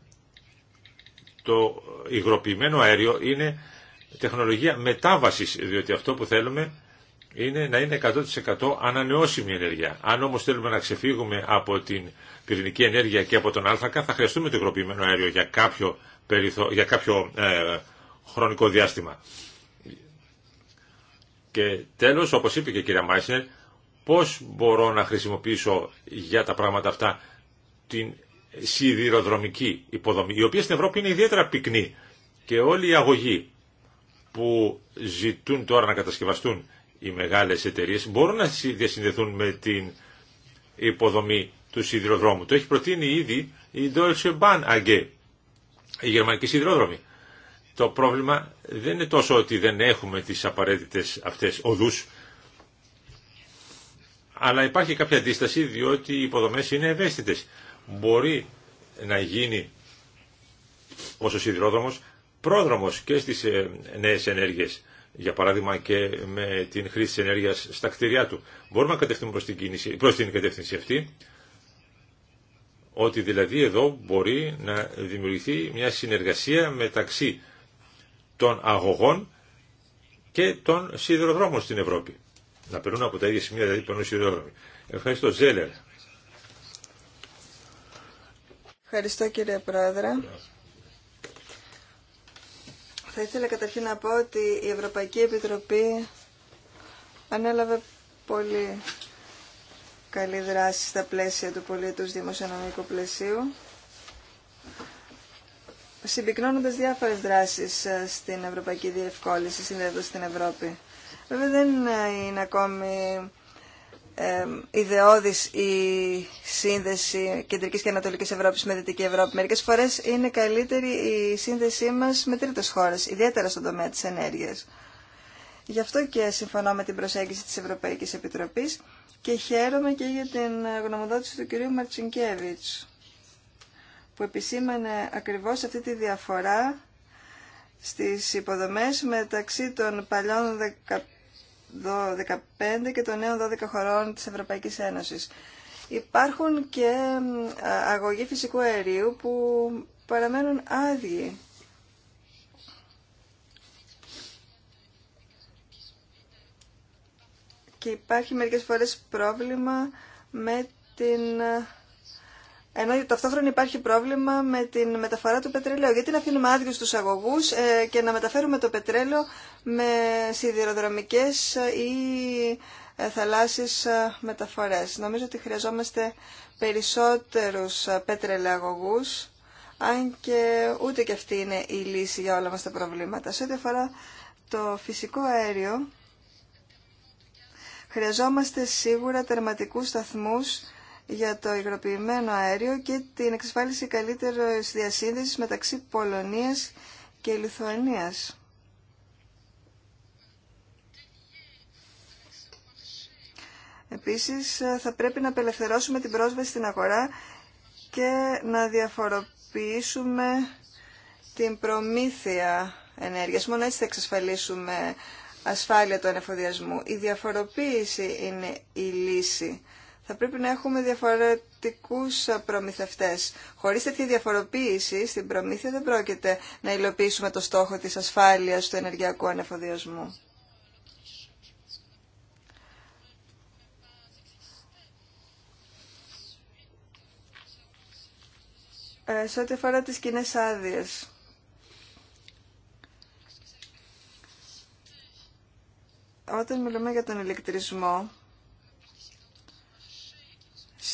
το υγροποιημένο αέριο είναι τεχνολογία μετάβασης, διότι αυτό που θέλουμε είναι να είναι 100% ανανεώσιμη ενέργεια. Αν όμως θέλουμε να ξεφύγουμε από την πυρηνική ενέργεια και από τον ΑΚΑ θα χρειαστούμε το υγροποιημένο αέριο για κάποιο, για ε, χρονικό διάστημα. Και τέλος, όπως είπε και η κυρία Μάισνερ, πώς μπορώ να χρησιμοποιήσω για τα πράγματα αυτά την σιδηροδρομική υποδομή, η οποία στην Ευρώπη είναι ιδιαίτερα πυκνή και όλοι οι αγωγοί που ζητούν τώρα να κατασκευαστούν οι μεγάλες εταιρείες μπορούν να διασυνδεθούν με την υποδομή του σιδηροδρόμου. Το έχει προτείνει ήδη η Deutsche Bahn AG, η γερμανική σιδηρόδρομη. Το πρόβλημα δεν είναι τόσο ότι δεν έχουμε τις απαραίτητες αυτές οδούς, αλλά υπάρχει κάποια αντίσταση διότι οι υποδομές είναι ευαίσθητες. Μπορεί να γίνει ως ο σιδηρόδρομος πρόδρομος και στις ε, νέες ενέργειες. Για παράδειγμα και με την χρήση της ενέργειας στα κτίρια του. Μπορούμε να κατευθύνουμε προς την, κίνηση, προς την κατεύθυνση αυτή ότι δηλαδή εδώ μπορεί να δημιουργηθεί μια συνεργασία μεταξύ των αγωγών και των σιδηροδρόμων στην Ευρώπη. Να περνούν από τα ίδια σημεία, δηλαδή περνούν σιδηρόδρομοι. Ευχαριστώ, Ζέλερ. Ευχαριστώ κύριε Πρόεδρε. Θα ήθελα καταρχήν να πω ότι η Ευρωπαϊκή Επιτροπή ανέλαβε πολύ καλή δράση στα πλαίσια του πολίτους δημοσιονομικού πλαισίου συμπυκνώνοντας διάφορες δράσεις ε, στην Ευρωπαϊκή Διευκόλυνση συνδέοντας στην Ευρώπη. Βέβαια δεν είναι ακόμη ε, ιδεώδης η σύνδεση Κεντρικής και Ανατολικής Ευρώπης με Δυτική Ευρώπη. Μερικές φορές είναι καλύτερη η σύνδεσή μας με τρίτες χώρες, ιδιαίτερα στον τομέα της ενέργειας. Γι' αυτό και συμφωνώ με την προσέγγιση της Ευρωπαϊκής Επιτροπής και χαίρομαι και για την γνωμοδότηση του κυρίου Μαρτσινκέβιτς που επισήμανε ακριβώς αυτή τη διαφορά στις υποδομές μεταξύ των παλιών 15 και των νέων 12 χωρών της Ευρωπαϊκής Ένωσης. Υπάρχουν και αγωγή φυσικού αερίου που παραμένουν άδειοι. Και υπάρχει μερικές φορές πρόβλημα με την ενώ ταυτόχρονα υπάρχει πρόβλημα με τη μεταφορά του πετρελαίου. Γιατί να αφήνουμε άδειου του αγωγού ε, και να μεταφέρουμε το πετρέλαιο με σιδηροδρομικές ή ε, θαλάσσιες ε, μεταφορές. Νομίζω ότι χρειαζόμαστε περισσότερους πετρελαγωγούς, αν και ούτε και αυτή είναι η λύση για όλα μας τα προβλήματα. Σε ό,τι αφορά το φυσικό αέριο, χρειαζόμαστε σίγουρα τερματικούς σταθμούς για το υγροποιημένο αέριο και την εξασφάλιση καλύτερης διασύνδεσης μεταξύ Πολωνίας και Λιθουανίας. Επίσης, θα πρέπει να απελευθερώσουμε την πρόσβαση στην αγορά και να διαφοροποιήσουμε την προμήθεια ενέργειας. Μόνο έτσι θα εξασφαλίσουμε ασφάλεια του ανεφοδιασμού. Η διαφοροποίηση είναι η λύση θα πρέπει να έχουμε διαφορετικούς ε, προμηθευτές. Χωρίς τέτοια διαφοροποίηση στην προμήθεια δεν πρόκειται να υλοποιήσουμε το στόχο της ασφάλειας του ενεργειακού ανεφοδιασμού. Ε, σε ό,τι αφορά τις κοινέ άδειε. Όταν μιλούμε για τον ηλεκτρισμό,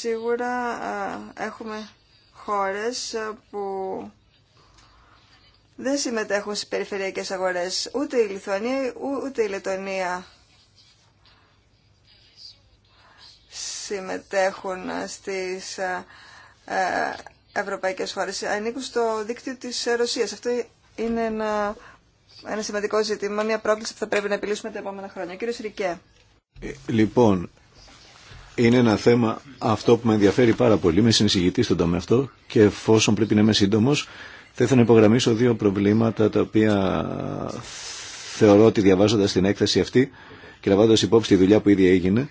Σίγουρα έχουμε χώρες που δεν συμμετέχουν στις περιφερειακές αγορές. Ούτε η Λιθουανία, ούτε η Λετωνία συμμετέχουν στις ε, ευρωπαϊκές χώρες. Ανήκουν στο δίκτυο της Ρωσίας. Αυτό είναι ένα, σημαντικό ζήτημα, μια πρόκληση που θα πρέπει να επιλύσουμε τα επόμενα χρόνια. Κύριε Συρικέ. Ε, λοιπόν, είναι ένα θέμα αυτό που με ενδιαφέρει πάρα πολύ. Είμαι συνεισηγητή στον τομέα αυτό και εφόσον πρέπει να είμαι σύντομο, θα ήθελα να υπογραμμίσω δύο προβλήματα τα οποία θεωρώ ότι διαβάζοντα την έκθεση αυτή και λαμβάνοντα υπόψη τη δουλειά που ήδη έγινε,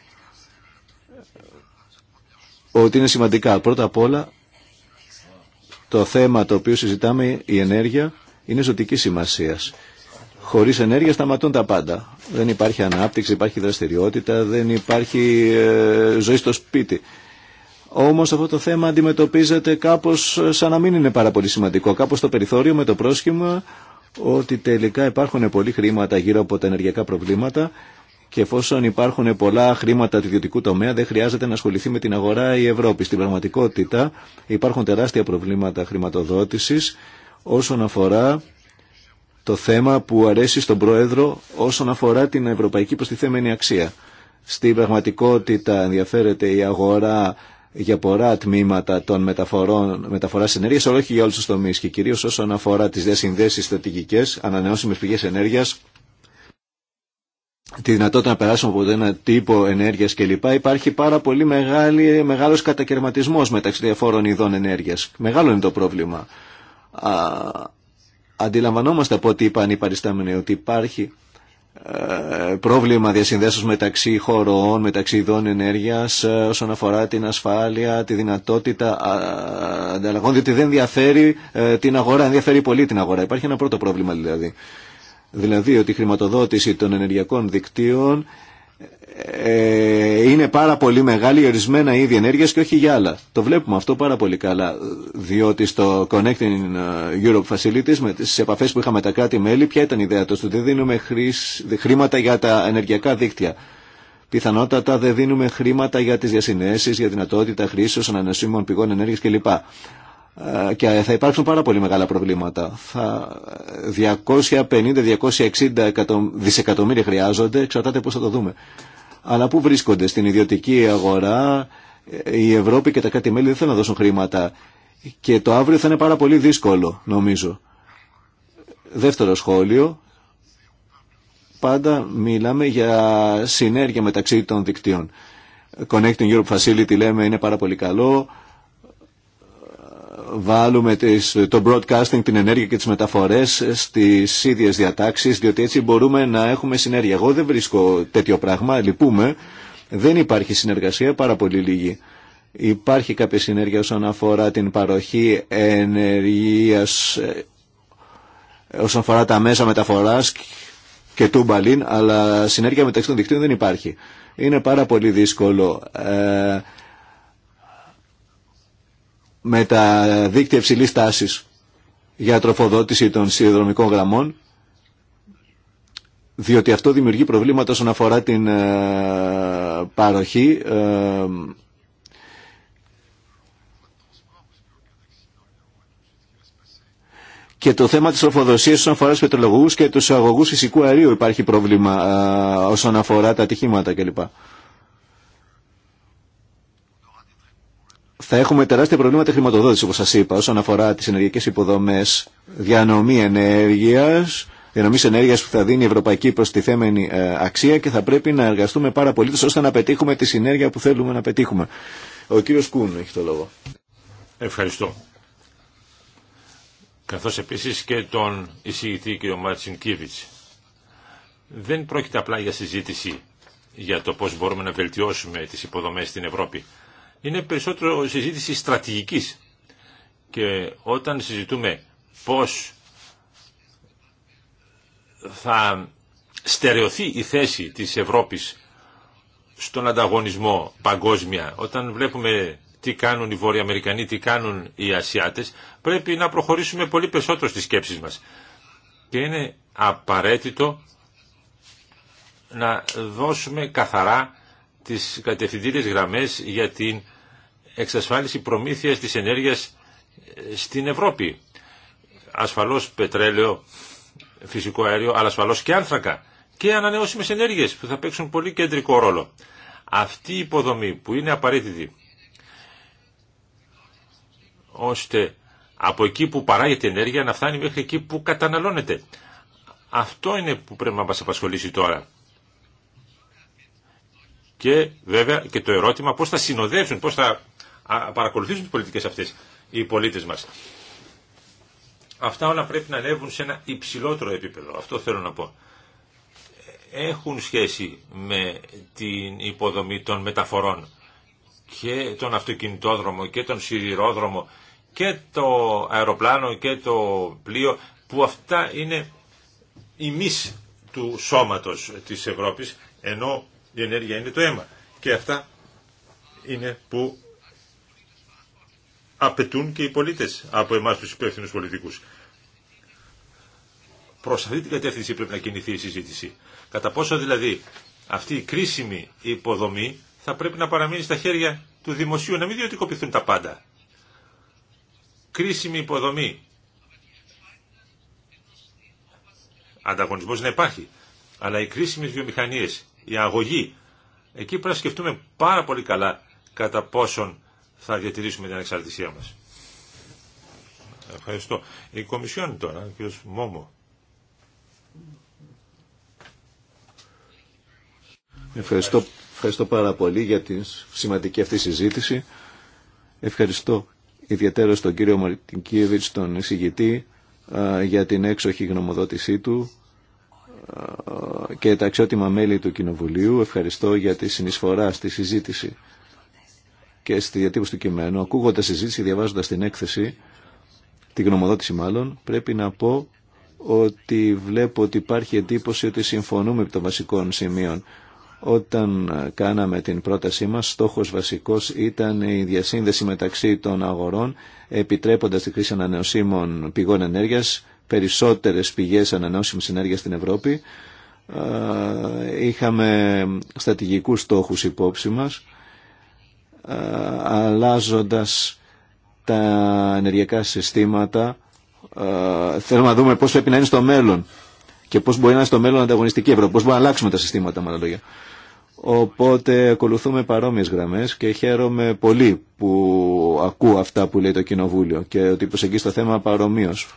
ότι είναι σημαντικά. Πρώτα απ' όλα, το θέμα το οποίο συζητάμε, η ενέργεια, είναι ζωτική σημασία. Χωρίς ενέργεια σταματούν τα πάντα. Δεν υπάρχει ανάπτυξη, υπάρχει δραστηριότητα, δεν υπάρχει ε, ζωή στο σπίτι. Όμως αυτό το θέμα αντιμετωπίζεται κάπως ε, σαν να μην είναι πάρα πολύ σημαντικό. Κάπως στο περιθώριο με το πρόσχημα ότι τελικά υπάρχουν πολλοί χρήματα γύρω από τα ενεργειακά προβλήματα και εφόσον υπάρχουν πολλά χρήματα του ιδιωτικού τομέα, δεν χρειάζεται να ασχοληθεί με την αγορά η Ευρώπη. Στην πραγματικότητα υπάρχουν τεράστια προβλήματα χρηματοδότησης όσον αφορά το θέμα που αρέσει στον Πρόεδρο όσον αφορά την ευρωπαϊκή προστιθέμενη αξία. Στην πραγματικότητα ενδιαφέρεται η αγορά για πολλά τμήματα των μεταφορών, μεταφοράς ενέργειας, αλλά όχι για όλου του τομεί και κυρίω όσον αφορά τι διασυνδέσει στρατηγικέ ανανεώσιμε πηγέ ενέργεια. τη δυνατότητα να περάσουμε από ένα τύπο ενέργεια κλπ. Υπάρχει πάρα πολύ μεγάλο μεγάλος μεταξύ διαφόρων ειδών ενέργεια. Μεγάλο είναι το πρόβλημα. Αντιλαμβανόμαστε από ό,τι είπαν οι παριστάμενοι ότι υπάρχει ε, πρόβλημα διασυνδέσεως μεταξύ χωρών, μεταξύ ειδών ενέργειας ε, όσον αφορά την ασφάλεια, τη δυνατότητα ανταλλαγών, διότι δεν διαφέρει ε, την αγορά, ενδιαφέρει πολύ την αγορά. Υπάρχει ένα πρώτο πρόβλημα δηλαδή. Δηλαδή ότι η χρηματοδότηση των ενεργειακών δικτύων ε, είναι πάρα πολύ μεγάλη ορισμένα είδη ενέργεια και όχι για άλλα. Το βλέπουμε αυτό πάρα πολύ καλά, διότι στο Connecting ε, Europe Facilities, με τι επαφέ που είχαμε τα κράτη-μέλη, ποια ήταν η ιδέα του ότι δεν δίνουμε χρήματα για τα ενεργειακά δίκτυα. Πιθανότατα δεν δίνουμε χρήματα για τι διασυνέσει, για δυνατότητα χρήσεως ανανεωσίμων πηγών ενέργεια κλπ. Ε, και θα υπάρξουν πάρα πολύ μεγάλα προβλήματα. 250-260 δισεκατομμύρια χρειάζονται, εξαρτάται πώ θα το δούμε αλλά πού βρίσκονται στην ιδιωτική αγορά, η Ευρώπη και τα κάτι μέλη δεν θέλουν να δώσουν χρήματα και το αύριο θα είναι πάρα πολύ δύσκολο νομίζω. Δεύτερο σχόλιο, πάντα μιλάμε για συνέργεια μεταξύ των δικτύων. Connecting Europe Facility λέμε είναι πάρα πολύ καλό, βάλουμε το broadcasting, την ενέργεια και τις μεταφορές στις ίδιες διατάξεις, διότι έτσι μπορούμε να έχουμε συνέργεια. Εγώ δεν βρίσκω τέτοιο πράγμα, λυπούμε. Δεν υπάρχει συνεργασία, πάρα πολύ λίγη. Υπάρχει κάποια συνέργεια όσον αφορά την παροχή ενεργείας, ε, όσον αφορά τα μέσα μεταφοράς και του μπαλίν, αλλά συνέργεια μεταξύ των δικτύων δεν υπάρχει. Είναι πάρα πολύ δύσκολο ε, με τα δίκτυα υψηλή τάση για τροφοδότηση των σιδηροδρομικών γραμμών, διότι αυτό δημιουργεί προβλήματα όσον αφορά την ε, παροχή ε, Και το θέμα της τροφοδοσίας όσον αφορά τους πετρολογούς και τους αγωγούς φυσικού αερίου υπάρχει πρόβλημα ε, όσον αφορά τα ατυχήματα κλπ. θα έχουμε τεράστια προβλήματα χρηματοδότηση, όπω σα είπα, όσον αφορά τι ενεργειακέ υποδομέ διανομή ενέργεια, διανομή ενέργεια που θα δίνει η ευρωπαϊκή προστιθέμενη ε, αξία και θα πρέπει να εργαστούμε πάρα πολύ ώστε να πετύχουμε τη συνέργεια που θέλουμε να πετύχουμε. Ο κύριο Κούν έχει το λόγο. Ευχαριστώ. Καθώ επίση και τον εισηγητή κύριο Μάτσιν Κίβιτς. Δεν πρόκειται απλά για συζήτηση για το πώ μπορούμε να βελτιώσουμε τι υποδομέ στην Ευρώπη, είναι περισσότερο συζήτηση στρατηγικής. Και όταν συζητούμε πώς θα στερεωθεί η θέση της Ευρώπης στον ανταγωνισμό παγκόσμια, όταν βλέπουμε τι κάνουν οι Αμερικανοί, τι κάνουν οι Ασιάτες, πρέπει να προχωρήσουμε πολύ περισσότερο στις σκέψεις μας. Και είναι απαραίτητο να δώσουμε καθαρά τις κατευθυντήριες γραμμές για την εξασφάλιση προμήθειας της ενέργειας στην Ευρώπη. Ασφαλώς πετρέλαιο, φυσικό αέριο, αλλά ασφαλώς και άνθρακα και ανανεώσιμες ενέργειες που θα παίξουν πολύ κεντρικό ρόλο. Αυτή η υποδομή που είναι απαραίτητη ώστε από εκεί που παράγεται ενέργεια να φτάνει μέχρι εκεί που καταναλώνεται. Αυτό είναι που πρέπει να μας απασχολήσει τώρα και βέβαια και το ερώτημα πώς θα συνοδεύσουν, πώς θα παρακολουθήσουν τις πολιτικές αυτές οι πολίτες μας. Αυτά όλα πρέπει να ανέβουν σε ένα υψηλότερο επίπεδο. Αυτό θέλω να πω. Έχουν σχέση με την υποδομή των μεταφορών και τον αυτοκινητόδρομο και τον σιδηρόδρομο και το αεροπλάνο και το πλοίο που αυτά είναι ημίς του σώματος της Ευρώπης ενώ η ενέργεια είναι το αίμα. Και αυτά είναι που απαιτούν και οι πολίτες από εμάς τους υπεύθυνου πολιτικούς. Προς αυτή την κατεύθυνση πρέπει να κινηθεί η συζήτηση. Κατά πόσο δηλαδή αυτή η κρίσιμη υποδομή θα πρέπει να παραμείνει στα χέρια του δημοσίου, να μην ιδιωτικοποιηθούν τα πάντα. Κρίσιμη υποδομή. Ανταγωνισμός να υπάρχει. Αλλά οι κρίσιμες βιομηχανίες η αγωγή. Εκεί πρέπει να σκεφτούμε πάρα πολύ καλά κατά πόσον θα διατηρήσουμε την ανεξαρτησία μας. Ευχαριστώ. Η Κομισιόν τώρα, ο κ. Μόμο. Ευχαριστώ, ευχαριστώ πάρα πολύ για τη σημαντική αυτή συζήτηση. Ευχαριστώ ιδιαίτερα τον κύριο Μαρτινκίεβιτς, τον εισηγητή, για την έξοχη γνωμοδότησή του και τα αξιότιμα μέλη του Κοινοβουλίου. Ευχαριστώ για τη συνεισφορά στη συζήτηση και στη διατύπωση του κειμένου. Ακούγοντας συζήτηση διαβάζοντας την έκθεση, την γνωμοδότηση μάλλον, πρέπει να πω ότι βλέπω ότι υπάρχει εντύπωση ότι συμφωνούμε επί των βασικών σημείων. Όταν κάναμε την πρότασή μας, στόχος βασικός ήταν η διασύνδεση μεταξύ των αγορών, επιτρέποντας τη χρήση ανανεωσίμων πηγών ενέργειας, περισσότερες πηγές ανανεώσιμης ενέργειας στην Ευρώπη. Είχαμε στατηγικούς στόχους υπόψη μας, αλλάζοντας τα ενεργειακά συστήματα. Θέλουμε να δούμε πώς πρέπει να είναι στο μέλλον και πώς μπορεί να είναι στο μέλλον ανταγωνιστική Ευρώπη, πώς μπορεί να αλλάξουμε τα συστήματα, με λόγια. Οπότε ακολουθούμε παρόμοιες γραμμές και χαίρομαι πολύ που ακούω αυτά που λέει το Κοινοβούλιο και ότι προσεγγίζει το θέμα παρομοίως.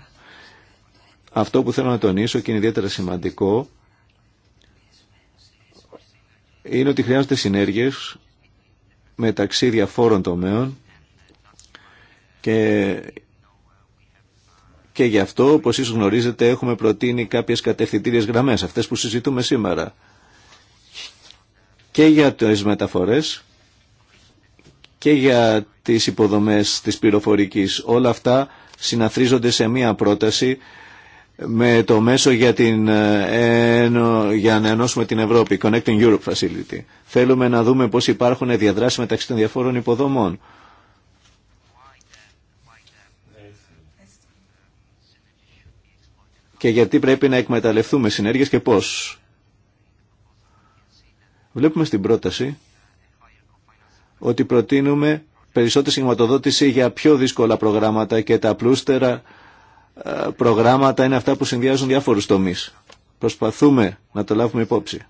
Αυτό που θέλω να τονίσω και είναι ιδιαίτερα σημαντικό είναι ότι χρειάζονται συνέργειες μεταξύ διαφόρων τομέων και, και γι' αυτό, όπως ίσως γνωρίζετε, έχουμε προτείνει κάποιες κατευθυντήριες γραμμές, αυτές που συζητούμε σήμερα. Και για τις μεταφορές και για τις υποδομές της πληροφορικής. Όλα αυτά συναθρίζονται σε μία πρόταση με το μέσο για, την, ε, να ενώσουμε την Ευρώπη, Connecting Europe Facility. Θέλουμε να δούμε πώς υπάρχουν διαδράσεις μεταξύ των διαφόρων υποδομών. Και γιατί πρέπει να εκμεταλλευτούμε συνέργειες και πώς. Βλέπουμε στην πρόταση ότι προτείνουμε περισσότερη σηματοδότηση για πιο δύσκολα προγράμματα και τα πλούστερα ε, προγράμματα είναι αυτά που συνδυάζουν διάφορους τομείς. Προσπαθούμε να το λάβουμε υπόψη.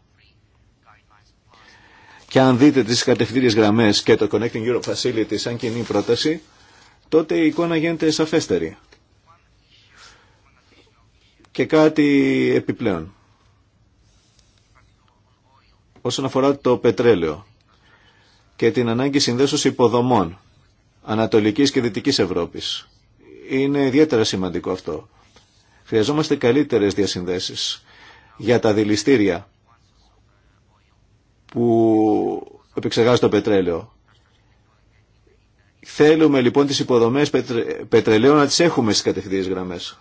Και αν δείτε τις κατευθύντες γραμμές και το Connecting Europe Facility σαν κοινή πρόταση, τότε η εικόνα γίνεται σαφέστερη. Και κάτι επιπλέον. Όσον αφορά το πετρέλαιο και την ανάγκη συνδέσεως υποδομών Ανατολικής και Δυτικής Ευρώπης είναι ιδιαίτερα σημαντικό αυτό. Χρειαζόμαστε καλύτερες διασυνδέσεις για τα δηληστήρια που επεξεργάζουν το πετρέλαιο. Θέλουμε λοιπόν τις υποδομές πετρελαίου να τις έχουμε στις κατευθυντικές γραμμές.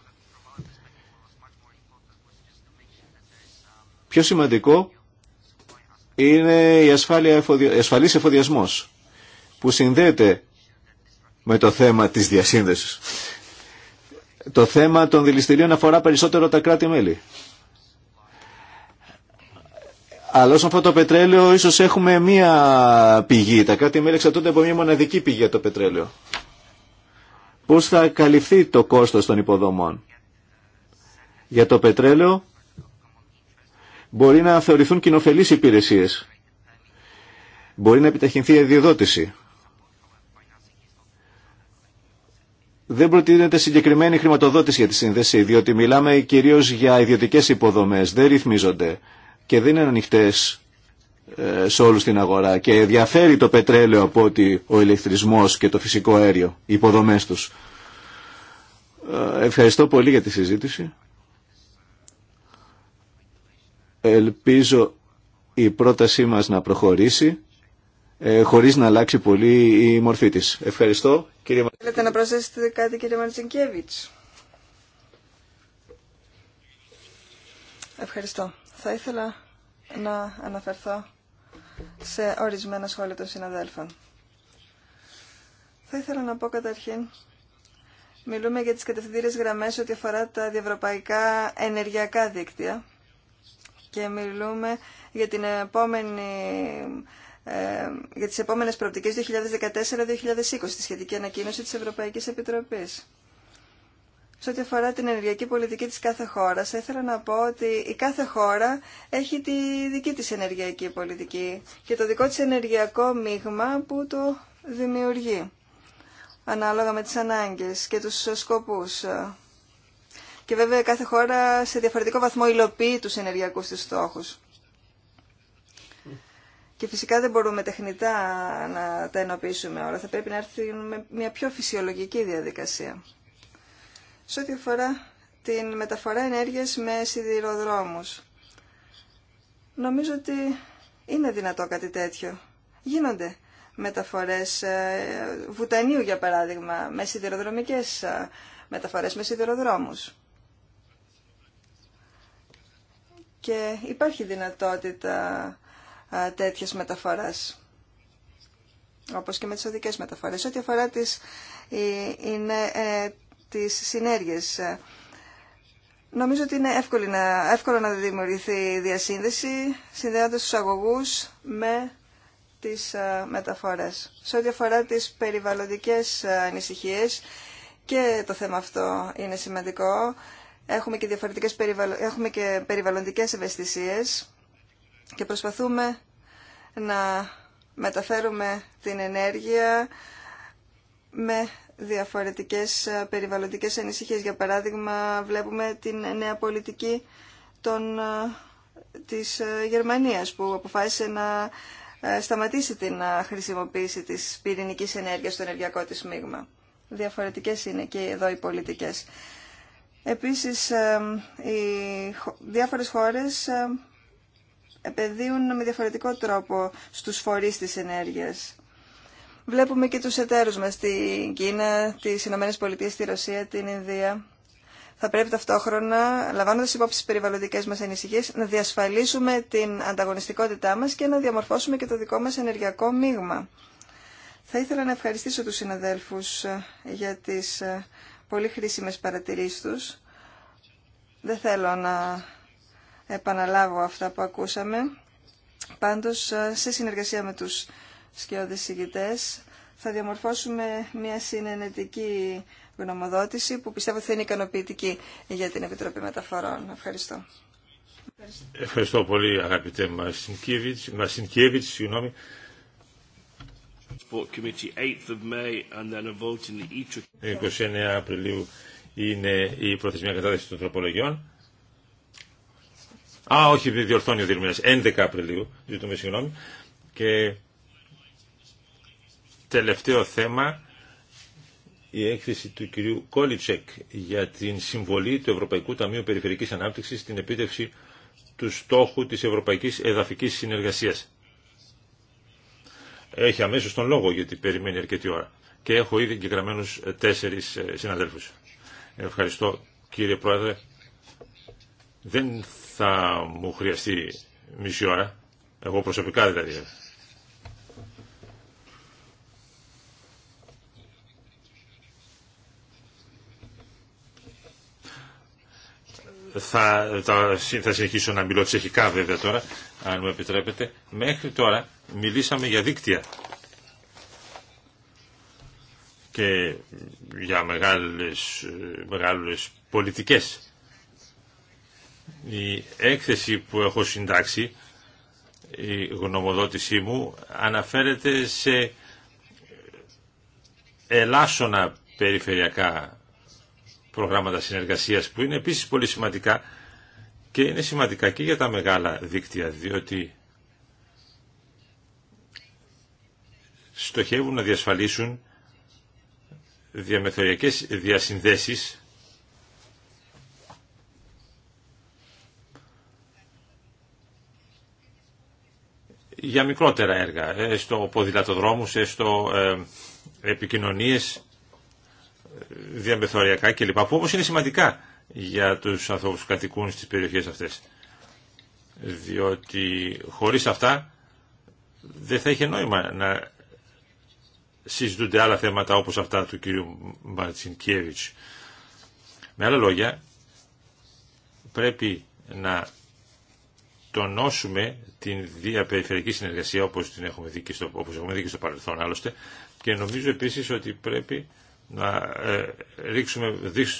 Πιο σημαντικό είναι η ασφάλεια εφοδια... ασφαλής που συνδέεται με το θέμα της διασύνδεσης. Το θέμα των δηληστηρίων αφορά περισσότερο τα κράτη-μέλη. Αλλά όσον αυτό το πετρέλαιο, ίσω έχουμε μία πηγή. Τα κράτη-μέλη εξαρτώνται από μία μοναδική πηγή για το πετρέλαιο. Πώ θα καλυφθεί το κόστο των υποδομών. Για το πετρέλαιο μπορεί να θεωρηθούν κοινοφελεί υπηρεσίε. Μπορεί να επιταχυνθεί η αδειοδότηση. δεν προτείνεται συγκεκριμένη χρηματοδότηση για τη σύνδεση, διότι μιλάμε κυρίως για ιδιωτικές υποδομές, δεν ρυθμίζονται και δεν είναι ανοιχτέ ε, σε όλους την αγορά και διαφέρει το πετρέλαιο από ότι ο ηλεκτρισμό και το φυσικό αέριο, οι υποδομές τους. Ε, ευχαριστώ πολύ για τη συζήτηση. Ελπίζω η πρότασή μας να προχωρήσει ε, χωρίς να αλλάξει πολύ η μορφή της. Ευχαριστώ. Κύριε... Θέλετε να προσθέσετε κάτι κύριε Μαρτσικέβιτς. Ευχαριστώ. Θα ήθελα να αναφερθώ σε ορισμένα σχόλια των συναδέλφων. Θα ήθελα να πω καταρχήν, μιλούμε για τις κατευθυντήριες γραμμές ό,τι αφορά τα διευρωπαϊκά ενεργειακά δίκτυα και μιλούμε για την επόμενη ε, για τις επόμενες προοπτικές 2014-2020, στη σχετική ανακοίνωση της Ευρωπαϊκής Επιτροπής. Σε ό,τι αφορά την ενεργειακή πολιτική της κάθε χώρας, θα ήθελα να πω ότι η κάθε χώρα έχει τη δική της ενεργειακή πολιτική και το δικό της ενεργειακό μείγμα που το δημιουργεί, ανάλογα με τις ανάγκες και τους σκοπούς. Και βέβαια κάθε χώρα σε διαφορετικό βαθμό υλοποιεί τους ενεργειακούς της στόχους. Και φυσικά δεν μπορούμε τεχνητά να τα ενοποιήσουμε όλα. Θα πρέπει να έρθει μια πιο φυσιολογική διαδικασία. Σε ό,τι αφορά την μεταφορά ενέργειας με σιδηροδρόμους. Νομίζω ότι είναι δυνατό κάτι τέτοιο. Γίνονται μεταφορές ε, βουτανίου, για παράδειγμα, με σιδηροδρομικές ε, μεταφορές, με σιδηροδρόμους. Και υπάρχει δυνατότητα τέτοιες μεταφορές, όπως και με τις οδικές μεταφορές. Ό,τι αφορά τις, ε, είναι, ε, τις ε, νομίζω ότι είναι εύκολο να, εύκολο να δημιουργηθεί διασύνδεση συνδέοντας τους αγωγούς με τις ε, μεταφορές. Σε ό,τι αφορά τις περιβαλλοντικές ε, ανησυχίες και το θέμα αυτό είναι σημαντικό. Έχουμε και, διαφορετικές περιβαλλον... Έχουμε περιβαλλοντικές και προσπαθούμε να μεταφέρουμε την ενέργεια με διαφορετικές ε, περιβαλλοντικές ανησυχίες. Για παράδειγμα, βλέπουμε την νέα πολιτική των, ε, της ε, Γερμανίας που αποφάσισε να σταματήσει την χρησιμοποίηση της πυρηνικής ενέργειας στο ενεργειακό της μείγμα. Διαφορετικές είναι και εδώ οι πολιτικές. Επίσης, οι διάφορες χώρες επενδύουν με διαφορετικό τρόπο στους φορείς της ενέργειας. Βλέπουμε και τους εταίρους μας στην Κίνα, τις Ηνωμένες Πολιτείες, τη Ρωσία, την Ινδία. Θα πρέπει ταυτόχρονα, λαμβάνοντα υπόψη τι περιβαλλοντικέ μα ανησυχίε, να διασφαλίσουμε την ανταγωνιστικότητά μα και να διαμορφώσουμε και το δικό μα ενεργειακό μείγμα. Θα ήθελα να ευχαριστήσω του συναδέλφου ε, για τι ε, πολύ χρήσιμε παρατηρήσει του. Δεν θέλω να επαναλάβω αυτά που ακούσαμε. Πάντως, ε, σε συνεργασία με τους σκιώδεις ηγητές, θα διαμορφώσουμε μια συνενετική γνωμοδότηση που πιστεύω θα είναι ικανοποιητική για την Επιτροπή Μεταφορών. Ευχαριστώ. Ευχαριστώ πολύ αγαπητέ Μασινκίεβιτς, Μασινκίεβιτς συγγνώμη. The 29 e e. Απριλίου είναι η προθεσμία κατάθεση των τροπολογιών. Α, όχι, διορθώνει ο 11 Απριλίου, ζητούμε συγγνώμη. Και τελευταίο θέμα, η έκθεση του κυρίου Κόλιτσεκ για την συμβολή του Ευρωπαϊκού Ταμείου Περιφερικής Ανάπτυξης στην επίτευξη του στόχου της Ευρωπαϊκής Εδαφικής Συνεργασίας. Έχει αμέσως τον λόγο γιατί περιμένει αρκετή ώρα. Και έχω ήδη εγγεγραμμένους ε, τέσσερις ε, συναδέλφους. Ευχαριστώ κύριε Πρόεδρε. Δεν θα μου χρειαστεί μισή ώρα, εγώ προσωπικά δηλαδή. Θα, συνεχίσω να μιλώ τσεχικά βέβαια τώρα, αν μου επιτρέπετε. Μέχρι τώρα μιλήσαμε για δίκτυα και για μεγάλες, μεγάλες πολιτικές η έκθεση που έχω συντάξει, η γνωμοδότησή μου, αναφέρεται σε ελάσσονα περιφερειακά προγράμματα συνεργασίας που είναι επίσης πολύ σημαντικά και είναι σημαντικά και για τα μεγάλα δίκτυα διότι στοχεύουν να διασφαλίσουν διαμεθοριακές διασυνδέσεις για μικρότερα έργα, ε, στο ποδηλατοδρόμους, ε, στο ε, επικοινωνίες διαμεθοριακά κλπ. που όμως είναι σημαντικά για τους ανθρώπους που κατοικούν στις περιοχές αυτές. Διότι χωρίς αυτά δεν θα είχε νόημα να συζητούνται άλλα θέματα όπως αυτά του κύριου Μαρτσινκιέβιτ. Με άλλα λόγια, πρέπει να τονώσουμε την διαπεριφερειακή συνεργασία όπως, την έχουμε, δει και στο, όπως έχουμε δει στο παρελθόν άλλωστε και νομίζω επίσης ότι πρέπει να ε, ρίξουμε,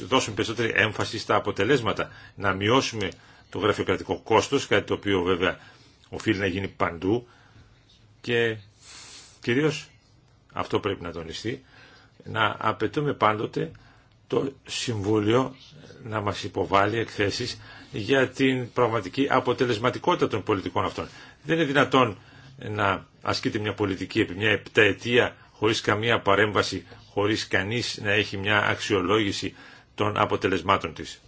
δώσουμε περισσότερη έμφαση στα αποτελέσματα, να μειώσουμε το γραφειοκρατικό κόστος, κάτι το οποίο βέβαια οφείλει να γίνει παντού και κυρίως, αυτό πρέπει να τονιστεί, να απαιτούμε πάντοτε το Συμβούλιο να μας υποβάλει εκθέσεις για την πραγματική αποτελεσματικότητα των πολιτικών αυτών. Δεν είναι δυνατόν να ασκείται μια πολιτική επί μια επταετία χωρίς καμία παρέμβαση, χωρίς κανείς να έχει μια αξιολόγηση των αποτελεσμάτων της.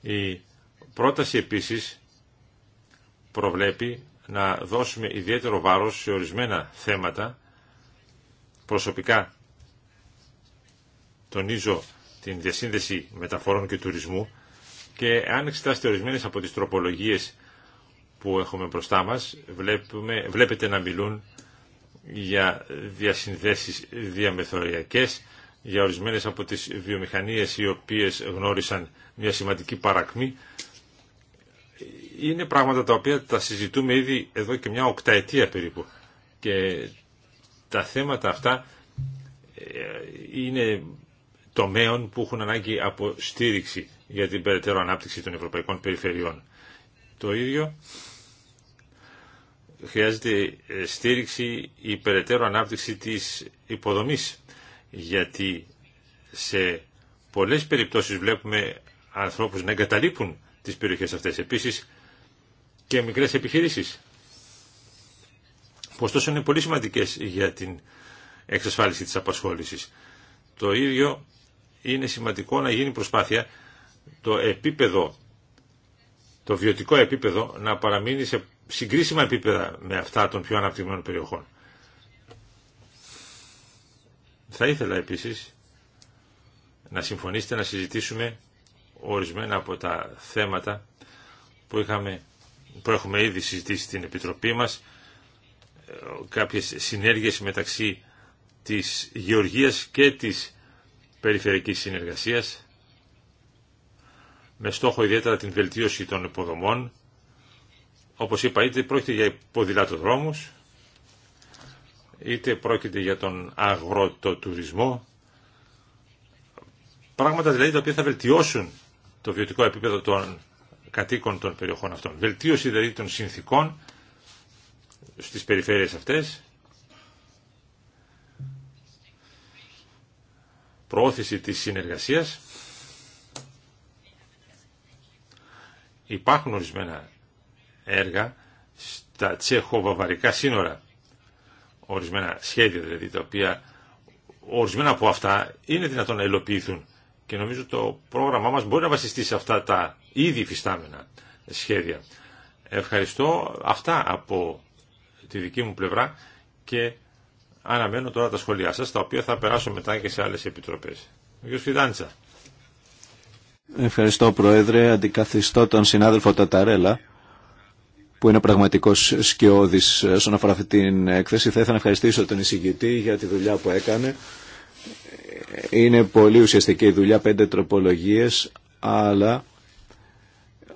Η πρόταση επίσης προβλέπει να δώσουμε ιδιαίτερο βάρος σε ορισμένα θέματα. Προσωπικά τονίζω την διασύνδεση μεταφορών και τουρισμού και αν εξετάσετε ορισμένε από τις τροπολογίες που έχουμε μπροστά μας βλέπετε να μιλούν για διασυνδέσεις διαμεθοριακές για ορισμένες από τις βιομηχανίες οι οποίες γνώρισαν μια σημαντική παρακμή είναι πράγματα τα οποία τα συζητούμε ήδη εδώ και μια οκταετία περίπου και τα θέματα αυτά ε, είναι τομέων που έχουν ανάγκη από στήριξη για την περαιτέρω ανάπτυξη των ευρωπαϊκών περιφερειών. Το ίδιο χρειάζεται στήριξη η περαιτέρω ανάπτυξη της υποδομής γιατί σε πολλές περιπτώσεις βλέπουμε ανθρώπους να εγκαταλείπουν τις περιοχές αυτές επίσης και μικρές επιχειρήσεις που ωστόσο είναι πολύ σημαντικές για την εξασφάλιση της απασχόλησης. Το ίδιο είναι σημαντικό να γίνει προσπάθεια το επίπεδο, το βιωτικό επίπεδο να παραμείνει σε συγκρίσιμα επίπεδα με αυτά των πιο αναπτυγμένων περιοχών. Θα ήθελα επίσης να συμφωνήσετε να συζητήσουμε ορισμένα από τα θέματα που, είχαμε, που έχουμε ήδη συζητήσει στην Επιτροπή μας, ε, κάποιες συνέργειες μεταξύ της γεωργίας και της περιφερειακής συνεργασίας με στόχο ιδιαίτερα την βελτίωση των υποδομών. Όπως είπα, είτε πρόκειται για δρόμους, είτε πρόκειται για τον αγροτοτουρισμό, πράγματα δηλαδή τα οποία θα βελτιώσουν το βιωτικό επίπεδο των κατοίκων των περιοχών αυτών. Βελτίωση δηλαδή των συνθήκων στις περιφέρειες αυτές προώθηση της συνεργασίας. Υπάρχουν ορισμένα έργα στα τσεχοβαβαρικά σύνορα, ορισμένα σχέδια δηλαδή, τα οποία ορισμένα από αυτά είναι δυνατόν να υλοποιηθούν και νομίζω το πρόγραμμά μας μπορεί να βασιστεί σε αυτά τα ήδη φυστάμενα σχέδια. Ευχαριστώ αυτά από τη δική μου πλευρά και Αναμένω τώρα τα σχόλιά σας, τα οποία θα περάσω μετά και σε άλλες επιτροπές. Γιος Φιδάντσα. Ευχαριστώ Πρόεδρε. Αντικαθιστώ τον συνάδελφο Ταταρέλα που είναι πραγματικό σκιώδη όσον αφορά αυτή την έκθεση. Θα ήθελα να ευχαριστήσω τον εισηγητή για τη δουλειά που έκανε. Είναι πολύ ουσιαστική η δουλειά, πέντε τροπολογίε, αλλά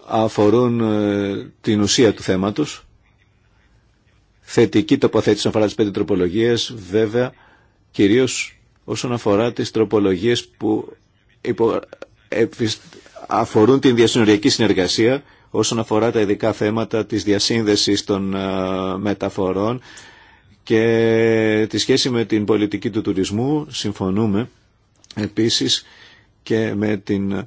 αφορούν ε, την ουσία του θέματος θετική τοποθέτηση όσον αφορά τις πέντε τροπολογίες, βέβαια κυρίως όσον αφορά τις τροπολογίες που αφορούν την διασυνοριακή συνεργασία, όσον αφορά τα ειδικά θέματα της διασύνδεσης των ε, μεταφορών και τη σχέση με την πολιτική του τουρισμού συμφωνούμε επίσης και με την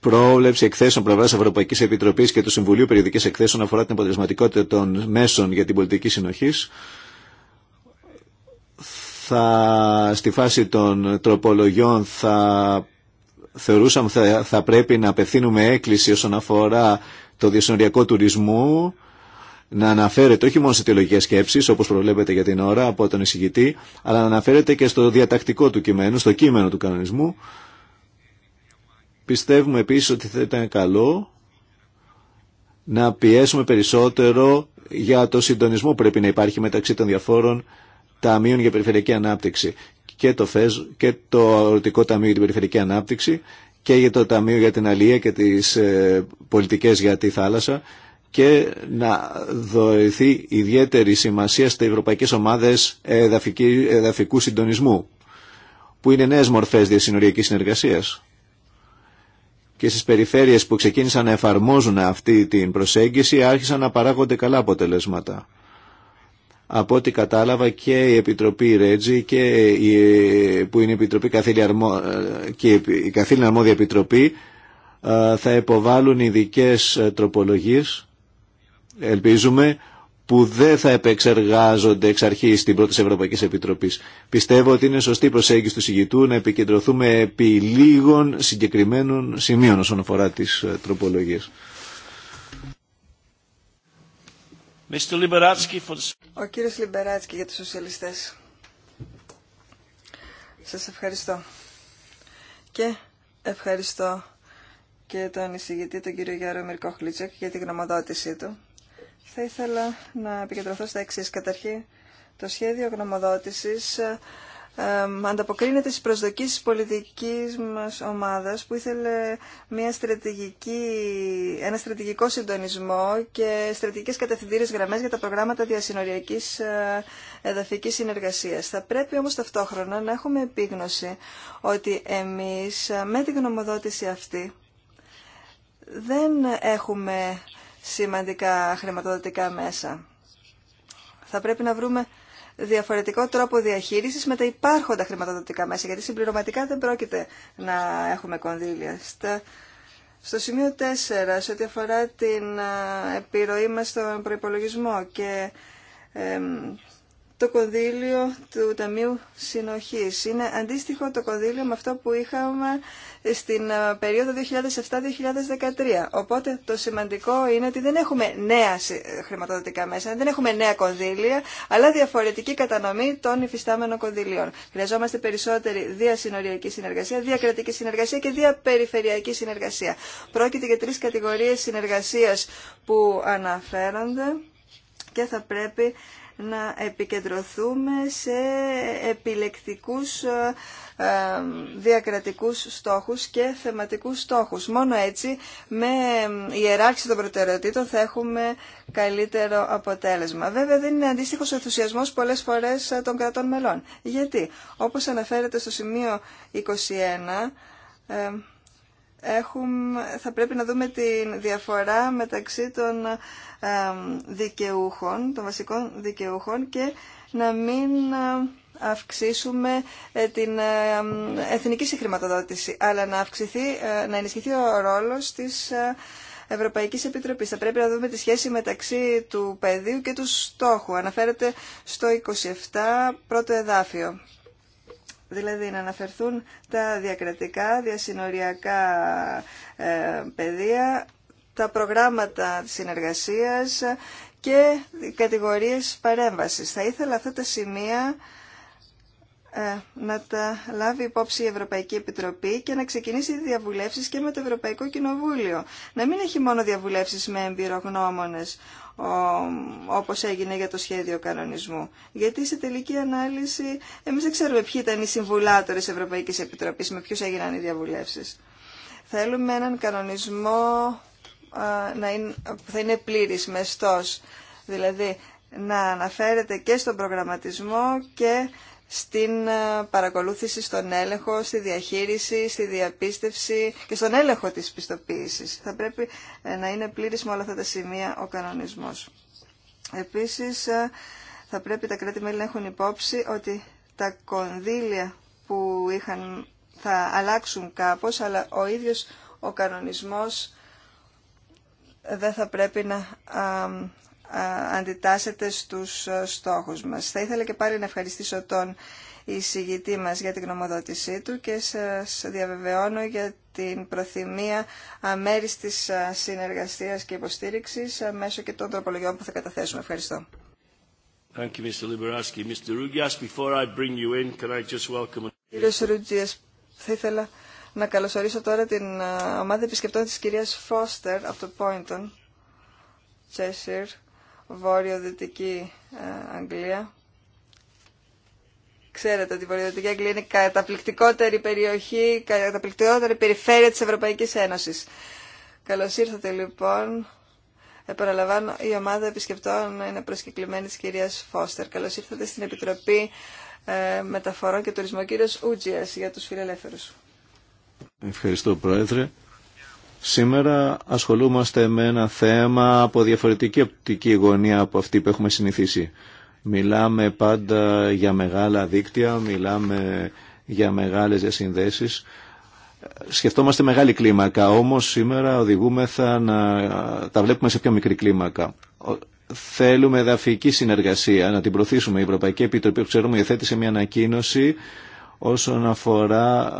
πρόβλεψη εκθέσεων πλευρά Ευρωπαϊκή Επιτροπή και του Συμβουλίου Περιοδική Εκθέσεων αφορά την αποτελεσματικότητα των μέσων για την πολιτική συνοχή. Θα, στη φάση των τροπολογιών θα θεωρούσαμε θα, θα πρέπει να απευθύνουμε έκκληση όσον αφορά το διασυνοριακό τουρισμού, να αναφέρεται όχι μόνο σε τελογικές σκέψεις όπως προβλέπεται για την ώρα από τον εισηγητή αλλά να αναφέρεται και στο διατακτικό του κειμένου, στο κείμενο του κανονισμού Πιστεύουμε επίσης ότι θα ήταν καλό να πιέσουμε περισσότερο για το συντονισμό που πρέπει να υπάρχει μεταξύ των διαφόρων ταμείων για περιφερειακή ανάπτυξη και το, ΦΕΖ, και το Αγροτικό Ταμείο για την Περιφερειακή Ανάπτυξη και για το Ταμείο για την Αλία και τις ε, πολιτικές για τη θάλασσα και να δοηθεί ιδιαίτερη σημασία στις ευρωπαϊκές ομάδες εδαφικού συντονισμού που είναι νέες μορφές διασυνοριακής συνεργασίας και στις περιφέρειες που ξεκίνησαν να εφαρμόζουν αυτή την προσέγγιση άρχισαν να παράγονται καλά αποτελέσματα. Από ό,τι κατάλαβα και η Επιτροπή Ρέτζη και η, που είναι Επιτροπή Καθήλια και η Καθήλυνα Αρμόδια Επιτροπή ε, θα υποβάλουν ειδικέ ε, τροπολογίες. Ελπίζουμε που δεν θα επεξεργάζονται εξ αρχή στην πρώτη Ευρωπαϊκή Επιτροπή. Πιστεύω ότι είναι σωστή προσέγγιση του συγητού να επικεντρωθούμε επί λίγων συγκεκριμένων σημείων όσον αφορά τι ε, τροπολογίε. Ο κύριος Λιμπεράτσκι για τους σοσιαλιστές. Σας ευχαριστώ. Και ευχαριστώ και τον εισηγητή, τον κύριο Γιώργο Μυρκοχλίτσεκ, για την γνωμοδότησή του θα ήθελα να επικεντρωθώ στα εξή. Καταρχήν, το σχέδιο γνωμοδότησης ε, ε, ανταποκρίνεται στις προσδοκίες της πολιτικής μας ομάδας που ήθελε μια στρατηγική, ένα στρατηγικό συντονισμό και στρατηγικές κατευθυντήρες γραμμές για τα προγράμματα διασυνοριακής ε, εδαφικής συνεργασίας. Θα πρέπει όμως ταυτόχρονα να έχουμε επίγνωση ότι εμείς με την γνωμοδότηση αυτή δεν έχουμε σημαντικά χρηματοδοτικά μέσα. Θα πρέπει να βρούμε διαφορετικό τρόπο διαχείρισης με τα υπάρχοντα χρηματοδοτικά μέσα, γιατί συμπληρωματικά δεν πρόκειται να έχουμε κονδύλια. Στο σημείο 4, σε ό,τι αφορά την ε, επιρροή μας στον προϋπολογισμό και το κονδύλιο του Ταμείου Συνοχής. Είναι αντίστοιχο το κονδύλιο με αυτό που είχαμε στην ε, περίοδο 2007-2013. Οπότε το σημαντικό είναι ότι δεν έχουμε νέα ε, χρηματοδοτικά μέσα, δεν έχουμε νέα κονδύλια, αλλά διαφορετική κατανομή των υφιστάμενων κονδυλίων. Χρειαζόμαστε περισσότερη διασυνοριακή συνεργασία, διακρατική συνεργασία και διαπεριφερειακή συνεργασία. Πρόκειται για τρεις κατηγορίες συνεργασίας που αναφέρονται και θα πρέπει να επικεντρωθούμε σε επιλεκτικούς ε, ε, διακρατικούς στόχους και θεματικούς στόχους. Μόνο έτσι με ιεράξη των προτεραιοτήτων θα έχουμε καλύτερο αποτέλεσμα. Βέβαια δεν είναι αντίστοιχος ο ενθουσιασμός πολλές φορές ε, των κρατών μελών. Γιατί, όπως αναφέρεται στο σημείο 21, έχουμε, θα πρέπει να δούμε τη διαφορά μεταξύ των δικαιούχων, των βασικών δικαιούχων και να μην αυξήσουμε ε, την εθνική συγχρηματοδότηση, αλλά να, αυξηθεί, ε, να ενισχυθεί ο ρόλος της ε, Ευρωπαϊκής Επιτροπής. Θα πρέπει να δούμε τη σχέση μεταξύ του πεδίου και του στόχου. Αναφέρεται στο 27 πρώτο εδάφιο. Δηλαδή να αναφερθούν τα διακρατικά, διασυνοριακά ε, τα προγράμματα συνεργασίας και κατηγορίες παρέμβασης. Θα ήθελα αυτά τα σημεία ε, να τα λάβει υπόψη η Ευρωπαϊκή Επιτροπή και να ξεκινήσει διαβουλεύσεις και με το Ευρωπαϊκό Κοινοβούλιο. Να μην έχει μόνο διαβουλεύσεις με εμπειρογνώμονες, όπως έγινε για το σχέδιο κανονισμού. Γιατί σε τελική ανάλυση εμείς δεν ξέρουμε ποιοι ήταν οι συμβουλάτορες Ευρωπαϊκής Επιτροπής, με ποιους έγιναν οι διαβουλεύσεις. Θέλουμε έναν κανονισμό να είναι, που θα είναι πλήρης, μεστός, δηλαδή να αναφέρεται και στον προγραμματισμό και στην ε, παρακολούθηση, στον έλεγχο, στη διαχείριση, στη διαπίστευση και στον έλεγχο της πιστοποίησης. Θα πρέπει ε, να είναι πλήρης με όλα αυτά τα σημεία ο κανονισμός. Επίσης, ε, θα πρέπει τα κράτη-μέλη να έχουν υπόψη ότι τα κονδύλια που είχαν θα αλλάξουν κάπως, αλλά ο ίδιος ο κανονισμός δεν θα πρέπει να αντιτάσσεται στους ε, στόχους μας. Θα ήθελα και πάλι να ευχαριστήσω τον εισηγητή μας για την γνωμοδότησή του και σας διαβεβαιώνω για την προθυμία της ε, συνεργασίας και υποστήριξης ε, μέσω και των τροπολογιών που θα καταθέσουμε. Ευχαριστώ. Thank you, Mr. Liberaski. Κύριε Ρούγγιας, θα ήθελα να καλωσορίσω τώρα την ομάδα επισκεπτών της κυρίας Φώστερ από το Πόιντον, βόρειο-δυτική ε, Αγγλία. Ξέρετε ότι η Βορειοδυτική Αγγλία είναι η καταπληκτικότερη περιοχή, η καταπληκτικότερη περιφέρεια της Ευρωπαϊκής Ένωσης. Καλώς ήρθατε λοιπόν. Επαναλαμβάνω, η ομάδα επισκεπτών είναι προσκεκλημένη της κυρίας Φώστερ. Καλώς ήρθατε στην Επιτροπή ε, Μεταφορών και Τουρισμού, κύριος Ούτζιας, για τους φιλελεύθερους. Ευχαριστώ, Πρόεδρε. Σήμερα ασχολούμαστε με ένα θέμα από διαφορετική οπτική γωνία από αυτή που έχουμε συνηθίσει. Μιλάμε πάντα για μεγάλα δίκτυα, μιλάμε για μεγάλες διασυνδέσεις. Σκεφτόμαστε μεγάλη κλίμακα, όμως σήμερα οδηγούμεθα να τα βλέπουμε σε πιο μικρή κλίμακα. Θέλουμε εδαφική συνεργασία, να την προωθήσουμε. Η Ευρωπαϊκή Επιτροπή, ξέρουμε, υιοθέτησε μια ανακοίνωση όσον αφορά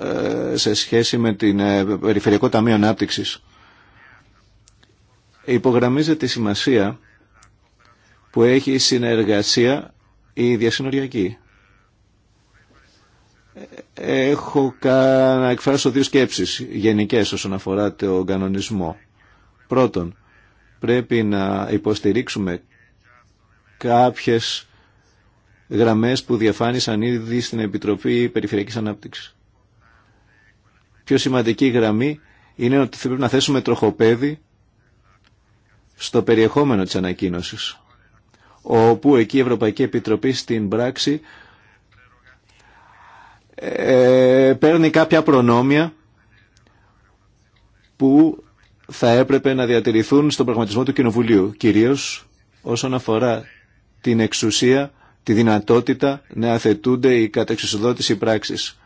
ε, σε σχέση με την ε, Περιφερειακό Ταμείο Ανάπτυξης. Υπογραμμίζεται η σημασία που έχει η συνεργασία η διασυνοριακή. Έχω κα... να εκφράσω δύο σκέψεις γενικές όσον αφορά τον κανονισμό. Πρώτον, πρέπει να υποστηρίξουμε κάποιες γραμμές που διαφάνησαν ήδη στην Επιτροπή Περιφερειακής Ανάπτυξης. Πιο σημαντική γραμμή είναι ότι θα πρέπει να θέσουμε τροχοπέδι στο περιεχόμενο της ανακοίνωσης, όπου εκεί η Ευρωπαϊκή Επιτροπή στην πράξη ε, παίρνει κάποια προνόμια που θα έπρεπε να διατηρηθούν στον πραγματισμό του Κοινοβουλίου, κυρίως όσον αφορά την εξουσία τη δυνατότητα να αθετούνται οι κατεξουσιοδότηση πράξεις.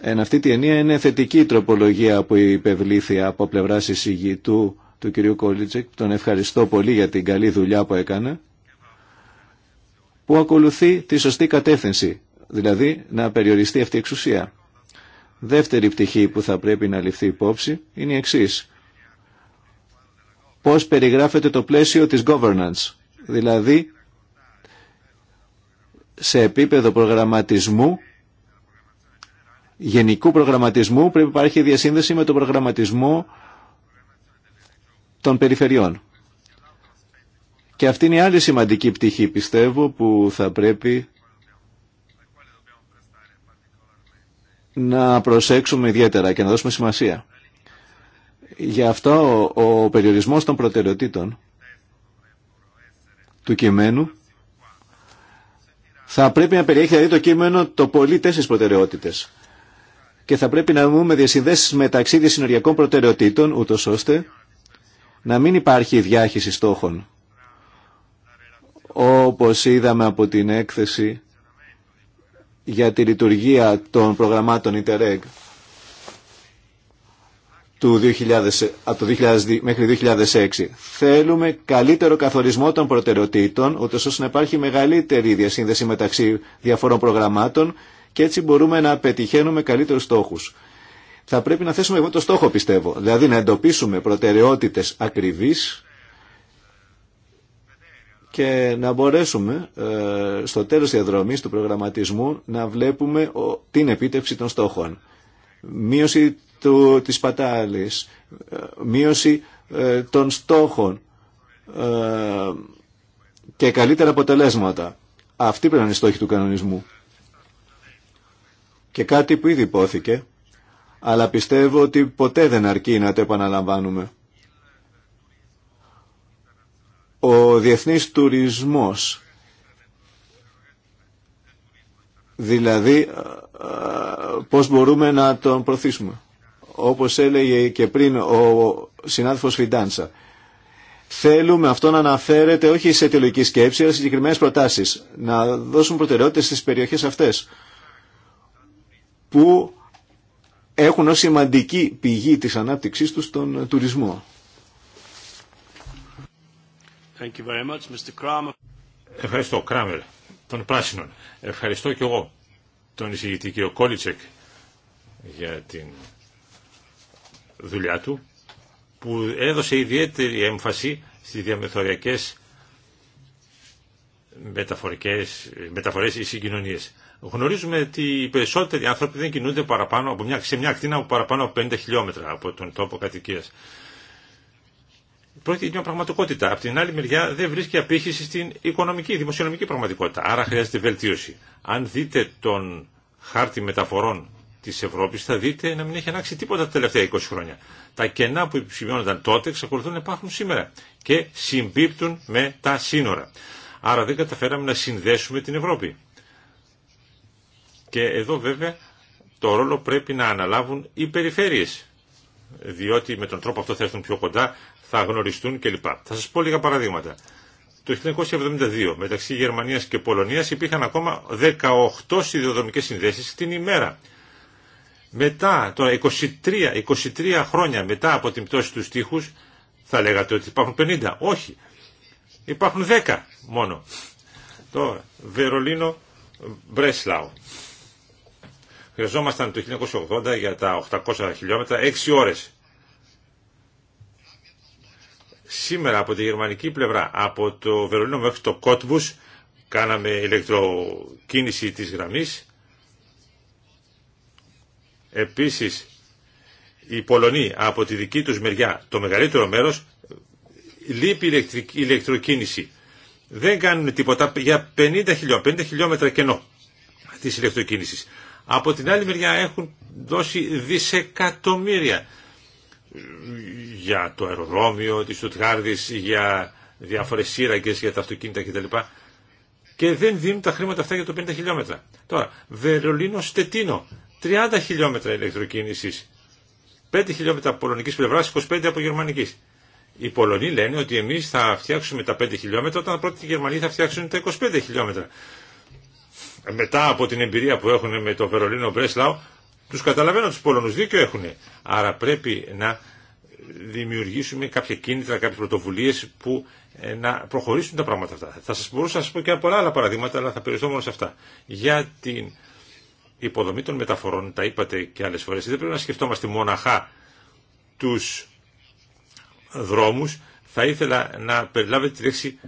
Εν αυτή τη ενία είναι θετική η τροπολογία που υπευλήθη από πλευρά εισηγητού του κυρίου Κολίτσεκ. Τον ευχαριστώ πολύ για την καλή δουλειά που έκανε. Που ακολουθεί τη σωστή κατεύθυνση, δηλαδή να περιοριστεί αυτή η εξουσία. Δεύτερη πτυχή που θα πρέπει να ληφθεί υπόψη είναι η εξή. Πώς περιγράφεται το πλαίσιο της governance, δηλαδή σε επίπεδο προγραμματισμού, γενικού προγραμματισμού, πρέπει να υπάρχει διασύνδεση με τον προγραμματισμό των περιφερειών. Και αυτή είναι η άλλη σημαντική πτυχή, πιστεύω, που θα πρέπει να προσέξουμε ιδιαίτερα και να δώσουμε σημασία. Γι' αυτό ο περιορισμός των προτεραιοτήτων του κειμένου θα πρέπει να περιέχει δηλαδή, το κείμενο το πολύ τέσσερι προτεραιότητε. Και θα πρέπει να δούμε διασυνδέσεις μεταξύ διασυνοριακών προτεραιοτήτων, ούτω ώστε να μην υπάρχει διάχυση στόχων. Όπως είδαμε από την έκθεση για τη λειτουργία των προγραμμάτων Interreg του 2000, από το 2000 μέχρι 2006. Θέλουμε καλύτερο καθορισμό των προτεραιοτήτων, ούτως ώστε να υπάρχει μεγαλύτερη διασύνδεση μεταξύ διαφόρων προγραμμάτων και έτσι μπορούμε να πετυχαίνουμε καλύτερους στόχους. Θα πρέπει να θέσουμε εγώ το στόχο πιστεύω, δηλαδή να εντοπίσουμε προτεραιότητες ακριβεί και να μπορέσουμε ε, στο τέλος διαδρομής του προγραμματισμού να βλέπουμε την επίτευξη των στόχων. Μείωση του, της πατάλης, ε, μείωση ε, των στόχων ε, και καλύτερα αποτελέσματα. Αυτή πρέπει να είναι η στόχη του κανονισμού. Και κάτι που ήδη υπόθηκε, αλλά πιστεύω ότι ποτέ δεν αρκεί να το επαναλαμβάνουμε. Ο διεθνής τουρισμός, δηλαδή πώς μπορούμε να τον προωθήσουμε όπως έλεγε και πριν ο συνάδελφος Φιντάνσα. Θέλουμε αυτό να αναφέρεται όχι σε αιτιολογική σκέψη, αλλά σε συγκεκριμένες προτάσεις. Να δώσουν προτεραιότητες στις περιοχές αυτές που έχουν ως σημαντική πηγή της ανάπτυξής τους τον τουρισμό. Thank you very much, Mr. Kramer. Ευχαριστώ, Κράμερ, των Πράσινων. Ευχαριστώ και εγώ τον εισηγητή κ. Κόλιτσεκ για την δουλειά του που έδωσε ιδιαίτερη έμφαση στις διαμεθοριακές μεταφορικές, μεταφορές ή συγκοινωνίες. Γνωρίζουμε ότι οι περισσότεροι άνθρωποι δεν κινούνται παραπάνω από μια, σε μια ακτίνα από παραπάνω από 50 χιλιόμετρα από τον τόπο κατοικία. Πρόκειται για μια πραγματικότητα. Απ' την άλλη μεριά δεν βρίσκει απήχηση στην οικονομική, δημοσιονομική πραγματικότητα. Άρα χρειάζεται βελτίωση. Αν δείτε τον χάρτη μεταφορών Τη Ευρώπη θα δείτε να μην έχει ανάξει τίποτα τα τελευταία 20 χρόνια. Τα κενά που επισημιώνονταν τότε εξακολουθούν να υπάρχουν σήμερα και συμπίπτουν με τα σύνορα. Άρα δεν καταφέραμε να συνδέσουμε την Ευρώπη. Και εδώ βέβαια το ρόλο πρέπει να αναλάβουν οι περιφέρειες, διότι με τον τρόπο αυτό θα έρθουν πιο κοντά, θα γνωριστούν κλπ. Θα σας πω λίγα παραδείγματα. Το 1972 μεταξύ Γερμανίας και Πολωνίας υπήρχαν ακόμα 18 σιδηροδρομικές συνδέσεις την ημέρα. Μετά, τώρα 23, 23 χρόνια μετά από την πτώση του στίχους, θα λέγατε ότι υπάρχουν 50. Όχι. Υπάρχουν 10 μόνο. Το Βερολίνο, Μπρέσλαου. Χρειαζόμασταν το 1980 για τα 800 χιλιόμετρα 6 ώρες. Σήμερα από τη γερμανική πλευρά, από το Βερολίνο μέχρι το Κότμπους, κάναμε ηλεκτροκίνηση της γραμμής Επίσης, οι Πολωνοί από τη δική τους μεριά, το μεγαλύτερο μέρος, λείπει ηλεκτροκίνηση. Δεν κάνουν τίποτα για 50 χιλιόμετρα, 50 χιλιόμετρα κενό της ηλεκτροκίνησης. Από την άλλη μεριά έχουν δώσει δισεκατομμύρια για το αεροδρόμιο της Στουτγάρδης, για διάφορες σύραγγες, για τα αυτοκίνητα κτλ. Και δεν δίνουν τα χρήματα αυτά για το 50 χιλιόμετρα. Τώρα, Βερολίνο-Στετίνο 30 χιλιόμετρα ηλεκτροκίνηση, 5 χιλιόμετρα από πολωνικής πλευρά, 25 από γερμανική. Οι Πολωνοί λένε ότι εμεί θα φτιάξουμε τα 5 χιλιόμετρα, όταν πρώτοι οι Γερμανοί θα φτιάξουν τα 25 χιλιόμετρα. Μετά από την εμπειρία που έχουν με το Βερολίνο Μπρέσλαο, του καταλαβαίνω του Πολωνούς, δίκιο έχουν. Άρα πρέπει να δημιουργήσουμε κάποια κίνητρα, κάποιε πρωτοβουλίε που ε, να προχωρήσουν τα πράγματα αυτά. Θα σα μπορούσα να σα πω και πολλά άλλα παραδείγματα, αλλά θα περιοριστώ μόνο σε αυτά. Για την υποδομή των μεταφορών, τα είπατε και άλλες φορές, δεν πρέπει να σκεφτόμαστε μοναχά τους δρόμους. Θα ήθελα να περιλάβετε τη λέξη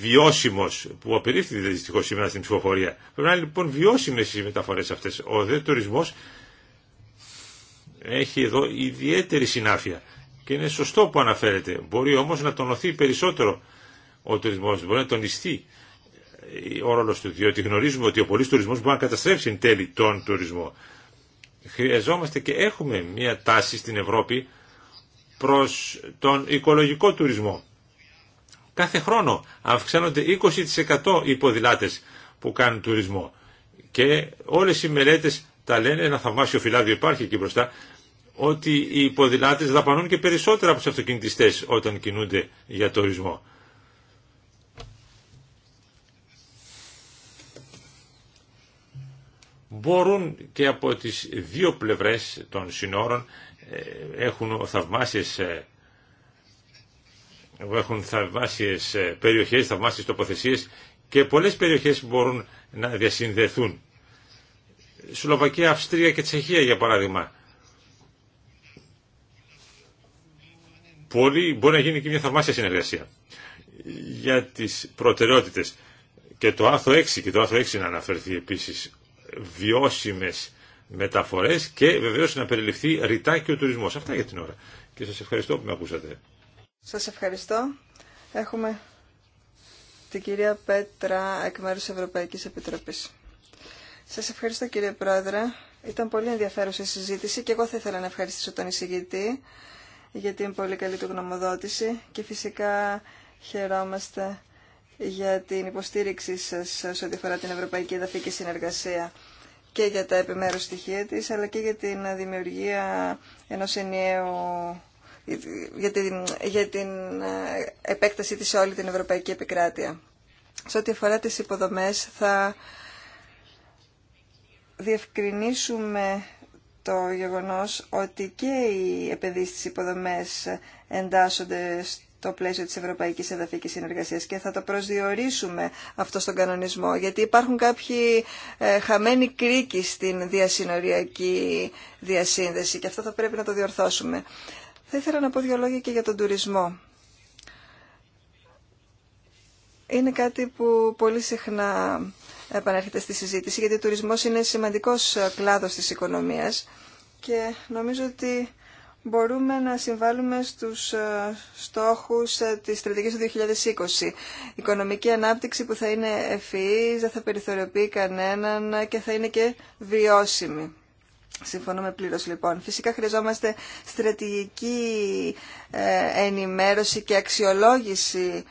βιώσιμος, που τη δυστυχώς σήμερα στην ψηφοφορία. Πρέπει να είναι λοιπόν βιώσιμες οι μεταφορές αυτές. Ο δε τουρισμός έχει εδώ ιδιαίτερη συνάφεια και είναι σωστό που αναφέρεται. Μπορεί όμως να τονωθεί περισσότερο ο τουρισμός, μπορεί να τονιστεί ο ρόλος του, διότι γνωρίζουμε ότι ο πολλή τουρισμός μπορεί να καταστρέψει εν τέλει τον τουρισμό. Χρειαζόμαστε και έχουμε μια τάση στην Ευρώπη προς τον οικολογικό τουρισμό. Κάθε χρόνο αυξάνονται 20% οι ποδηλάτες που κάνουν τουρισμό. Και όλες οι μελέτες τα λένε, ένα θαυμάσιο φυλάδιο υπάρχει εκεί μπροστά, ότι οι ποδηλάτε δαπανούν και περισσότερα από του αυτοκινητιστέ όταν κινούνται για τουρισμό. μπορούν και από τις δύο πλευρές των συνόρων ε, έχουν θαυμάσιες ε, έχουν θαυμάσιες ε, περιοχές, θαυμάσιες τοποθεσίες και πολλές περιοχές μπορούν να διασυνδεθούν. Σλοβακία, Αυστρία και Τσεχία για παράδειγμα. Πολύ, μπορεί να γίνει και μια θαυμάσια συνεργασία για τις προτεραιότητες. Και το άθο 6, και το άρθρο 6 να αναφερθεί επίσης βιώσιμες μεταφορές και βεβαίως να περιληφθεί ρητά και ο τουρισμός. Αυτά για την ώρα. Και σας ευχαριστώ που με ακούσατε. Σας ευχαριστώ. Έχουμε την κυρία Πέτρα εκ μέρους Ευρωπαϊκής Επιτροπής. Σας ευχαριστώ κύριε Πρόεδρε. Ήταν πολύ ενδιαφέρουσα η συζήτηση και εγώ θα ήθελα να ευχαριστήσω τον εισηγητή για την πολύ καλή του γνωμοδότηση και φυσικά χαιρόμαστε για την υποστήριξή σας σε ό,τι αφορά την Ευρωπαϊκή Εδαφική Συνεργασία και για τα επιμέρους στοιχεία της, αλλά και για την δημιουργία ενός ενιαίου για την, για την ε, επέκτασή της σε όλη την Ευρωπαϊκή Επικράτεια. Σε ό,τι αφορά τις υποδομές θα διευκρινίσουμε το γεγονός ότι και οι επενδύσεις στις υποδομές εντάσσονται το πλαίσιο της Ευρωπαϊκής Εδαφικής Συνεργασίας και θα το προσδιορίσουμε αυτό στον κανονισμό γιατί υπάρχουν κάποιοι ε, χαμένοι κρίκοι στην διασυνοριακή διασύνδεση και αυτό θα πρέπει να το διορθώσουμε. Θα ήθελα να πω δύο λόγια και για τον τουρισμό. Είναι κάτι που πολύ συχνά επανέρχεται στη συζήτηση γιατί ο τουρισμός είναι σημαντικός κλάδος της οικονομίας και νομίζω ότι μπορούμε να συμβάλλουμε στους ε, στόχους ε, της στρατηγικής του 2020. Οικονομική ανάπτυξη που θα είναι ευφυής, δεν θα περιθωριοποιεί κανέναν και θα είναι και βιώσιμη. Συμφωνούμε πλήρως λοιπόν. Φυσικά χρειαζόμαστε στρατηγική ε, ενημέρωση και αξιολόγηση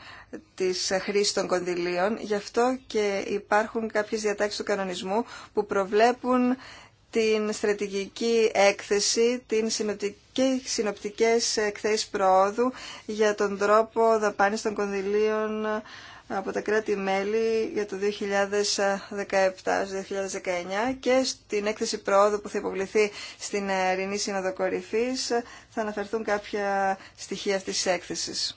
της χρήσης των κονδυλίων. Γι' αυτό και υπάρχουν κάποιες διατάξεις του κανονισμού που προβλέπουν την στρατηγική έκθεση, την συνοπτική, συνοπτικές εκθέσεις προόδου για τον τρόπο δαπάνης των κονδυλίων από τα κράτη-μέλη για το 2017-2019 και στην έκθεση προόδου που θα υποβληθεί στην Ειρηνή Σύνοδο Κορυφής θα αναφερθούν κάποια στοιχεία αυτής της έκθεσης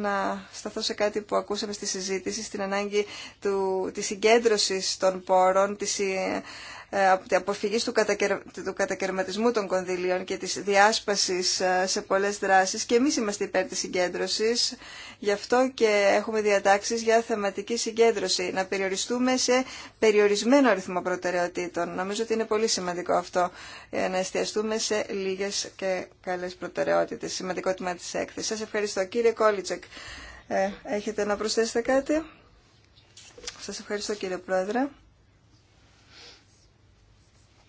να σταθώ σε κάτι που ακούσαμε στη συζήτηση, στην ανάγκη του, της συγκέντρωσης των πόρων, της ε, ε, αποφυγή του, κατακερ... του κατακαιρματισμού των κονδυλίων και της διάσπασης ε, σε πολλές δράσεις και εμείς είμαστε υπέρ της συγκέντρωσης, γι' αυτό και έχουμε διατάξεις για θεματική συγκέντρωση, να περιοριστούμε σε περιορισμένο αριθμό προτεραιοτήτων. Νομίζω ότι είναι πολύ σημαντικό αυτό, ε, να εστιαστούμε σε λίγες και καλές προτεραιότητες. Σημαντικό τμήμα της έκθεσης. Σας ευχαριστώ κύριε Κόλιτσεκ. έχετε να προσθέσετε κάτι. Σας ευχαριστώ κύριε Πρόεδρε.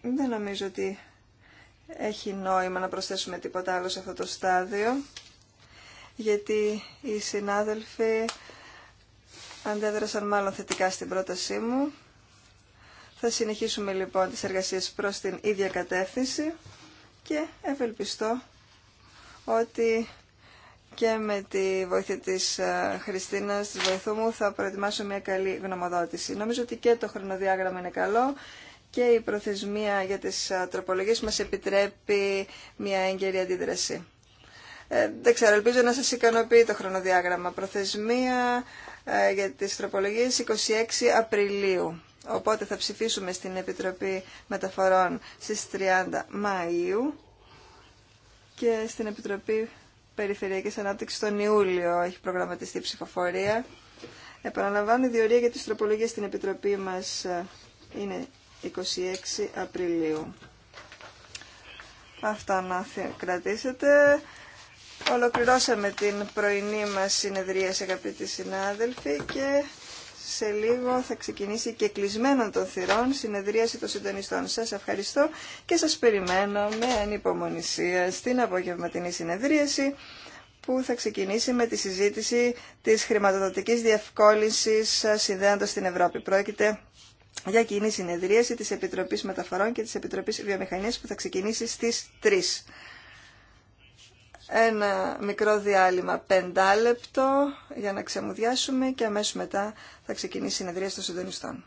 Δεν νομίζω ότι έχει νόημα να προσθέσουμε τίποτα άλλο σε αυτό το στάδιο, γιατί οι συνάδελφοι αντέδρασαν μάλλον θετικά στην πρότασή μου. Θα συνεχίσουμε λοιπόν τις εργασίες προς την ίδια κατεύθυνση και ευελπιστώ ότι και με τη βοήθεια της ε, Χριστίνας, της βοηθού μου, θα προετοιμάσω μια καλή γνωμοδότηση. Νομίζω ότι και το χρονοδιάγραμμα είναι καλό και η προθεσμία για τις τροπολογίες μας επιτρέπει μια έγκαιρη αντίδραση. Ε, δεν ξέρω, ελπίζω να σας ικανοποιεί το χρονοδιάγραμμα. Προθεσμία ε, για τις τροπολογίες 26 Απριλίου. Οπότε θα ψηφίσουμε στην Επιτροπή Μεταφορών στις 30 Μαΐου και στην Επιτροπή Περιφερειακής Ανάπτυξης τον Ιούλιο έχει προγραμματιστεί η ψηφοφορία. Επαναλαμβάνω, η διορία για τις τροπολογίες στην Επιτροπή μας ε, είναι 26 Απριλίου. Αυτά να κρατήσετε. Ολοκληρώσαμε την πρωινή μας συνεδρία, αγαπητοί συνάδελφοι, και σε λίγο θα ξεκινήσει και κλεισμένο των θυρών συνεδρίαση των συντονιστών. Σας ευχαριστώ και σας περιμένω με ανυπομονησία στην απογευματινή συνεδρίαση που θα ξεκινήσει με τη συζήτηση της χρηματοδοτικής διευκόλυνσης συνδέοντας την Ευρώπη. Πρόκειται για κοινή συνεδρίαση της Επιτροπής Μεταφορών και της Επιτροπής Βιομηχανίας που θα ξεκινήσει στις 3. Ένα μικρό διάλειμμα, πεντάλεπτο, για να ξεμουδιάσουμε και αμέσως μετά θα ξεκινήσει η συνεδρίαση των συντονιστών.